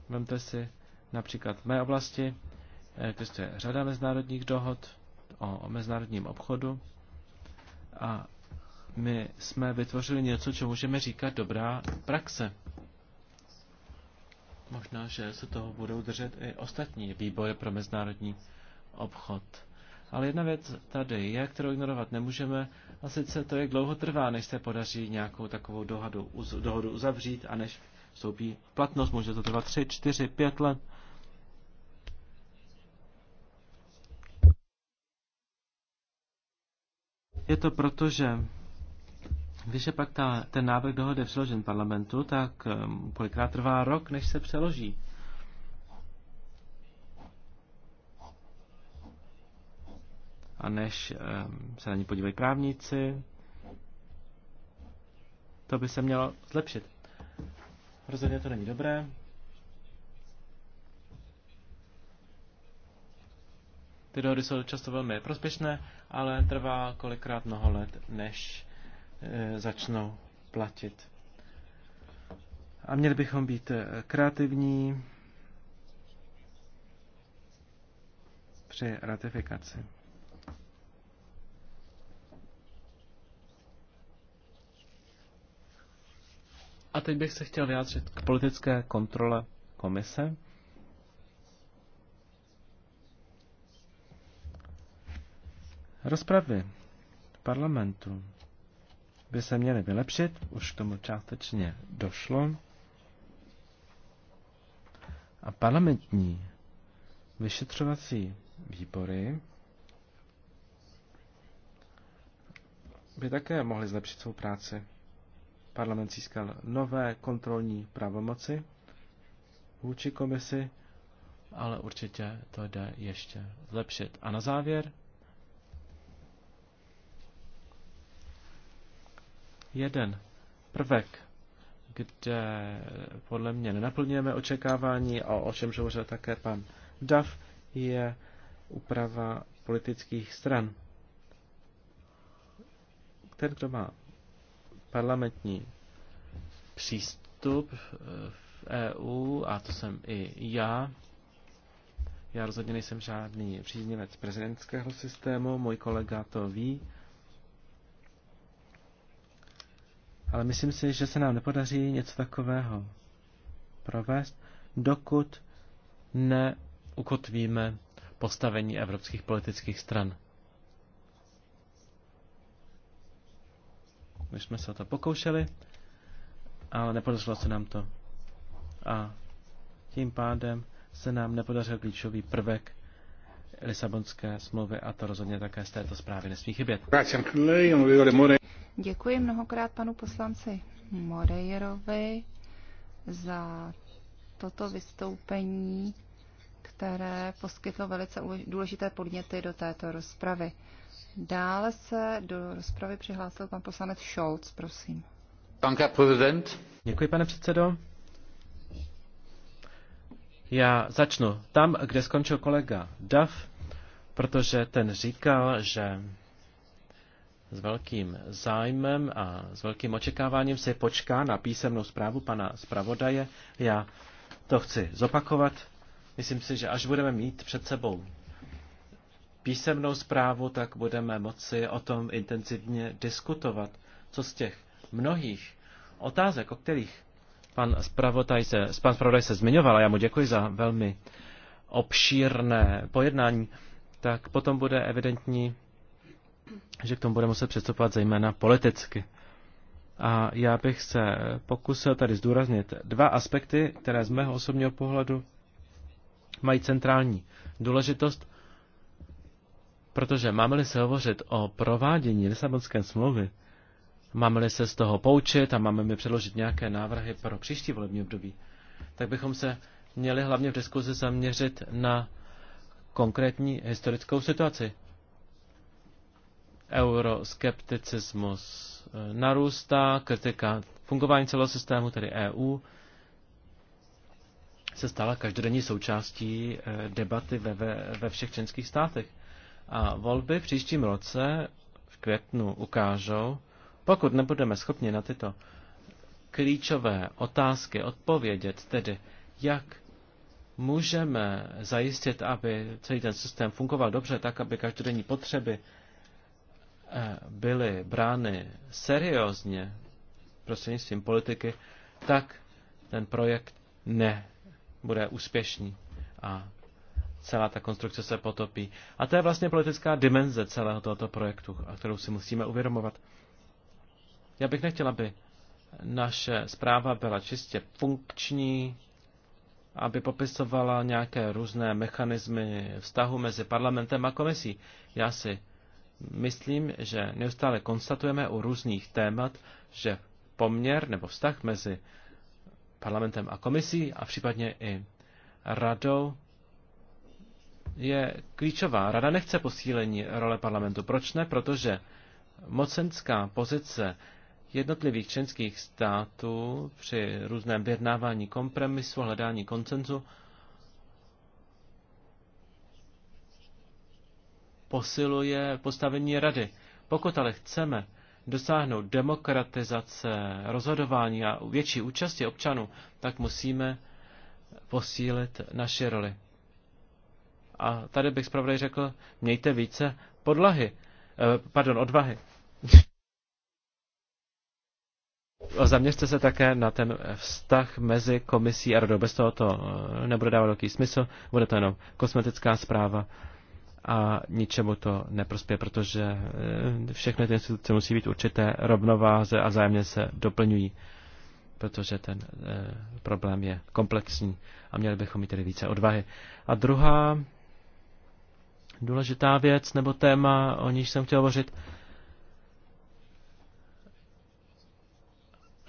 Vemte si například v mé oblasti, existuje řada mezinárodních dohod o mezinárodním obchodu a my jsme vytvořili něco, co můžeme říkat dobrá praxe. Možná, že se toho budou držet i ostatní výbory pro mezinárodní obchod. Ale jedna věc tady je, kterou ignorovat nemůžeme, a sice to, jak dlouho trvá, než se podaří nějakou takovou dohodu, uz, dohodu uzavřít a než vstoupí platnost. Může to trvat 3, 4, 5 let. Je to proto, že když je pak ta, ten návrh dohody přeložen parlamentu, tak um, kolikrát trvá rok, než se přeloží. A než um, se na ní podívají právníci, to by se mělo zlepšit. Rozhodně to není dobré. Ty dohody jsou často velmi prospěšné, ale trvá kolikrát mnoho let, než Eh, začnou platit. A měli bychom být eh, kreativní při ratifikaci. A teď bych se chtěl vyjádřit k politické kontrole komise. Rozpravy parlamentu by se měly vylepšit, už k tomu částečně došlo. A parlamentní vyšetřovací výbory by také mohly zlepšit svou práci. Parlament získal nové kontrolní pravomoci vůči komisi, ale určitě to jde ještě zlepšit. A na závěr jeden prvek, kde podle mě nenaplňujeme očekávání a o čem hovořil také pan Dav, je úprava politických stran. Ten, kdo má parlamentní přístup eh, v EU, a to jsem i já, já rozhodně nejsem žádný příznivec prezidentského systému, můj kolega to ví, Ale myslím si, že se nám nepodaří něco takového provést, dokud neukotvíme postavení evropských politických stran. My jsme se o to pokoušeli, ale nepodařilo se nám to. A tím pádem se nám nepodařil klíčový prvek Lisabonské smlouvy a to rozhodně také z této zprávy nesmí chybět. Děkuji mnohokrát panu poslanci Morejerovi za toto vystoupení, které poskytlo velice důležité podněty do této rozpravy. Dále se do rozpravy přihlásil pan poslanec Scholz, prosím. Děkuji, pane předsedo. Já začnu tam, kde skončil kolega Duff protože ten říkal, že s velkým zájmem a s velkým očekáváním se počká na písemnou zprávu pana zpravodaje. Já to chci zopakovat. Myslím si, že až budeme mít před sebou písemnou zprávu, tak budeme moci o tom intenzivně diskutovat, co z těch mnohých otázek, o kterých pan zpravodaj se, pan zpravodaj se zmiňoval, a já mu děkuji za velmi obšírné pojednání, tak potom bude evidentní, že k tomu bude muset přistupovat zejména politicky. A já bych se pokusil tady zdůraznit dva aspekty, které z mého osobního pohledu mají centrální důležitost, protože máme-li se hovořit o provádění Lisabonské smlouvy, máme-li se z toho poučit a máme-li předložit nějaké návrhy pro příští volební období, tak bychom se měli hlavně v diskuzi zaměřit na konkrétní historickou situaci. Euroskepticismus eh, narůstá, kritika fungování celého systému, tedy EU, se stala každodenní součástí eh, debaty ve, ve, ve všech členských státech. A volby v příštím roce v květnu ukážou, pokud nebudeme schopni na tyto klíčové otázky odpovědět, tedy jak můžeme zajistit, aby celý ten systém fungoval dobře, tak aby každodenní potřeby eh, byly brány seriózně prostřednictvím politiky, tak ten projekt nebude úspěšný a celá ta konstrukce se potopí. A to je vlastně politická dimenze celého tohoto projektu, a kterou si musíme uvědomovat. Já bych nechtěl, aby naše zpráva byla čistě funkční, aby popisovala nějaké různé mechanismy vztahu mezi parlamentem a komisí. Já si myslím, že neustále konstatujeme u různých témat, že poměr nebo vztah mezi parlamentem a komisí a případně i radou je klíčová. Rada nechce posílení role parlamentu. Proč ne? Protože mocenská pozice jednotlivých členských států při různém vyjednávání kompromisu, hledání koncenzu posiluje postavení rady. Pokud ale chceme dosáhnout demokratizace, rozhodování a větší účasti občanů, tak musíme posílit naši roli. A tady bych zpravodaj řekl, mějte více podlahy, eh, pardon, odvahy. Zaměřte se také na ten vztah mezi komisí a radou. Bez toho to eh, nebude dávat velký smysl, bude to jenom kosmetická zpráva a ničemu to neprospěje, protože eh, všechny ty instituce musí být určité rovnováze a zájemně se doplňují, protože ten eh, problém je komplexní a měli bychom mít tedy více odvahy. A druhá důležitá věc nebo téma, o níž jsem chtěl hovořit,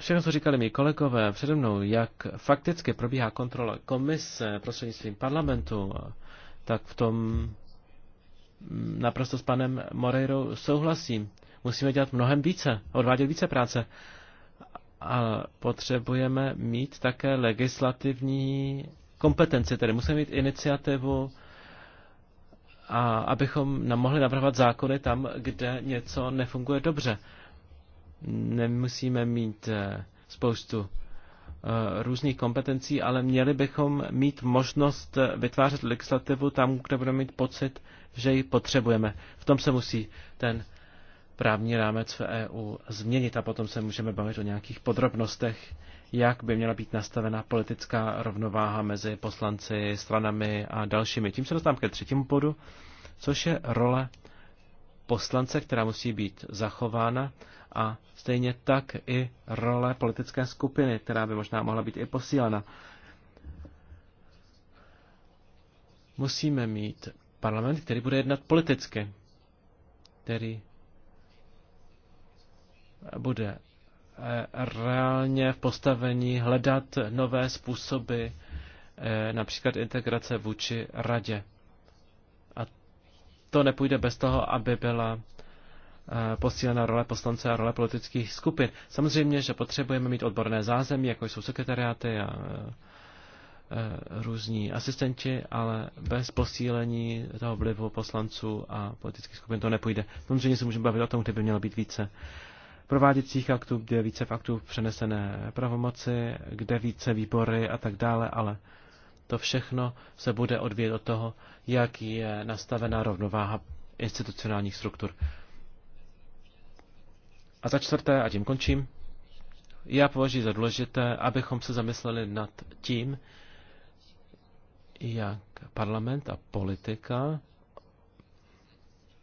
všechno, co říkali mi kolegové přede mnou, jak fakticky probíhá kontrola komise prostřednictvím parlamentu, tak v tom naprosto s panem Moreirou souhlasím. Musíme dělat mnohem více, odvádět více práce. A potřebujeme mít také legislativní kompetenci, tedy musíme mít iniciativu, a abychom mohli navrhovat zákony tam, kde něco nefunguje dobře nemusíme mít eh, spoustu eh, různých kompetencí, ale měli bychom mít možnost eh, vytvářet legislativu tam, kde budeme mít pocit, že ji potřebujeme. V tom se musí ten právní rámec v EU změnit a potom se můžeme bavit o nějakých podrobnostech, jak by měla být nastavena politická rovnováha mezi poslanci, stranami a dalšími. Tím se dostávám ke třetímu bodu, což je role poslance, která musí být zachována a stejně tak i role politické skupiny, která by možná mohla být i posílena. Musíme mít parlament, který bude jednat politicky, který bude eh, reálně v postavení hledat nové způsoby, eh, například integrace vůči radě. A to nepůjde bez toho, aby byla posílena role poslance a role politických skupin. Samozřejmě, že potřebujeme mít odborné zázemí, jako jsou sekretariáty a e, e, různí asistenti, ale bez posílení toho vlivu poslanců a politických skupin to nepůjde. Samozřejmě se můžeme bavit o tom, kde by mělo být více prováděcích aktů, kde více v aktů přenesené pravomoci, kde více výbory a tak dále, ale to všechno se bude odvíjet od toho, jak je nastavená rovnováha institucionálních struktur. A za čtvrté, a tím končím, já považuji za důležité, abychom se zamysleli nad tím, jak parlament a politika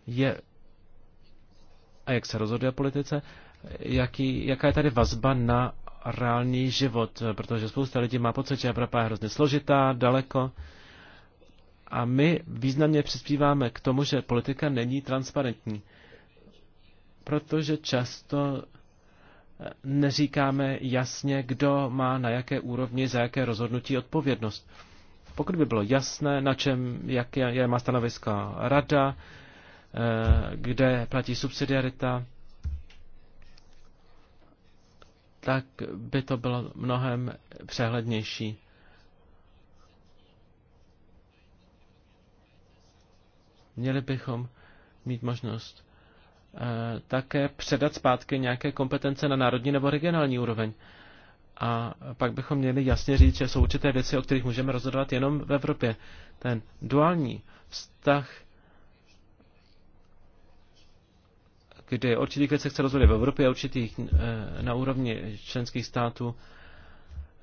je a jak se rozhoduje politice, jaký, jaká je tady vazba na reálný život, protože spousta lidí má pocit, že Evropa je hrozně složitá, daleko a my významně přispíváme k tomu, že politika není transparentní protože často eh, neříkáme jasně, kdo má na jaké úrovni za jaké rozhodnutí odpovědnost. Pokud by bylo jasné, na čem, jak je, je má stanoviska rada, eh, kde platí subsidiarita, tak by to bylo mnohem přehlednější. Měli bychom mít možnost Eh, také předat zpátky nějaké kompetence na národní nebo regionální úroveň. A pak bychom měli jasně říct, že jsou určité věci, o kterých můžeme rozhodovat jenom v Evropě. Ten duální vztah, kdy určitých věcech se rozhoduje v Evropě a určitých eh, na úrovni členských států,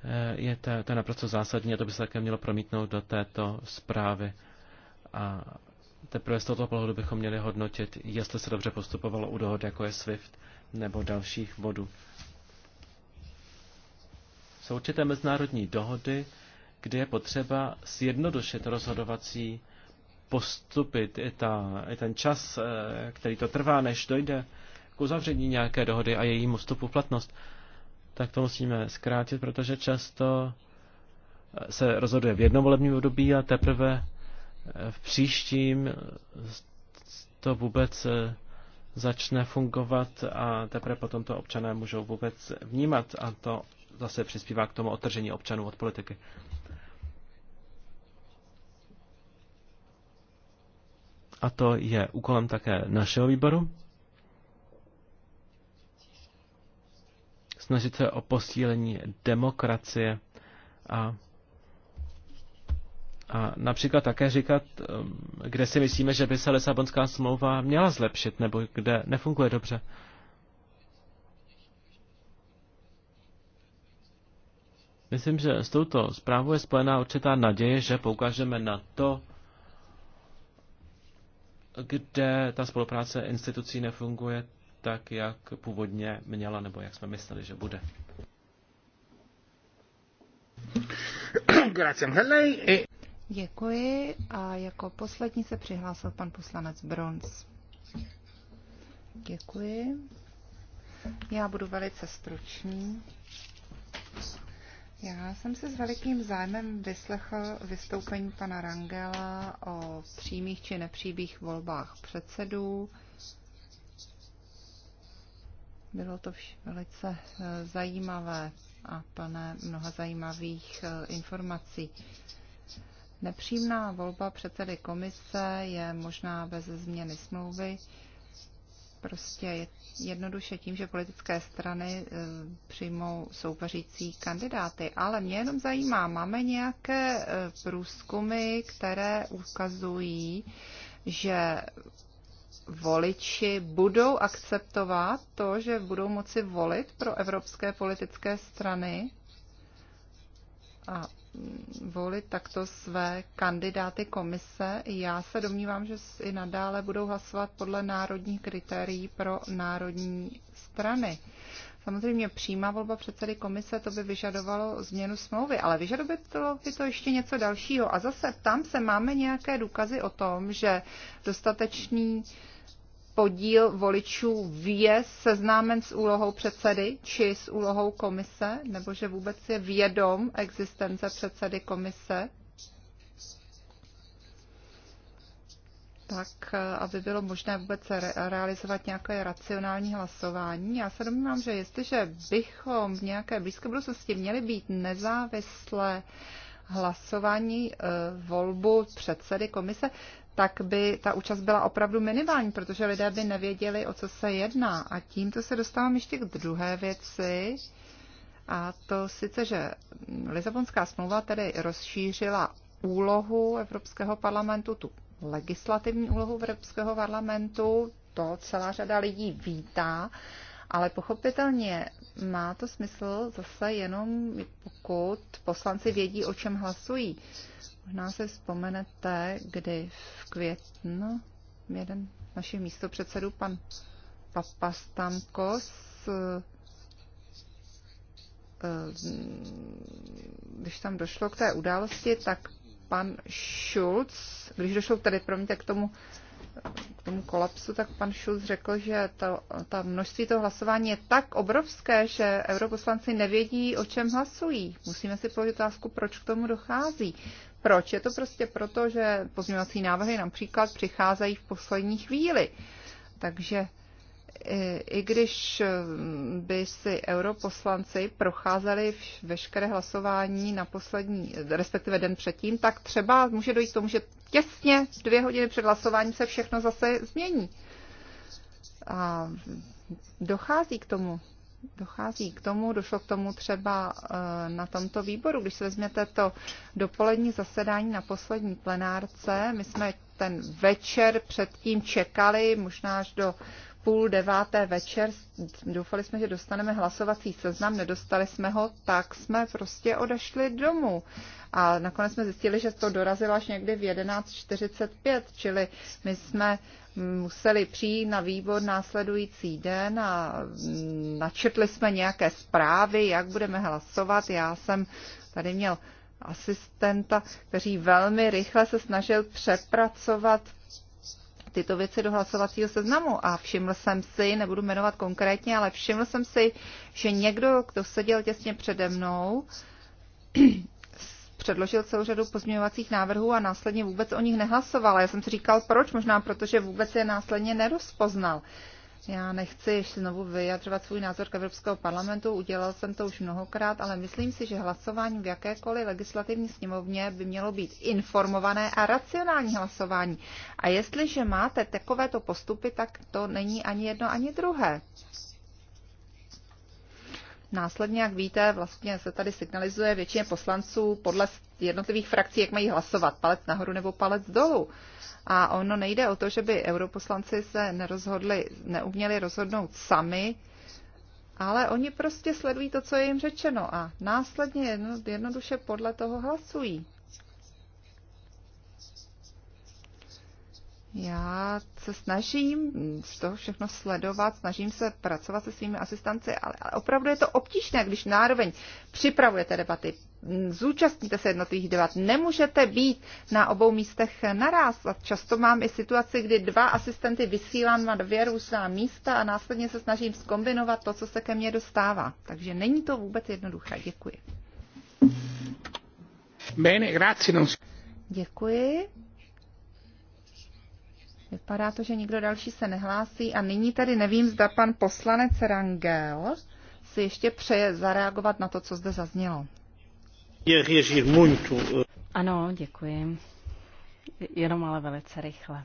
eh, je to, to je naprosto zásadní a to by se také mělo promítnout do této zprávy. A teprve z tohoto pohledu bychom měli hodnotit, jestli se dobře postupovalo u dohod, jako je SWIFT nebo dalších bodů. Jsou určité mezinárodní dohody, kde je potřeba sjednodušit rozhodovací postupy, i, ta, i ten čas, eh, který to trvá, než dojde k uzavření nějaké dohody a jejímu vstupu v platnost, tak to musíme zkrátit, protože často eh, se rozhoduje v jednom volebním období a teprve v příštím to vůbec eh, začne fungovat a teprve potom to občané můžou vůbec vnímat a to zase přispívá k tomu otržení občanů od politiky. A to je úkolem také našeho výboru. Snažit se o posílení demokracie a a například také říkat, ehm, kde si myslíme, že by se Lisabonská smlouva měla zlepšit, nebo kde nefunguje dobře. Myslím, že s touto zprávou je spojená určitá naděje, že poukážeme na to, kde ta spolupráce institucí nefunguje tak, jak původně měla, nebo jak jsme mysleli, že bude. Grazie Děkuji a jako poslední se přihlásil pan poslanec Bronz. Děkuji. Já budu velice stručný. Já jsem se s velikým zájmem vyslechl vystoupení pana Rangela o přímých či nepřímých volbách předsedů. Bylo to velice eh, zajímavé a plné mnoha zajímavých eh, informací. Nepřímná volba předsedy komise je možná bez změny smlouvy. Prostě jednoduše tím, že politické strany eh, přijmou soupeřící kandidáty. Ale mě jenom zajímá, máme nějaké eh, průzkumy, které ukazují, že voliči budou akceptovat to, že budou moci volit pro evropské politické strany? A volit takto své kandidáty komise. Já se domnívám, že i nadále budou hlasovat podle národních kritérií pro národní strany. Samozřejmě přímá volba předsedy komise, to by vyžadovalo změnu smlouvy, ale vyžadovalo by to ještě něco dalšího. A zase tam se máme nějaké důkazy o tom, že dostatečný podíl voličů je seznámen s úlohou předsedy či s úlohou komise, nebo že vůbec je vědom existence předsedy komise? tak eh, aby bylo možné vůbec realizovat nějaké racionální hlasování. Já se domnívám, že jestliže bychom v nějaké blízké budoucnosti měli být nezávislé hlasování, eh, volbu předsedy komise, tak by ta účast byla opravdu minimální, protože lidé by nevěděli, o co se jedná. A tímto se dostávám ještě k druhé věci, a to sice, že Lisabonská smlouva tedy rozšířila úlohu Evropského parlamentu, tu legislativní úlohu Evropského parlamentu, to celá řada lidí vítá, ale pochopitelně má to smysl zase jenom, pokud poslanci vědí, o čem hlasují. Možná se vzpomenete, kdy v květnu jeden našich místopředsedů, pan Papastamkos, eh, když tam došlo k té události, tak pan Schulz, když došlo tady, promiňte, k tomu k tomu kolapsu, tak pan Schulz řekl, že to, ta množství toho hlasování je tak obrovské, že europoslanci nevědí, o čem hlasují. Musíme si položit otázku, proč k tomu dochází. Proč? Je to prostě proto, že pozměňovací návrhy například přicházejí v poslední chvíli. Takže i když mm, by si europoslanci procházeli veškeré hlasování na poslední, respektive den předtím, tak třeba může dojít k tomu, že těsně dvě hodiny před hlasováním se všechno zase změní. A dochází k tomu. Dochází k tomu, došlo k tomu třeba e, na tomto výboru. Když si vezměte to dopolední zasedání na poslední plenárce, my jsme ten večer předtím čekali, možná až do půl deváté večer. Doufali jsme, že dostaneme hlasovací seznam, nedostali jsme ho, tak jsme prostě odešli domů. A nakonec jsme zjistili, že to dorazilo až někdy v 11.45, čili my jsme museli přijít na výbor následující den a mm, načetli jsme nějaké zprávy, jak budeme hlasovat. Já jsem tady měl asistenta, který velmi rychle se snažil přepracovat tyto věci do hlasovacího seznamu a všiml jsem si, nebudu jmenovat konkrétně, ale všiml jsem si, že někdo, kdo seděl těsně přede mnou, předložil celou řadu pozměňovacích návrhů a následně vůbec o nich nehlasoval. Já jsem si říkal, proč? Možná protože vůbec je následně nerozpoznal. Já nechci ještě znovu vyjadřovat svůj názor k Evropského parlamentu, udělal jsem to už mnohokrát, ale myslím si, že hlasování v jakékoliv legislativní sněmovně by mělo být informované a racionální hlasování. A jestliže máte takovéto postupy, tak to není ani jedno, ani druhé. Následně, jak víte, vlastně se tady signalizuje většině poslanců podle jednotlivých frakcí, jak mají hlasovat, palec nahoru nebo palec dolů. A ono nejde o to, že by europoslanci se nerozhodli, neuměli rozhodnout sami, ale oni prostě sledují to, co je jim řečeno a následně jedno, jednoduše podle toho hlasují. Já se snažím z toho všechno sledovat, snažím se pracovat se svými asistanci, ale, ale opravdu je to obtížné, když nároveň připravujete debaty, zúčastníte se jednotlivých debat, nemůžete být na obou místech naraz. A často mám i situaci, kdy dva asistenty vysílám na dvě různá místa a následně se snažím skombinovat to, co se ke mně dostává. Takže není to vůbec jednoduché. Děkuji. Bene, grazie. non. Děkuji. Vypadá to, že nikdo další se nehlásí a nyní tedy nevím, zda pan poslanec Rangel si ještě přeje zareagovat na to, co zde zaznělo. Ano, děkuji. Jenom ale velice rychle.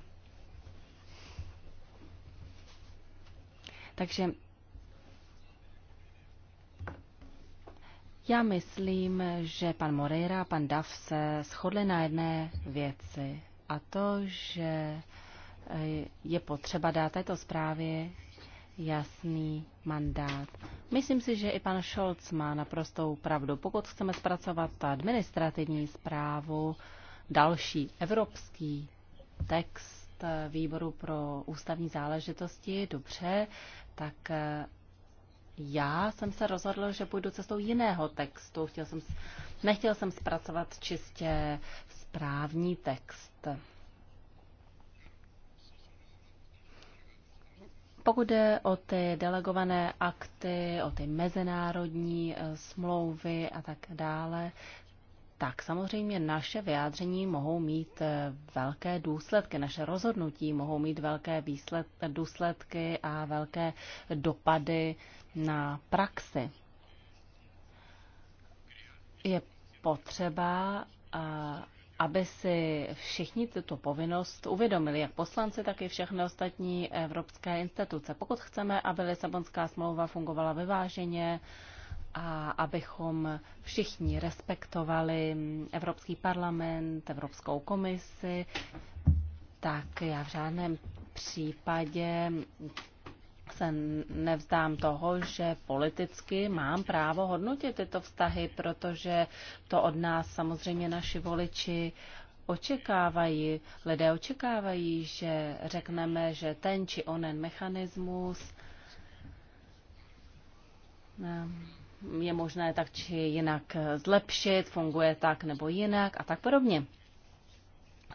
Takže já myslím, že pan Moreira a pan Dav se shodli na jedné věci a to, že je potřeba dát této zprávě jasný mandát. Myslím si, že i pan Scholz má naprostou pravdu. Pokud chceme zpracovat administrativní zprávu, další evropský text výboru pro ústavní záležitosti, dobře, tak eh, já jsem se rozhodl, že půjdu cestou jiného textu. Chtěl jsem, nechtěl jsem zpracovat čistě správní text. Pokud jde o ty delegované akty, o ty mezinárodní e, smlouvy a tak dále, tak samozřejmě naše vyjádření mohou mít e, velké důsledky, naše rozhodnutí mohou mít velké výsled, důsledky a velké dopady na praxi. Je potřeba, aby si všichni tuto povinnost uvědomili, jak poslanci, tak i všechny ostatní evropské instituce. Pokud chceme, aby Lisabonská smlouva fungovala vyváženě a abychom všichni respektovali Evropský parlament, Evropskou komisi, tak já v žádném případě se nevzdám toho, že politicky mám právo hodnotit tyto vztahy, protože to od nás samozřejmě naši voliči očekávají. Lidé očekávají, že řekneme, že ten či onen mechanismus eh, je možné tak či jinak zlepšit, funguje tak nebo jinak a tak podobně.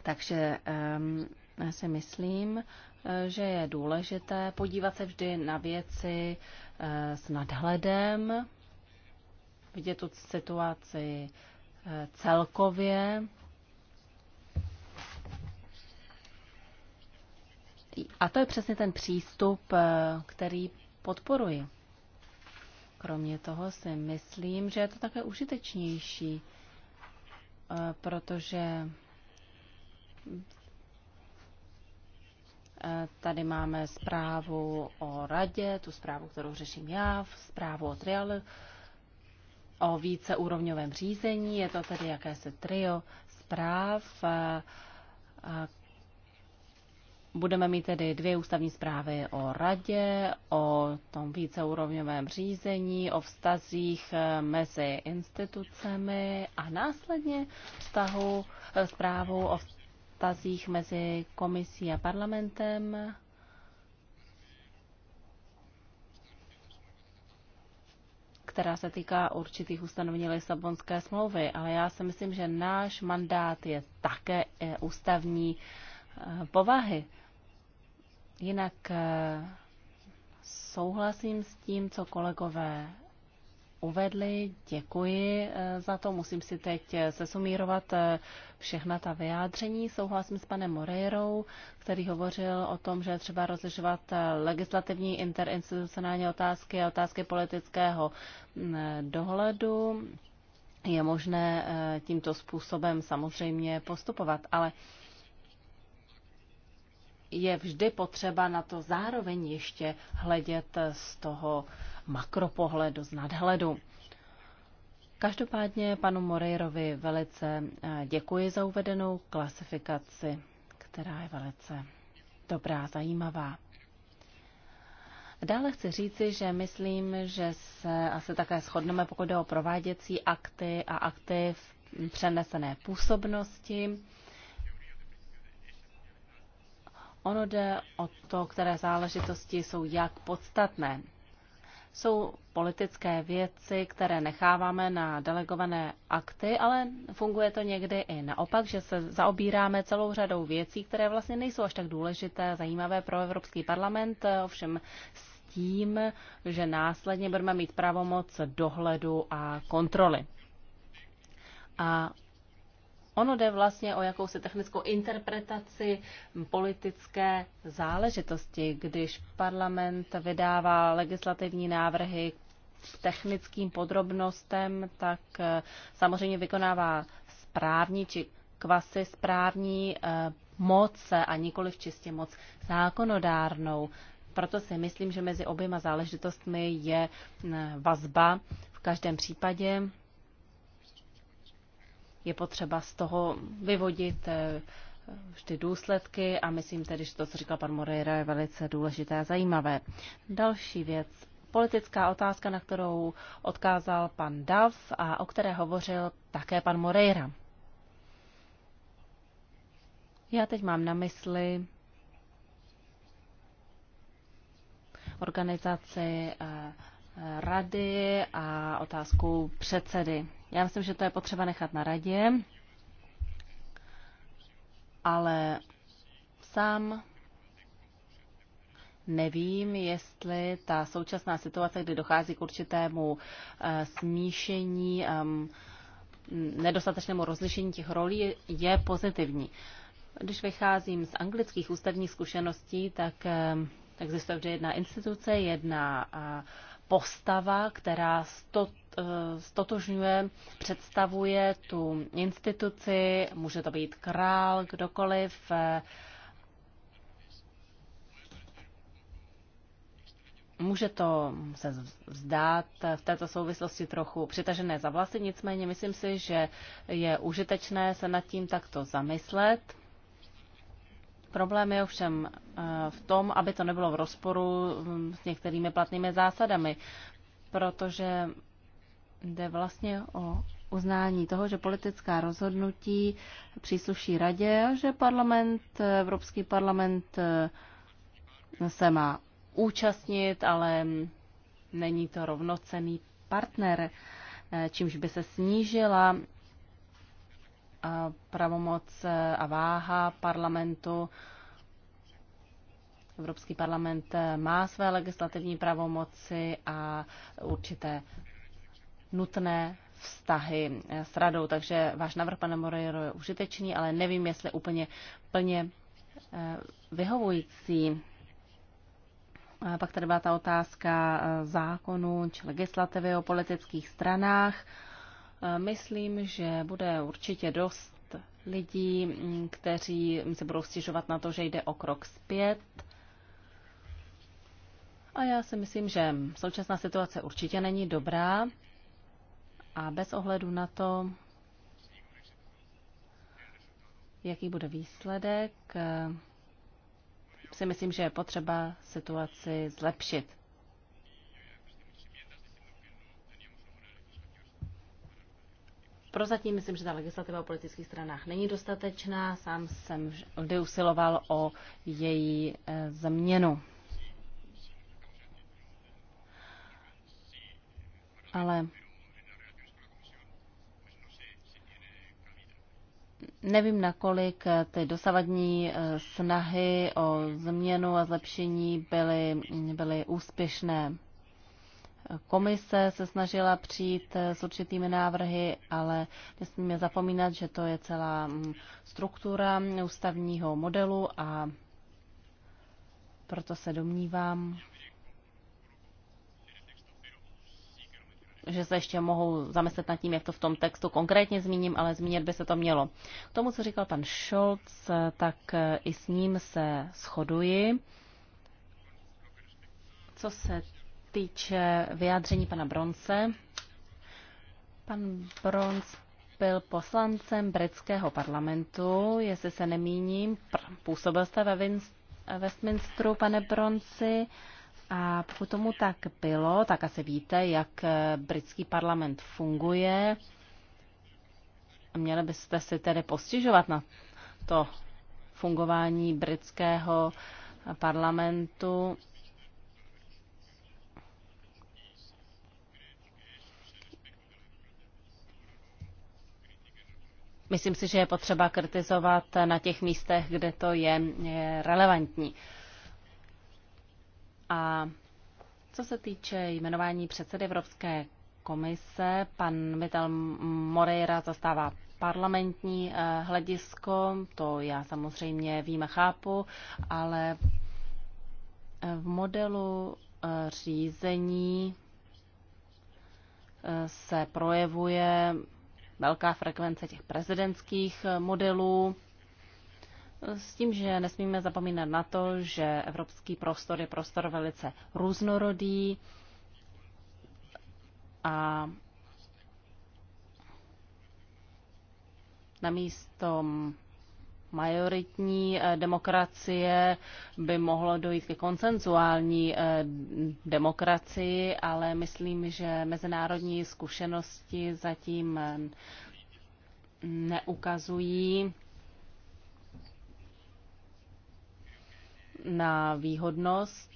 Takže um, já si myslím, Eh, že je důležité podívat se vždy na věci eh, s nadhledem, vidět tu situaci eh, celkově. A to je přesně ten přístup, který podporuji. Kromě toho si myslím, že je to také užitečnější, protože Eh, tady máme zprávu o radě, tu zprávu, kterou řeším já, zprávu o triale, o víceúrovňovém řízení. Je to tedy jakési trio zpráv. Eh, budeme mít tedy dvě ústavní zprávy o radě, o tom víceúrovňovém řízení, o vztazích eh, mezi institucemi a následně vztahu, zprávu o vztahu vztazích mezi komisí a parlamentem. která se týká určitých ustanovení Lisabonské smlouvy, ale já si myslím, že náš mandát je také eh, ústavní eh, povahy. Jinak eh, souhlasím s tím, co kolegové uvedli. Děkuji eh, za to. Musím si teď sesumírovat eh, eh, všechna ta vyjádření. Souhlasím s panem Moreirou, který hovořil o tom, že třeba rozlišovat legislativní interinstitucionální otázky a otázky politického mm, dohledu. Je možné tímto způsobem samozřejmě postupovat, ale je vždy potřeba na to zároveň ještě hledět z toho makropohledu, z nadhledu. Každopádně panu Moreirovi velice eh, děkuji za uvedenou klasifikaci, která je velice dobrá, zajímavá. Dále chci říci, že myslím, že se asi také shodneme, pokud jde o prováděcí akty a akty v přenesené působnosti. Ono jde o to, které záležitosti jsou jak podstatné. Jsou politické věci, které necháváme na delegované akty, ale funguje to někdy i naopak, že se zaobíráme celou řadou věcí, které vlastně nejsou až tak důležité, zajímavé pro Evropský parlament, ovšem s tím, že následně budeme mít pravomoc dohledu a kontroly. A Ono jde vlastně o jakousi technickou interpretaci politické záležitosti, když parlament vydává legislativní návrhy k technickým podrobnostem, tak eh, samozřejmě vykonává správní či kvasy správní eh, moc a nikoli v čistě moc zákonodárnou. Proto si myslím, že mezi oběma záležitostmi je eh, vazba v každém případě je potřeba z toho vyvodit ty eh, důsledky a myslím tedy, že to, co říkal pan Moreira, je velice důležité a zajímavé. Další věc. Politická otázka, na kterou odkázal pan Dav a o které hovořil také pan Moreira. Já teď mám na mysli organizaci eh, rady a otázkou předsedy. Já myslím, že to je potřeba nechat na radě, ale sám Nevím, jestli ta současná situace, kdy dochází k určitému eh, smíšení, ehm, nedostatečnému rozlišení těch rolí, je pozitivní. Když vycházím z anglických ústavních zkušeností, tak ehm, existuje vždy jedna instituce, jedna postava, která eh, stotožňuje, představuje tu instituci, může to být král, kdokoliv. Eh, může to se vzdát v této souvislosti trochu přitažené za vlasy, nicméně myslím si, že je užitečné se nad tím takto zamyslet. Problém je ovšem eh, v tom, aby to nebylo v rozporu mm, s některými platnými zásadami, protože jde vlastně o uznání toho, že politická rozhodnutí přísluší radě, že parlament, eh, Evropský parlament eh, se má účastnit, ale není to rovnocený partner, čímž by se snížila pravomoc a váha parlamentu. Evropský parlament má své legislativní pravomoci a určité nutné vztahy s radou. Takže váš návrh, pane Moreiro, je užitečný, ale nevím, jestli úplně plně eh, vyhovující. Pak tady byla ta otázka eh, zákonu či legislativy o politických stranách. Myslím, že bude určitě dost lidí, mm, kteří se budou stěžovat na to, že jde o krok zpět. A já si myslím, že současná situace určitě není dobrá a bez ohledu na to, jaký bude výsledek, eh, si myslím, že je potřeba situaci zlepšit. Prozatím myslím, že ta legislativa o politických stranách není dostatečná. Sám jsem vždy usiloval o její eh, změnu. Ale Nevím, nakolik eh, ty dosavadní eh, snahy o změnu a zlepšení byly, byly úspěšné. Komise se snažila přijít s určitými návrhy, ale nesmíme zapomínat, že to je celá mm, struktura ústavního modelu a proto se domnívám, že se ještě mohou zamyslet nad tím, jak to v tom textu konkrétně zmíním, ale zmínit by se to mělo. K tomu, co říkal pan Scholz, tak eh, i s ním se shoduji. Co se týče vyjádření pana Bronce, pan Bronc byl poslancem britského parlamentu, jestli se nemíním, působil jste ve Westminsteru, pane Bronci, a pokud tomu tak bylo, tak asi víte, jak eh, britský parlament funguje. Měli byste si tedy postižovat na to fungování britského parlamentu. Myslím si, že je potřeba kritizovat na těch místech, kde to je, relevantní. A co se týče jmenování předsedy Evropské komise, pan Vital Moreira zastává parlamentní eh, hledisko, to já samozřejmě vím a chápu, ale eh, v modelu eh, řízení se projevuje velká frekvence těch prezidentských eh, modelů. S tím, že nesmíme zapomínat na to, že evropský prostor je prostor velice různorodý a namísto majoritní eh, demokracie by mohlo dojít ke konsenzuální eh, demokracii, ale myslím, že mezinárodní zkušenosti zatím eh, neukazují na výhodnost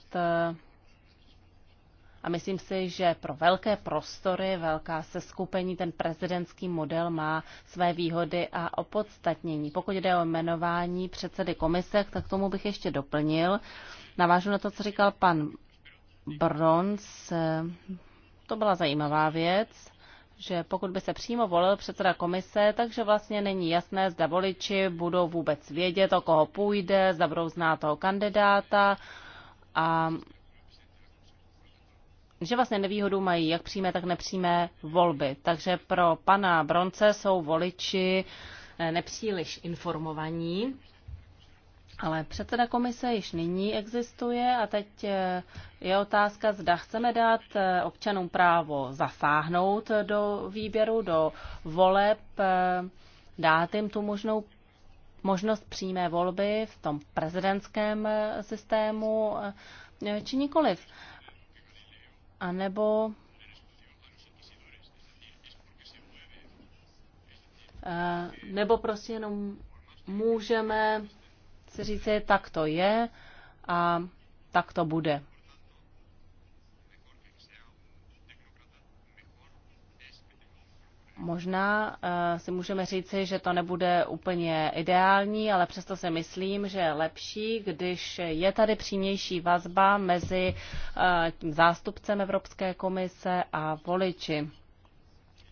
a myslím si, že pro velké prostory, velká seskupení, ten prezidentský model má své výhody a opodstatnění. Pokud jde o jmenování předsedy komise, tak tomu bych ještě doplnil. Navážu na to, co říkal pan Brons. To byla zajímavá věc že pokud by se přímo volil předseda komise, takže vlastně není jasné, zda voliči budou vůbec vědět, o koho půjde, zda budou znát toho kandidáta a že vlastně nevýhodu mají jak přímé, tak nepřímé volby. Takže pro pana Bronce jsou voliči eh, nepříliš informovaní. Ale předseda komise již nyní existuje a teď eh, je otázka, zda chceme dát eh, občanům právo zasáhnout do výběru, do voleb, dát jim tu možnou možnost přímé volby v tom prezidentském systému, či nikoliv anebo eh, nebo prostě jenom můžeme si říct, tak to je a tak to bude. Možná uh, si můžeme říci, že to nebude úplně ideální, ale přesto si myslím, že je lepší, když je tady přímější vazba mezi uh, tím zástupcem Evropské komise a voliči.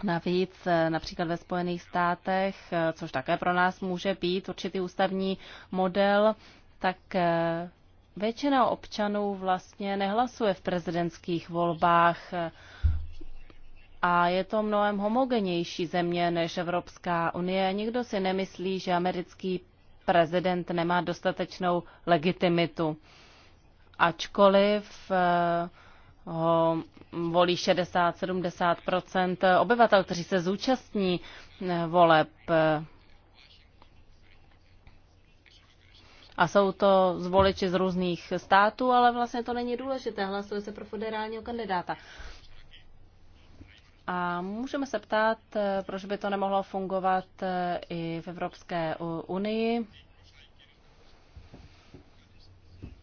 Navíc eh, například ve Spojených státech, což také pro nás může být určitý ústavní model, tak většina občanů vlastně nehlasuje v prezidentských volbách. Uh, a je to mnohem homogenější země než Evropská unie. Nikdo si nemyslí, že americký prezident nemá dostatečnou legitimitu. Ačkoliv eh, ho volí 60-70 obyvatel, kteří se zúčastní eh, voleb. A jsou to zvoliči z různých států, ale vlastně to není důležité. Hlasuje se pro federálního kandidáta. A můžeme se ptát, eh, proč by to nemohlo fungovat eh, i v Evropské unii.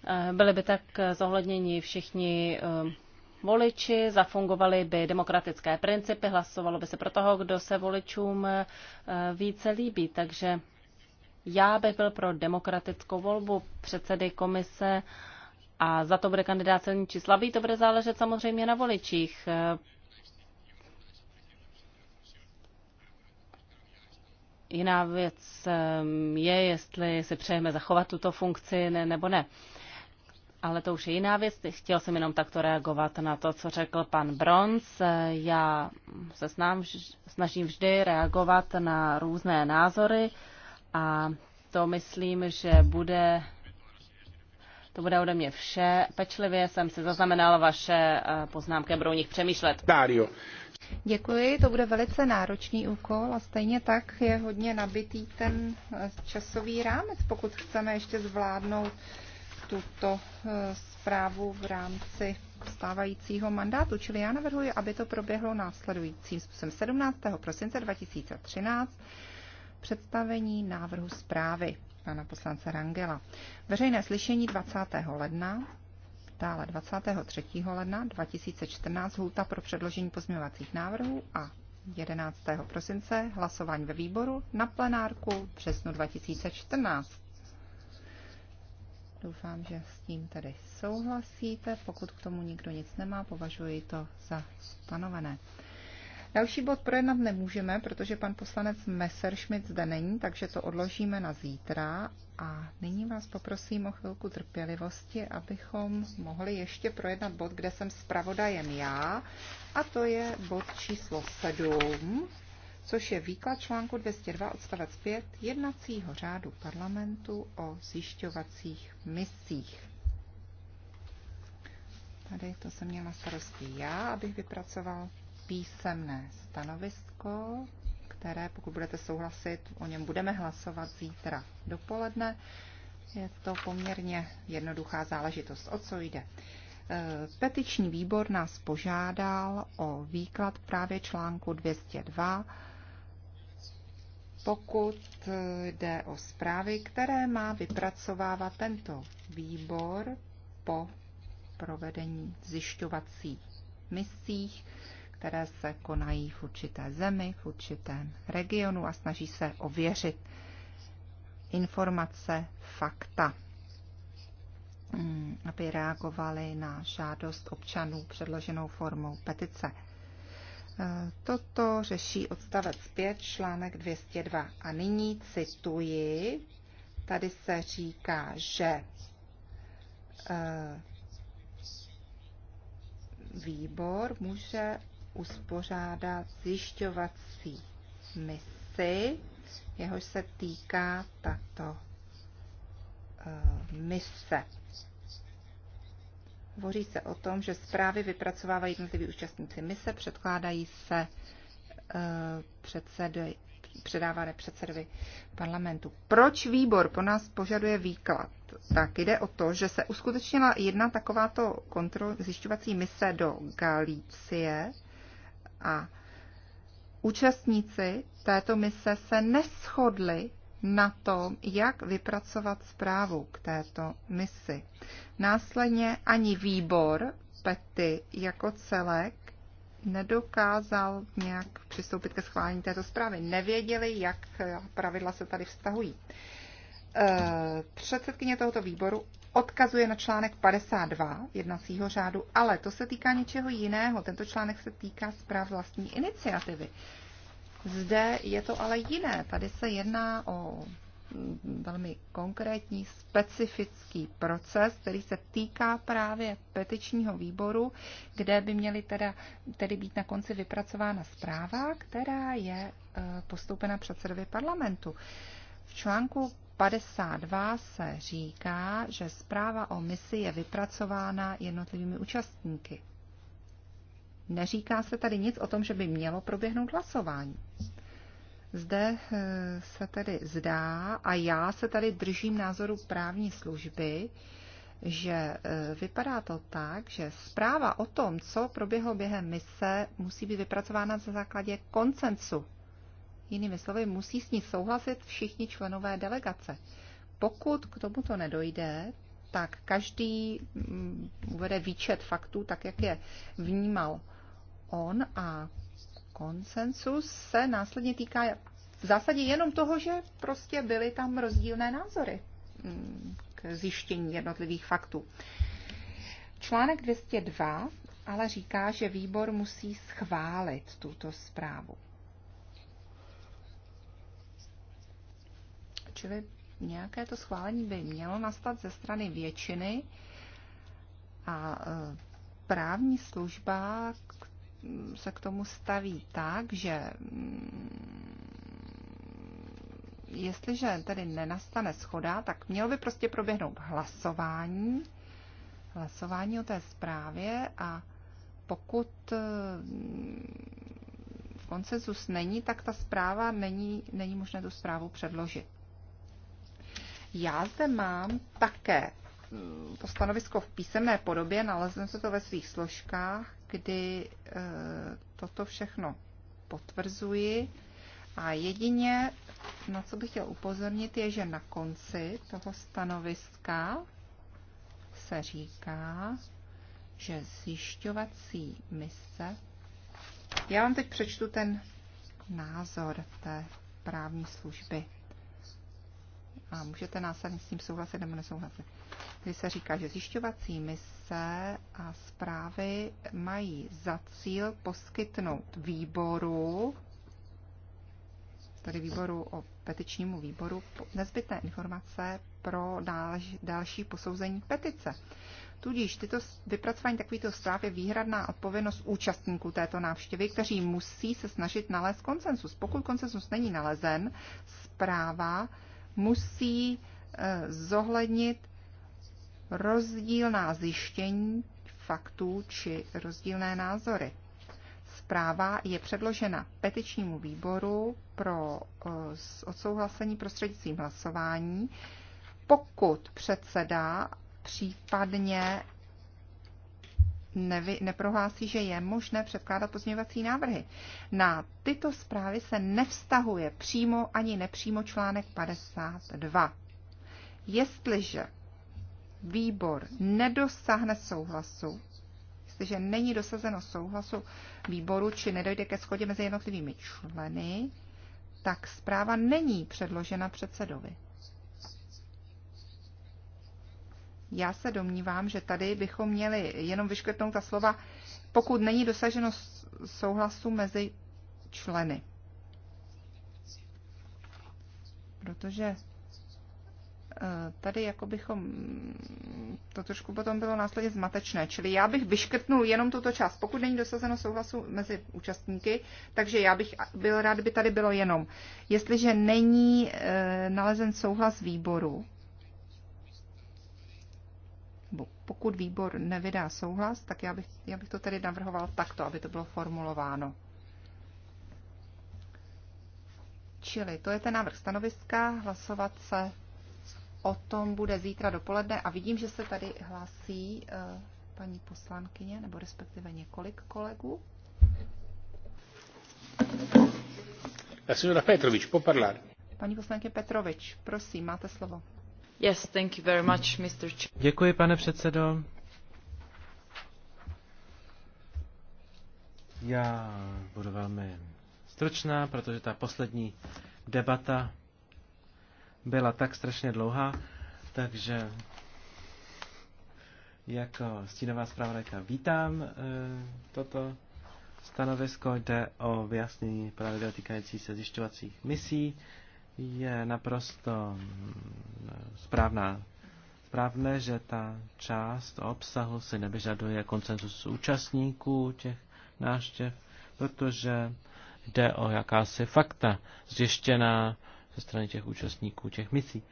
Eh, byli by tak zohledněni všichni voliči, zafungovaly by demokratické principy, hlasovalo by se pro toho, kdo se voličům více líbí. Takže já bych byl pro demokratickou volbu předsedy komise a za to bude kandidát silný či slabý, to bude záležet samozřejmě na voličích. Jiná věc ehm, je, jestli si přejeme zachovat tuto funkci ne, nebo ne. Ale to už je jiná věc. Chtěl jsem jenom takto reagovat na to, co řekl pan Bronz. Já se snám, snažím vždy reagovat na různé názory a to myslím, že bude to bude ode mě vše. Pečlivě jsem si zaznamenala vaše eh, poznámky, budou o nich přemýšlet. Dario. Děkuji, to bude velice náročný úkol a stejně tak je hodně nabitý ten eh, časový rámec, pokud chceme ještě zvládnout tuto eh, zprávu v rámci stávajícího mandátu. Čili já navrhuji, aby to proběhlo následujícím způsobem 17. prosince 2013 představení návrhu zprávy pana poslance Rangela. Veřejné slyšení 20. ledna, dále 23. ledna 2014 hůta pro předložení pozměňovacích návrhů a 11. prosince hlasování ve výboru na plenárku v březnu 2014. Doufám, že s tím tedy souhlasíte. Pokud k tomu nikdo nic nemá, považuji to za stanovené. Další bod projednat nemůžeme, protože pan poslanec Messerschmidt zde není, takže to odložíme na zítra. A nyní vás poprosím o chvilku trpělivosti, abychom mohli ještě projednat bod, kde jsem zpravodajem já, a to je bod číslo 7, což je výklad článku 202 odstavec 5 jednacího řádu parlamentu o zjišťovacích misích. Tady to jsem měla starosti já, abych vypracoval písemné stanovisko, které, pokud budete souhlasit, o něm budeme hlasovat zítra dopoledne. Je to poměrně jednoduchá záležitost. O co jde? E, petiční výbor nás požádal o výklad právě článku 202, pokud jde o zprávy, které má vypracovávat tento výbor po provedení zjišťovacích misích které se konají v určité zemi, v určitém regionu a snaží se ověřit informace, fakta, mm, aby reagovali na žádost občanů předloženou formou petice. E, toto řeší odstavec 5, článek 202. A nyní cituji, tady se říká, že e, výbor může uspořádá zjišťovací misi, jehož se týká tato eh, mise. Hovoří se o tom, že zprávy vypracovávají jednotliví účastníci mise, předkládají se eh, předsedy, předávané předsedovi parlamentu. Proč výbor po nás požaduje výklad? Tak jde o to, že se uskutečnila jedna takováto kontrol, zjišťovací mise do Galicie a účastníci této mise se neschodli na tom, jak vypracovat zprávu k této misi. Následně ani výbor Pety jako celek nedokázal nějak přistoupit ke schválení této zprávy. Nevěděli, jak pravidla se tady vztahují. Eh, předsedkyně tohoto výboru odkazuje na článek 52 jednacího řádu, ale to se týká něčeho jiného. Tento článek se týká zpráv vlastní iniciativy. Zde je to ale jiné. Tady se jedná o velmi konkrétní, specifický proces, který se týká právě petičního výboru, kde by měly teda, tedy být na konci vypracována zpráva, která je eh, postoupena předsedovi parlamentu. V článku 52 se říká, že zpráva o misi je vypracována jednotlivými účastníky. Neříká se tady nic o tom, že by mělo proběhnout hlasování. Zde eh, se tedy zdá, a já se tady držím názoru právní služby, že eh, vypadá to tak, že zpráva o tom, co proběhlo během mise, musí být vypracována na základě koncensu Jinými slovy, musí s ní souhlasit všichni členové delegace. Pokud k tomuto nedojde, tak každý mm, uvede výčet faktů tak, jak je vnímal on a konsensus se následně týká v zásadě jenom toho, že prostě byly tam rozdílné názory mm, k zjištění jednotlivých faktů. Článek 202 ale říká, že výbor musí schválit tuto zprávu. Čili nějaké to schválení by mělo nastat ze strany většiny a e, právní služba se k tomu staví tak, že mm, jestliže tedy nenastane schoda, tak mělo by prostě proběhnout hlasování, hlasování o té zprávě a pokud e, konsenzus není, tak ta zpráva není, není možné tu zprávu předložit. Já zde mám také mm, to stanovisko v písemné podobě, nalezneme se to ve svých složkách, kdy e, toto všechno potvrzuji. A jedině, na co bych chtěl upozornit, je, že na konci toho stanoviska se říká, že zjišťovací mise. Já vám teď přečtu ten názor té právní služby a můžete následně s tím souhlasit nebo nesouhlasit. Když se říká, že zjišťovací mise a zprávy mají za cíl poskytnout výboru, tedy výboru o petičnímu výboru, nezbytné informace pro další posouzení petice. Tudíž tyto vypracování takovýchto zpráv je výhradná odpovědnost účastníků této návštěvy, kteří musí se snažit nalézt konsensus. Pokud konsensus není nalezen, zpráva musí eh, zohlednit rozdílná zjištění faktů či rozdílné názory. Zpráva je předložena petičnímu výboru pro eh, odsouhlasení prostřednictvím hlasování, pokud předseda případně nevy, neprohlásí, že je možné předkládat pozměňovací návrhy. Na tyto zprávy se nevztahuje přímo ani nepřímo článek 52. Jestliže výbor nedosáhne souhlasu, jestliže není dosazeno souhlasu výboru, či nedojde ke shodě mezi jednotlivými členy, tak zpráva není předložena předsedovi. Já se domnívám, že tady bychom měli jenom vyškrtnout ta slova, pokud není dosaženo souhlasu mezi členy. Protože eh, tady jako bychom, to trošku potom bylo následně zmatečné, čili já bych vyškrtnul jenom tuto část, pokud není dosazeno souhlasu mezi účastníky, takže já bych byl rád, by tady bylo jenom. Jestliže není eh, nalezen souhlas výboru, pokud výbor nevydá souhlas, tak já bych, já bych to tedy navrhoval takto, aby to bylo formulováno. Čili to je ten návrh stanoviska, hlasovat se o tom bude zítra dopoledne a vidím, že se tady hlásí eh, paní poslankyně, nebo respektive několik kolegů. Paní poslankyně Petrovič, prosím, máte slovo. Yes, thank you very much, Mr. Děkuji, pane předsedo. Já budu velmi stručná, protože ta poslední debata byla tak strašně dlouhá, takže jako stínová zpravodajka vítám e, toto stanovisko. Jde o vyjasnění pravidel týkající se zjišťovacích misí je naprosto správná. Správné, že ta část obsahu si nevyžaduje koncenzus účastníků těch návštěv, protože jde o jakási fakta zjištěná ze strany těch účastníků těch misí.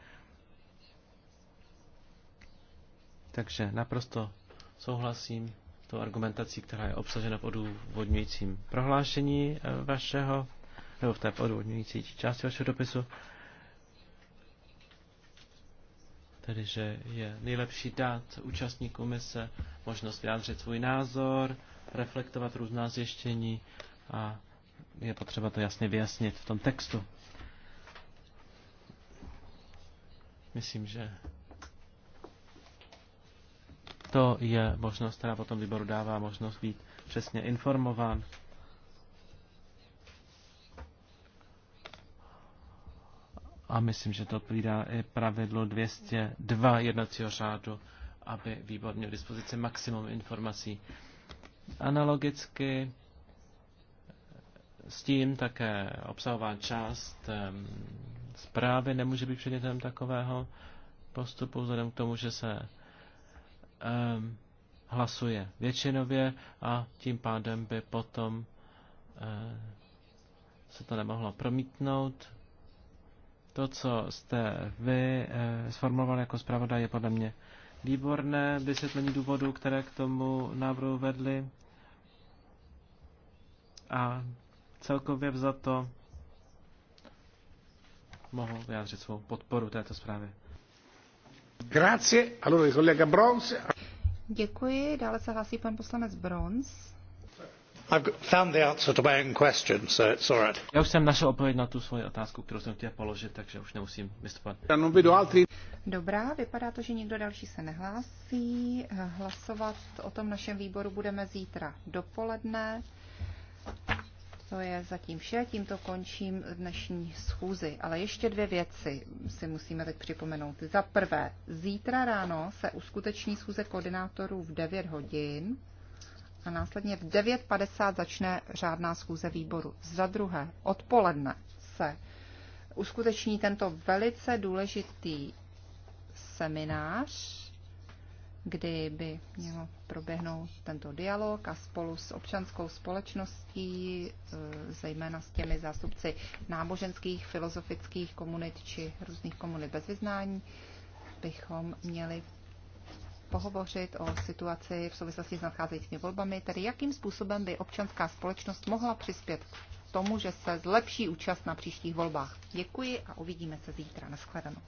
Takže naprosto souhlasím tou argumentací, která je obsažena v odůvodňujícím prohlášení eh, vašeho nebo v té odvodňující části vašeho dopisu, tedy že je nejlepší dát účastníkům mise možnost vyjádřit svůj názor, reflektovat různá zjištění a je potřeba to jasně vyjasnit v tom textu. Myslím, že to je možnost, která potom výboru dává možnost být přesně informován a myslím, že to odpovídá i pravidlo 202 jednacího řádu, aby výbor měl dispozici maximum informací. Analogicky s tím také obsahová část zprávy nemůže být předmětem takového postupu, vzhledem k tomu, že se um, hlasuje většinově a tím pádem by potom uh, se to nemohlo promítnout to, co jste vy eh, sformuloval jako zpravodaj, je podle mě výborné vysvětlení důvodů, které k tomu návrhu vedly. A celkově za to mohu vyjádřit svou podporu této zprávě. Grazie. Allora, kolega Bronze. Děkuji. Dále se hlásí pan poslanec Bronz. Já už jsem našel odpověď na tu svoji otázku, kterou jsem chtěl položit, takže už nemusím vystupovat. Dobrá, vypadá to, že nikdo další se nehlásí. Hlasovat o tom našem výboru budeme zítra dopoledne. To je zatím vše, tímto končím dnešní schůzi. Ale ještě dvě věci si musíme teď připomenout. Za prvé, zítra ráno se uskuteční schůze koordinátorů v 9 hodin a následně v 9.50 začne řádná schůze výboru. Za druhé, odpoledne se uskuteční tento velice důležitý seminář, kdy by měl proběhnout tento dialog a spolu s občanskou společností, e, zejména s těmi zástupci náboženských, filozofických komunit či různých komunit bez vyznání, bychom měli pohovořit o situaci v souvislosti s nadcházejícími volbami, tedy jakým způsobem by občanská společnost mohla přispět k tomu, že se zlepší účast na příštích volbách. Děkuji a uvidíme se zítra. Naschledanou.